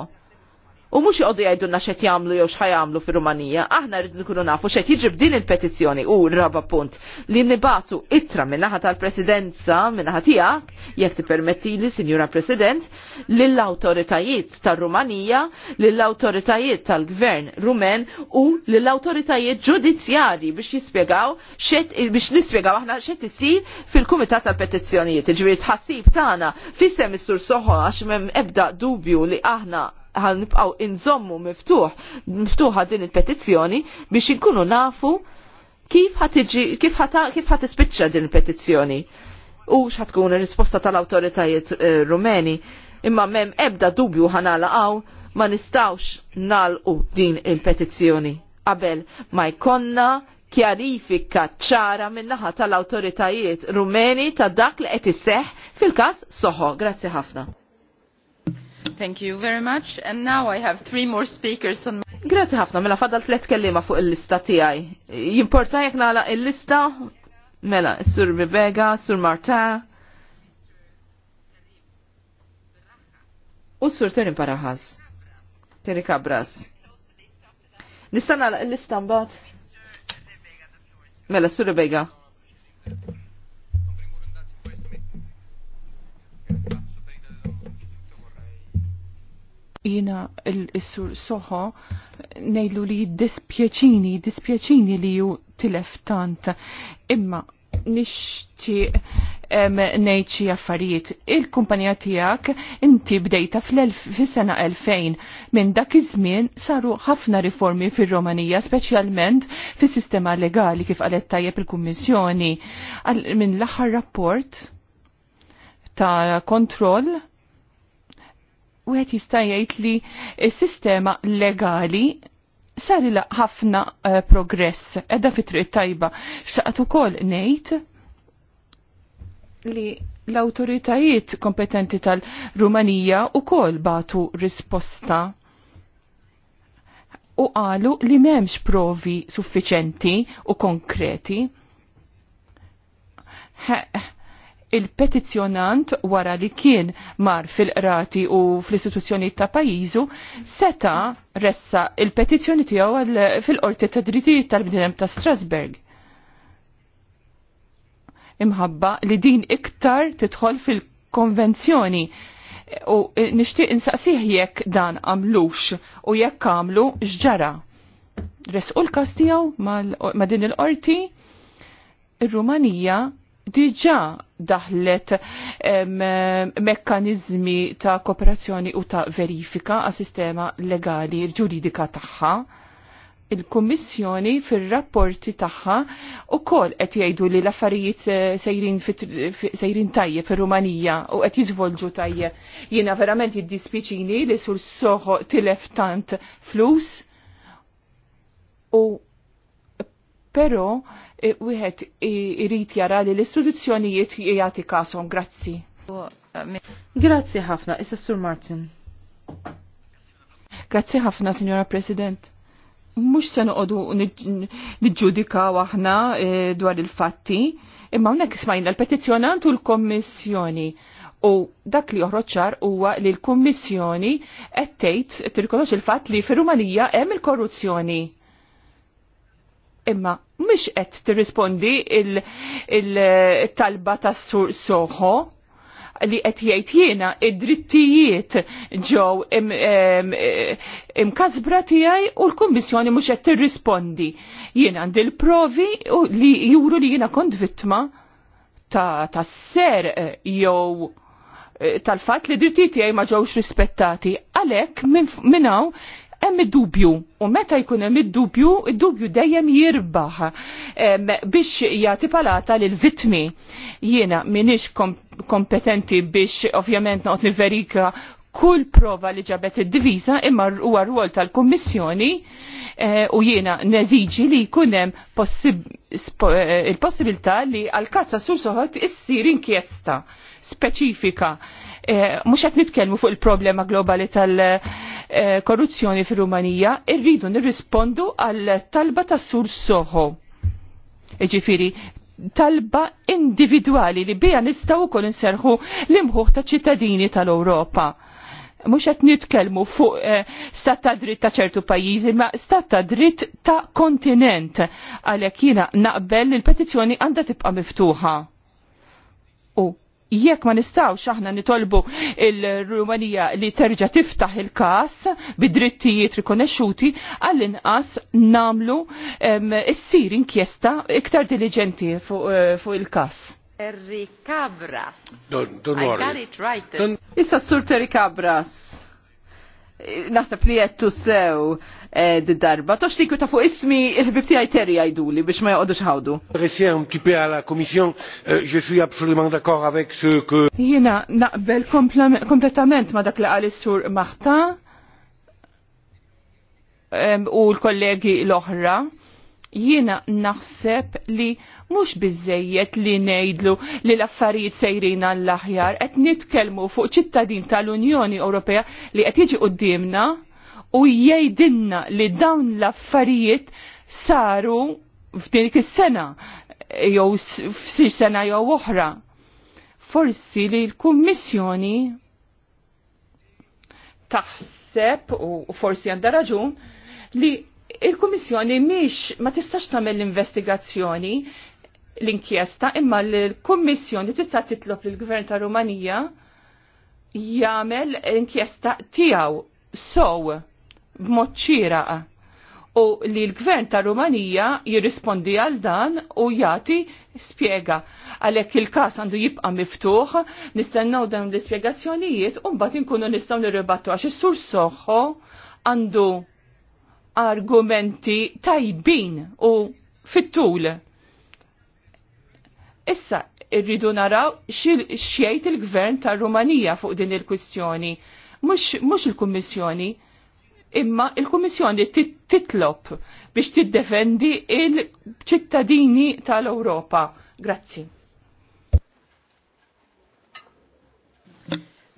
U mux jgħoddu jgħidunna xet jamlu jew xħajamlu fir rumanija aħna rridu nkunu nafu xet jġib din il-petizzjoni u raba punt li nibatu ittra minnaħa tal-presidenza minnaħa tijak, jek ti permetti li, sinjura president, lill-autoritajiet tal-Rumanija, lill-autoritajiet tal-gvern rumen u lill-autoritajiet ġudizzjari biex jispiegaw xet, biex nispiegaw aħna xet isir fil-kumitat tal-petizzjonijiet. Ġviri tħassib tana fissem is-sur soħo għax ebda dubju li aħna ħanibqaw inżommu miftuħ, miftuħa din il-petizzjoni biex inkunu nafu kif ħatiġi, ispiċċa din il-petizzjoni. U xħatkun il-risposta tal-autoritajiet eh, rumeni, imma mem ebda dubju għaw ma nistawx nalqu din il-petizzjoni. Qabel ma jkonna kjarifika ċara minnaħa tal-autoritajiet rumeni ta' dak li qed isseħ fil-każ soħo. Grazzi ħafna. Thank you very much. And now I have three more speakers on my... Grazie ħafna, mela fadal tlet kellima fuq il-lista tijaj. Jimporta jek nala il-lista? Mela, Sur Bibega, Sur Marta. U Sur Terim Parahas. Teri Kabras. Nista nala il-lista mbat? Mela, Sur Bibega. jina il-sur soħo nejlu li dispjaċini, dispjaċini li ju tilef tant. Imma nixti nejċi affarijiet. Il-kumpanija tijak inti bdejta fl sena 2000 minn dak iż-żmien saru ħafna riformi fir-Romanija, speċjalment fis-sistema legali kif qalet tajjeb il-Kummissjoni. Minn l-aħħar rapport ta' kontroll u għet jistajajt li sistema legali la ħafna uh, progress edha fitri tajba. Xaqtu kol nejt li l-autoritajiet kompetenti tal-Rumanija u kol batu risposta u qalu li memx provi suffiċenti u konkreti. Ha il-petizjonant wara li kien mar fil-qrati u fl-istituzzjoni ta' pajizu seta ressa il-petizjoni tiegħu fil-qorti ta' drittijiet tal-bnidem ta' Strasburg. Imħabba li din iktar tidħol fil-konvenzjoni u nixtieq insaqsih jekk dan għamlux u jekk għamlu x'ġara. Resqu l kastijaw tiegħu ma' din il-qorti ir-Rumanija diġa daħlet mekkanizmi ta' kooperazzjoni u ta' verifika għas sistema legali ġuridika tagħha. Il-Kummissjoni fir-rapporti tagħha kol qed jgħidu li l-affarijiet eh, sejrin, tajje fil fir-Rumanija u qed jiżvolġu tajjeb. Jiena verament jiddispiċini li sur soħo tilef tant flus u Pero e, wieħed irid jara li l-istituzzjonijiet jagħti kasom. Grazzi. Grazzi ħafna, issa Sur Martin. Grazzi ħafna, Signora President. Mux se noqogħdu niġġudikaw aħna e, dwar il-fatti, imma hawnhekk smajna l-petizzjonant u l-Kommissjoni. U dak li uħroċar huwa li l-Kummissjoni qed tgħid tirkonox il-fatt li fir-Rumanija hemm il-korruzzjoni imma mish qed tirrispondi il-talba il tas-sur soħo li qed jgħid jiena id-drittijiet ġew imkasbra im, im tiegħi u l-Kummissjoni mhux qed tirrispondi. Jiena għandi l-provi li juru li jiena kont vittma ta', ta ser eh, jew eh, tal-fatt li drittijiet tiegħi ma ġewx rispettati. Għalhekk minn hawn hemm id-dubju u meta jkun hemm id-dubju, id-dubju dejjem jirbaħ biex jagħti palata lil vitmi. Jiena m'iniex kompetenti biex ovvjament noqgħod niverika kull prova li ġabet id-divisa imma huwa rwol tal-Kummissjoni e, u jiena neżiġi li jkun hemm e, il-possibilità li għal kassa sur soħod issir inkjesta speċifika Eh, mhux qed nitkellmu fuq il-problema globali tal-korruzzjoni fir-Rumanija, irridu nirrispondu għal talba tas sur soħo. Ġifiri, talba individwali li bija nistaw kol inserħu l-imħuħ ta' ċittadini tal-Ewropa. Mhux qed nitkellmu fuq eh, stat ta' dritt ta' ċertu pajjiżi, ma stat ta' dritt ta' kontinent għalhekk jiena naqbel li petizjoni petizzjoni għandha tibqa' miftuħa. U jekk ma nistawx aħna nitolbu il-Rumanija li terġa tiftaħ il-kas bidrittijiet rikonexxuti għall-inqas namlu issir inkjesta iktar diligenti fuq eh, fu il-kas. Terri Cabras. Don't, don't worry. I got it right. Issa sur Terri Cabras nasab li jettu sew eh, d-darba. Tox li ta' fuq ismi il-ħbib għajteri għajdu li biex ma jgħodux ħawdu. Ressija un tipi għala komisjon, euh, je suis absolument d'accord avec ce que. Jena, naqbel kompletament ma dak li qal sur Maħta u l-kollegi l-oħra Jiena naħseb li mhux biżejjed li ngħidlu li l-affarijiet sejrin għall-aħjar qed nitkellmu fuq ċittadin tal-Unjoni Ewropea li qed jiġi qudiemna u jgħidilna li dawn l-affarijiet saru f'dik is-sena jew f'si sena jew oħra. Forsi li l-Kummissjoni taħseb u forsi għandha raġun li il-Kummissjoni miex ma tistax tagħmel l-investigazzjoni l-inkjesta imma l-Kummissjoni tista' titlob lill-Gvern ta' Rumanija jagħmel inkjesta tiegħu sow b'mod xieraq. u li l-gvern ta' Rumanija jirrispondi għal dan u jati spiega. għalhekk il każ għandu jibqa miftuħ, nistennaw dawn l ispjegazzjonijiet u mbagħad inkunu nistgħu nirribattu għax is-sur soħħo għandu argumenti tajbin u fit-tul. Issa irridu naraw xiejt il-gvern tar rumanija fuq din il-kwistjoni. Mux il-Kummissjoni, imma il-Kummissjoni titlob biex tiddefendi il-ċittadini tal-Europa. Grazzi.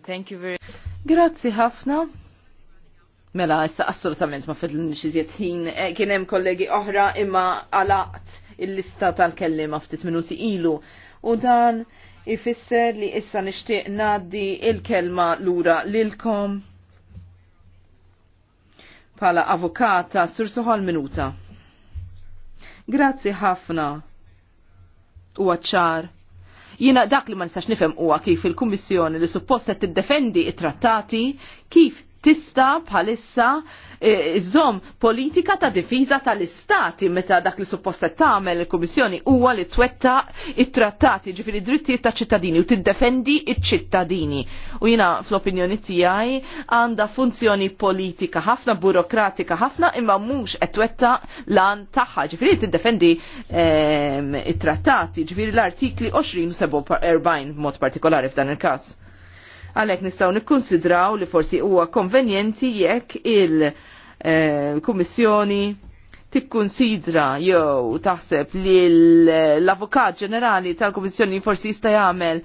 Thank you very Grazzi ħafna. Mela, issa assolutament ma fidlin xiziet ħin. E, kien hemm kollegi oħra imma għalaqt il-lista tal-kellima ftit minuti ilu. U dan ifisser li issa nixtieq ngħaddi il-kelma lura lilkom. Pala avokata, sur soħol minuta. Grazzi ħafna. U għacċar. Jina dak li ma nistax nifem huwa kif il-Kummissjoni li supposta tiddefendi it-trattati kif tista bħalissa e, iżom politika ta' difiża tal-istati meta dak li supposta tagħmel il-Kummissjoni huwa li twetta it-trattati ġifieri drittijiet ta' ċittadini u tiddefendi iċ-ċittadini. U jiena fl-opinjoni tiegħi għandha funzjoni politika ħafna burokratika ħafna imma mhux qed twetta lan tagħha ġifieri tiddefendi ehm, it-trattati ġifieri l-artikli 20 u 47 b'mod partikolari f'dan il-każ. Għalhekk nistgħu nikkonsidraw li forsi huwa konvenjenti jekk il-Kummissjoni eh, tikkunsidra jew taħseb li l-Avukat Ġenerali tal-Kummissjoni forsi jista' jagħmel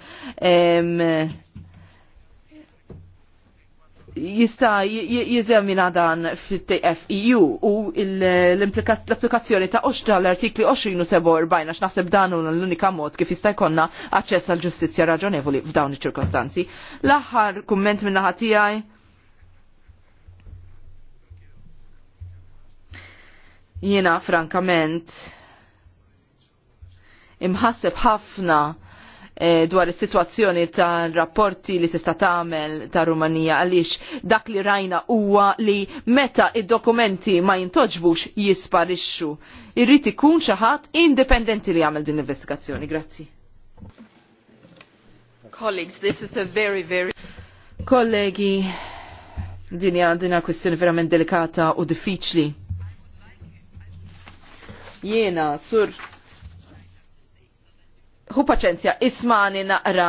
jista jizemina dan fit-TFEU u l-applikazzjoni ta' oċta l-artikli 20 u 47 għax naħseb dan l-unika mod kif jista' jkollna aċċess għal ġustizzja raġonevoli f'dawn iċ-ċirkostanzi. L-aħħar kumment minn naħa tiegħi. frankament imħasseb ħafna Eh, dwar is-sitwazzjoni tar-rapporti li tista' tagħmel ta' Rumanija għaliex dak li rajna huwa li meta id-dokumenti ma jintoġbux jisparixxu. Irrid ikun xi ħadd indipendenti li jagħmel din l-investigazzjoni. Grazzi. Colleagues, this is a very, very... Kollegi, dinja dinja kwestjoni verament delikata u diffiċli. Jiena, sur hu paċenzja, ismani naqra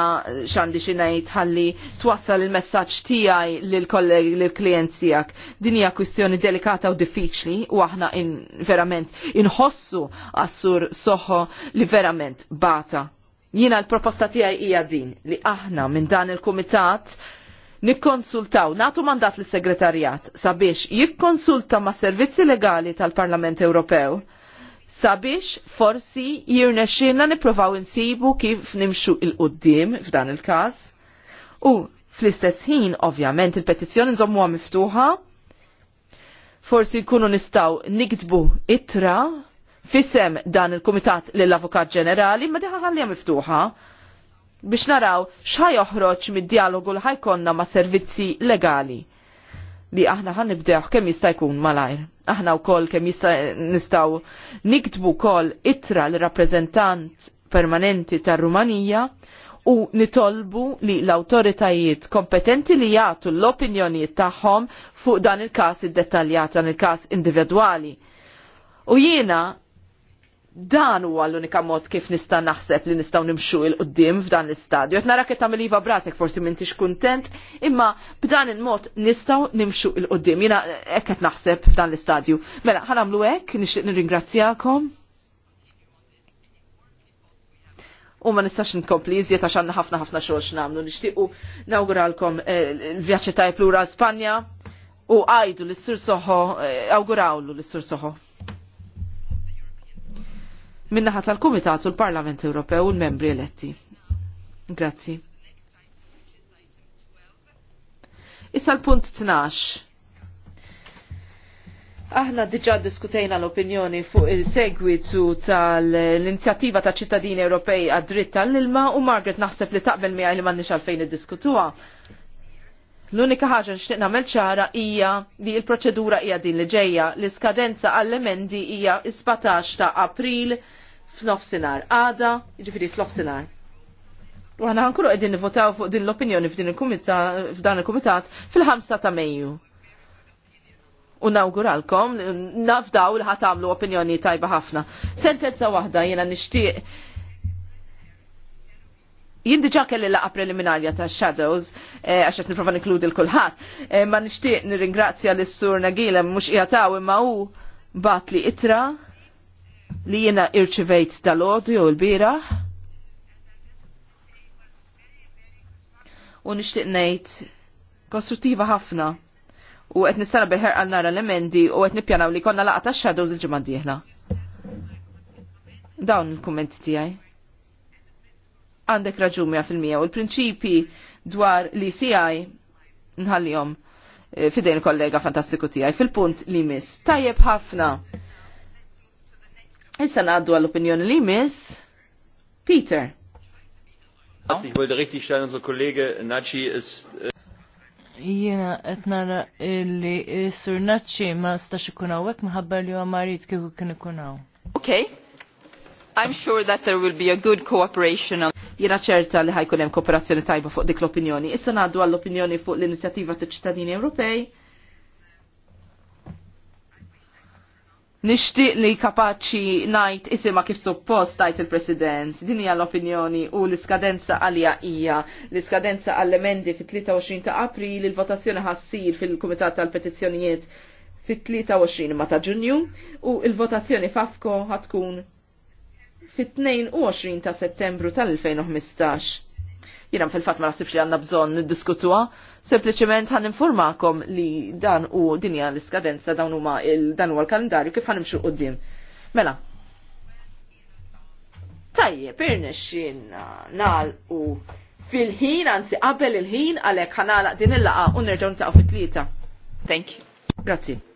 xandi xinajt ħalli twassal il-messagġ tijaj l kollegi l-klient tijak. Dinija kwistjoni delikata u diffiċli u aħna in verament inħossu għassur soħo li verament bata. Jina l-proposta tijaj hija din li aħna minn dan il-komitat nikkonsultaw, natu mandat l-segretarjat sabiex jikkonsulta ma' servizzi legali tal-Parlament Ewropew sabiex forsi jirnexxinna niprofaw insibu kif nimxu il-qoddim f'dan il-każ. U fl-istess ħin ovvjament il-petizzjoni nżommuha miftuħa, forsi kunu nistaw niktbu itra fisem dan il-Kumitat lill-Avukat Ġenerali, ma diħa ħallija miftuħa biex naraw xħaj oħroċ mid-dialogu l ħajkonna ma' servizzi legali li aħna ħan nibdeħ kemm jista' jkun malajr aħna wkoll kemm nistgħu niktbu wkoll ittra l rappreżentant permanenti tar-Rumanija u nitolbu li l-autoritajiet kompetenti li jagħtu l-opinjonijiet tagħhom fuq dan il-każ id-dettaljat dan il-każ individwali. U jiena dan huwa l-unika mod kif nista' naħseb li nistgħu nimxu il qudiem f'dan l-istadju. Qed nara kif tagħmel iva brasek forsi m'intix kuntent, imma b'dan il-mod nistgħu nimxu il qudiem Jiena hekk qed naħseb f'dan l-istadju. Mela, ħanamlu hekk, nixtieq nirringrazzjakom. U ma nistax nkompli iżjed għax għandna ħafna ħafna xogħol x'namlu. Nixtiequ nawguralkom il-vjaġġi eh, Plura Spanja u għajdu l-Sur Soħo, eh, awgurawlu l-Sur Soħo minnaħat tal-Kumitat u l-Parlament Ewropew u l-membri eletti. Grazzi. Issa l-punt 12. Aħna diġa diskutejna l-opinjoni fuq il-segwitu tal-inizjattiva ta' ċittadini Ewropej għad-dritt tal-ilma u Margaret naħseb li taqbel miegħi li m'għandniex għalfejn iddiskutuha. L-unika ħaġa nixtieq nagħmel ċara hija li l-proċedura hija din li ġejja. L-iskadenza għall-emendi hija 17 ta' April f'nofsinhar għada, jiġifieri f'nofsinhar. U għana għankulu għedin nivotaw fuq din l-opinjoni f'din il f'dan il-kumitat fil ħamsa ta' Mejju. U nawguralkom, nafdaw li ħatamlu opinjoni tajba ħafna. Sentenza wahda jena nishtiq jien diġa kelli laqa preliminarja ta' Shadows, eh, għax qed niprofa nikludi l-kulħadd, eh, ma nixtieq nirringrazzja lis sur Nagilem mhux qiegħed imma hu bat li itra li jena irċivejt dal odju jew l-bira. U nishtiq ngħid kostruttiva ħafna. U qed nistara bil għal nara l-emendi u qed nippjanaw li konna laqa' tax-shadows il-ġimgħa Dawn il-kummenti tiegħi. Għandek raġun fil u l-prinċipi dwar li CI nħallihom eh, fidejn kollega fantastiku tiegħi fil-punt li mis. Tajjeb ħafna. Issa ngħaddu għall-opinjoni li miss Peter. Ich wollte richtig stellen, unser Kollege Naci ist äh, Jena, etnara nara li sur Naċċi ma stax ikun hawnhekk maħabbar li huwa kiku kieku kien ikun hawn. Okay. I'm sure that there will be a good cooperation Jena Jiena ċerta li ħajkun kooperazzjoni tajba fuq dik l-opinjoni. Issa naddu għall-opinjoni fuq l inizjativa t ċittadini Ewropej Nishtiq li kapaċi najt isima kif suppost tajt il-President. Din hija l-opinjoni u l-iskadenza għalija hija. L-iskadenza għall-emendi fit-23 ta' April il-votazzjoni ħassir fil-Kumitat tal-Petizzjonijiet fit-23 ma ta' Ġunju u il-votazzjoni fafko ħatkun fit-22 ta' Settembru tal-2015. Jina fil-fat ma nasibx li għanna bżon niddiskutuha, sempliciment ħan informakom li dan u dinja l-iskadenza dawn huma dan huwa l-kalendarju kif ħanimxu qudiem. Mela. Tajje, pirnexin nal u fil-ħin, anzi qabel il-ħin għalhekk ħanalaq din il-laqa u nerġgħu nitaqgħu fit-tlieta. Thank you. Grazie.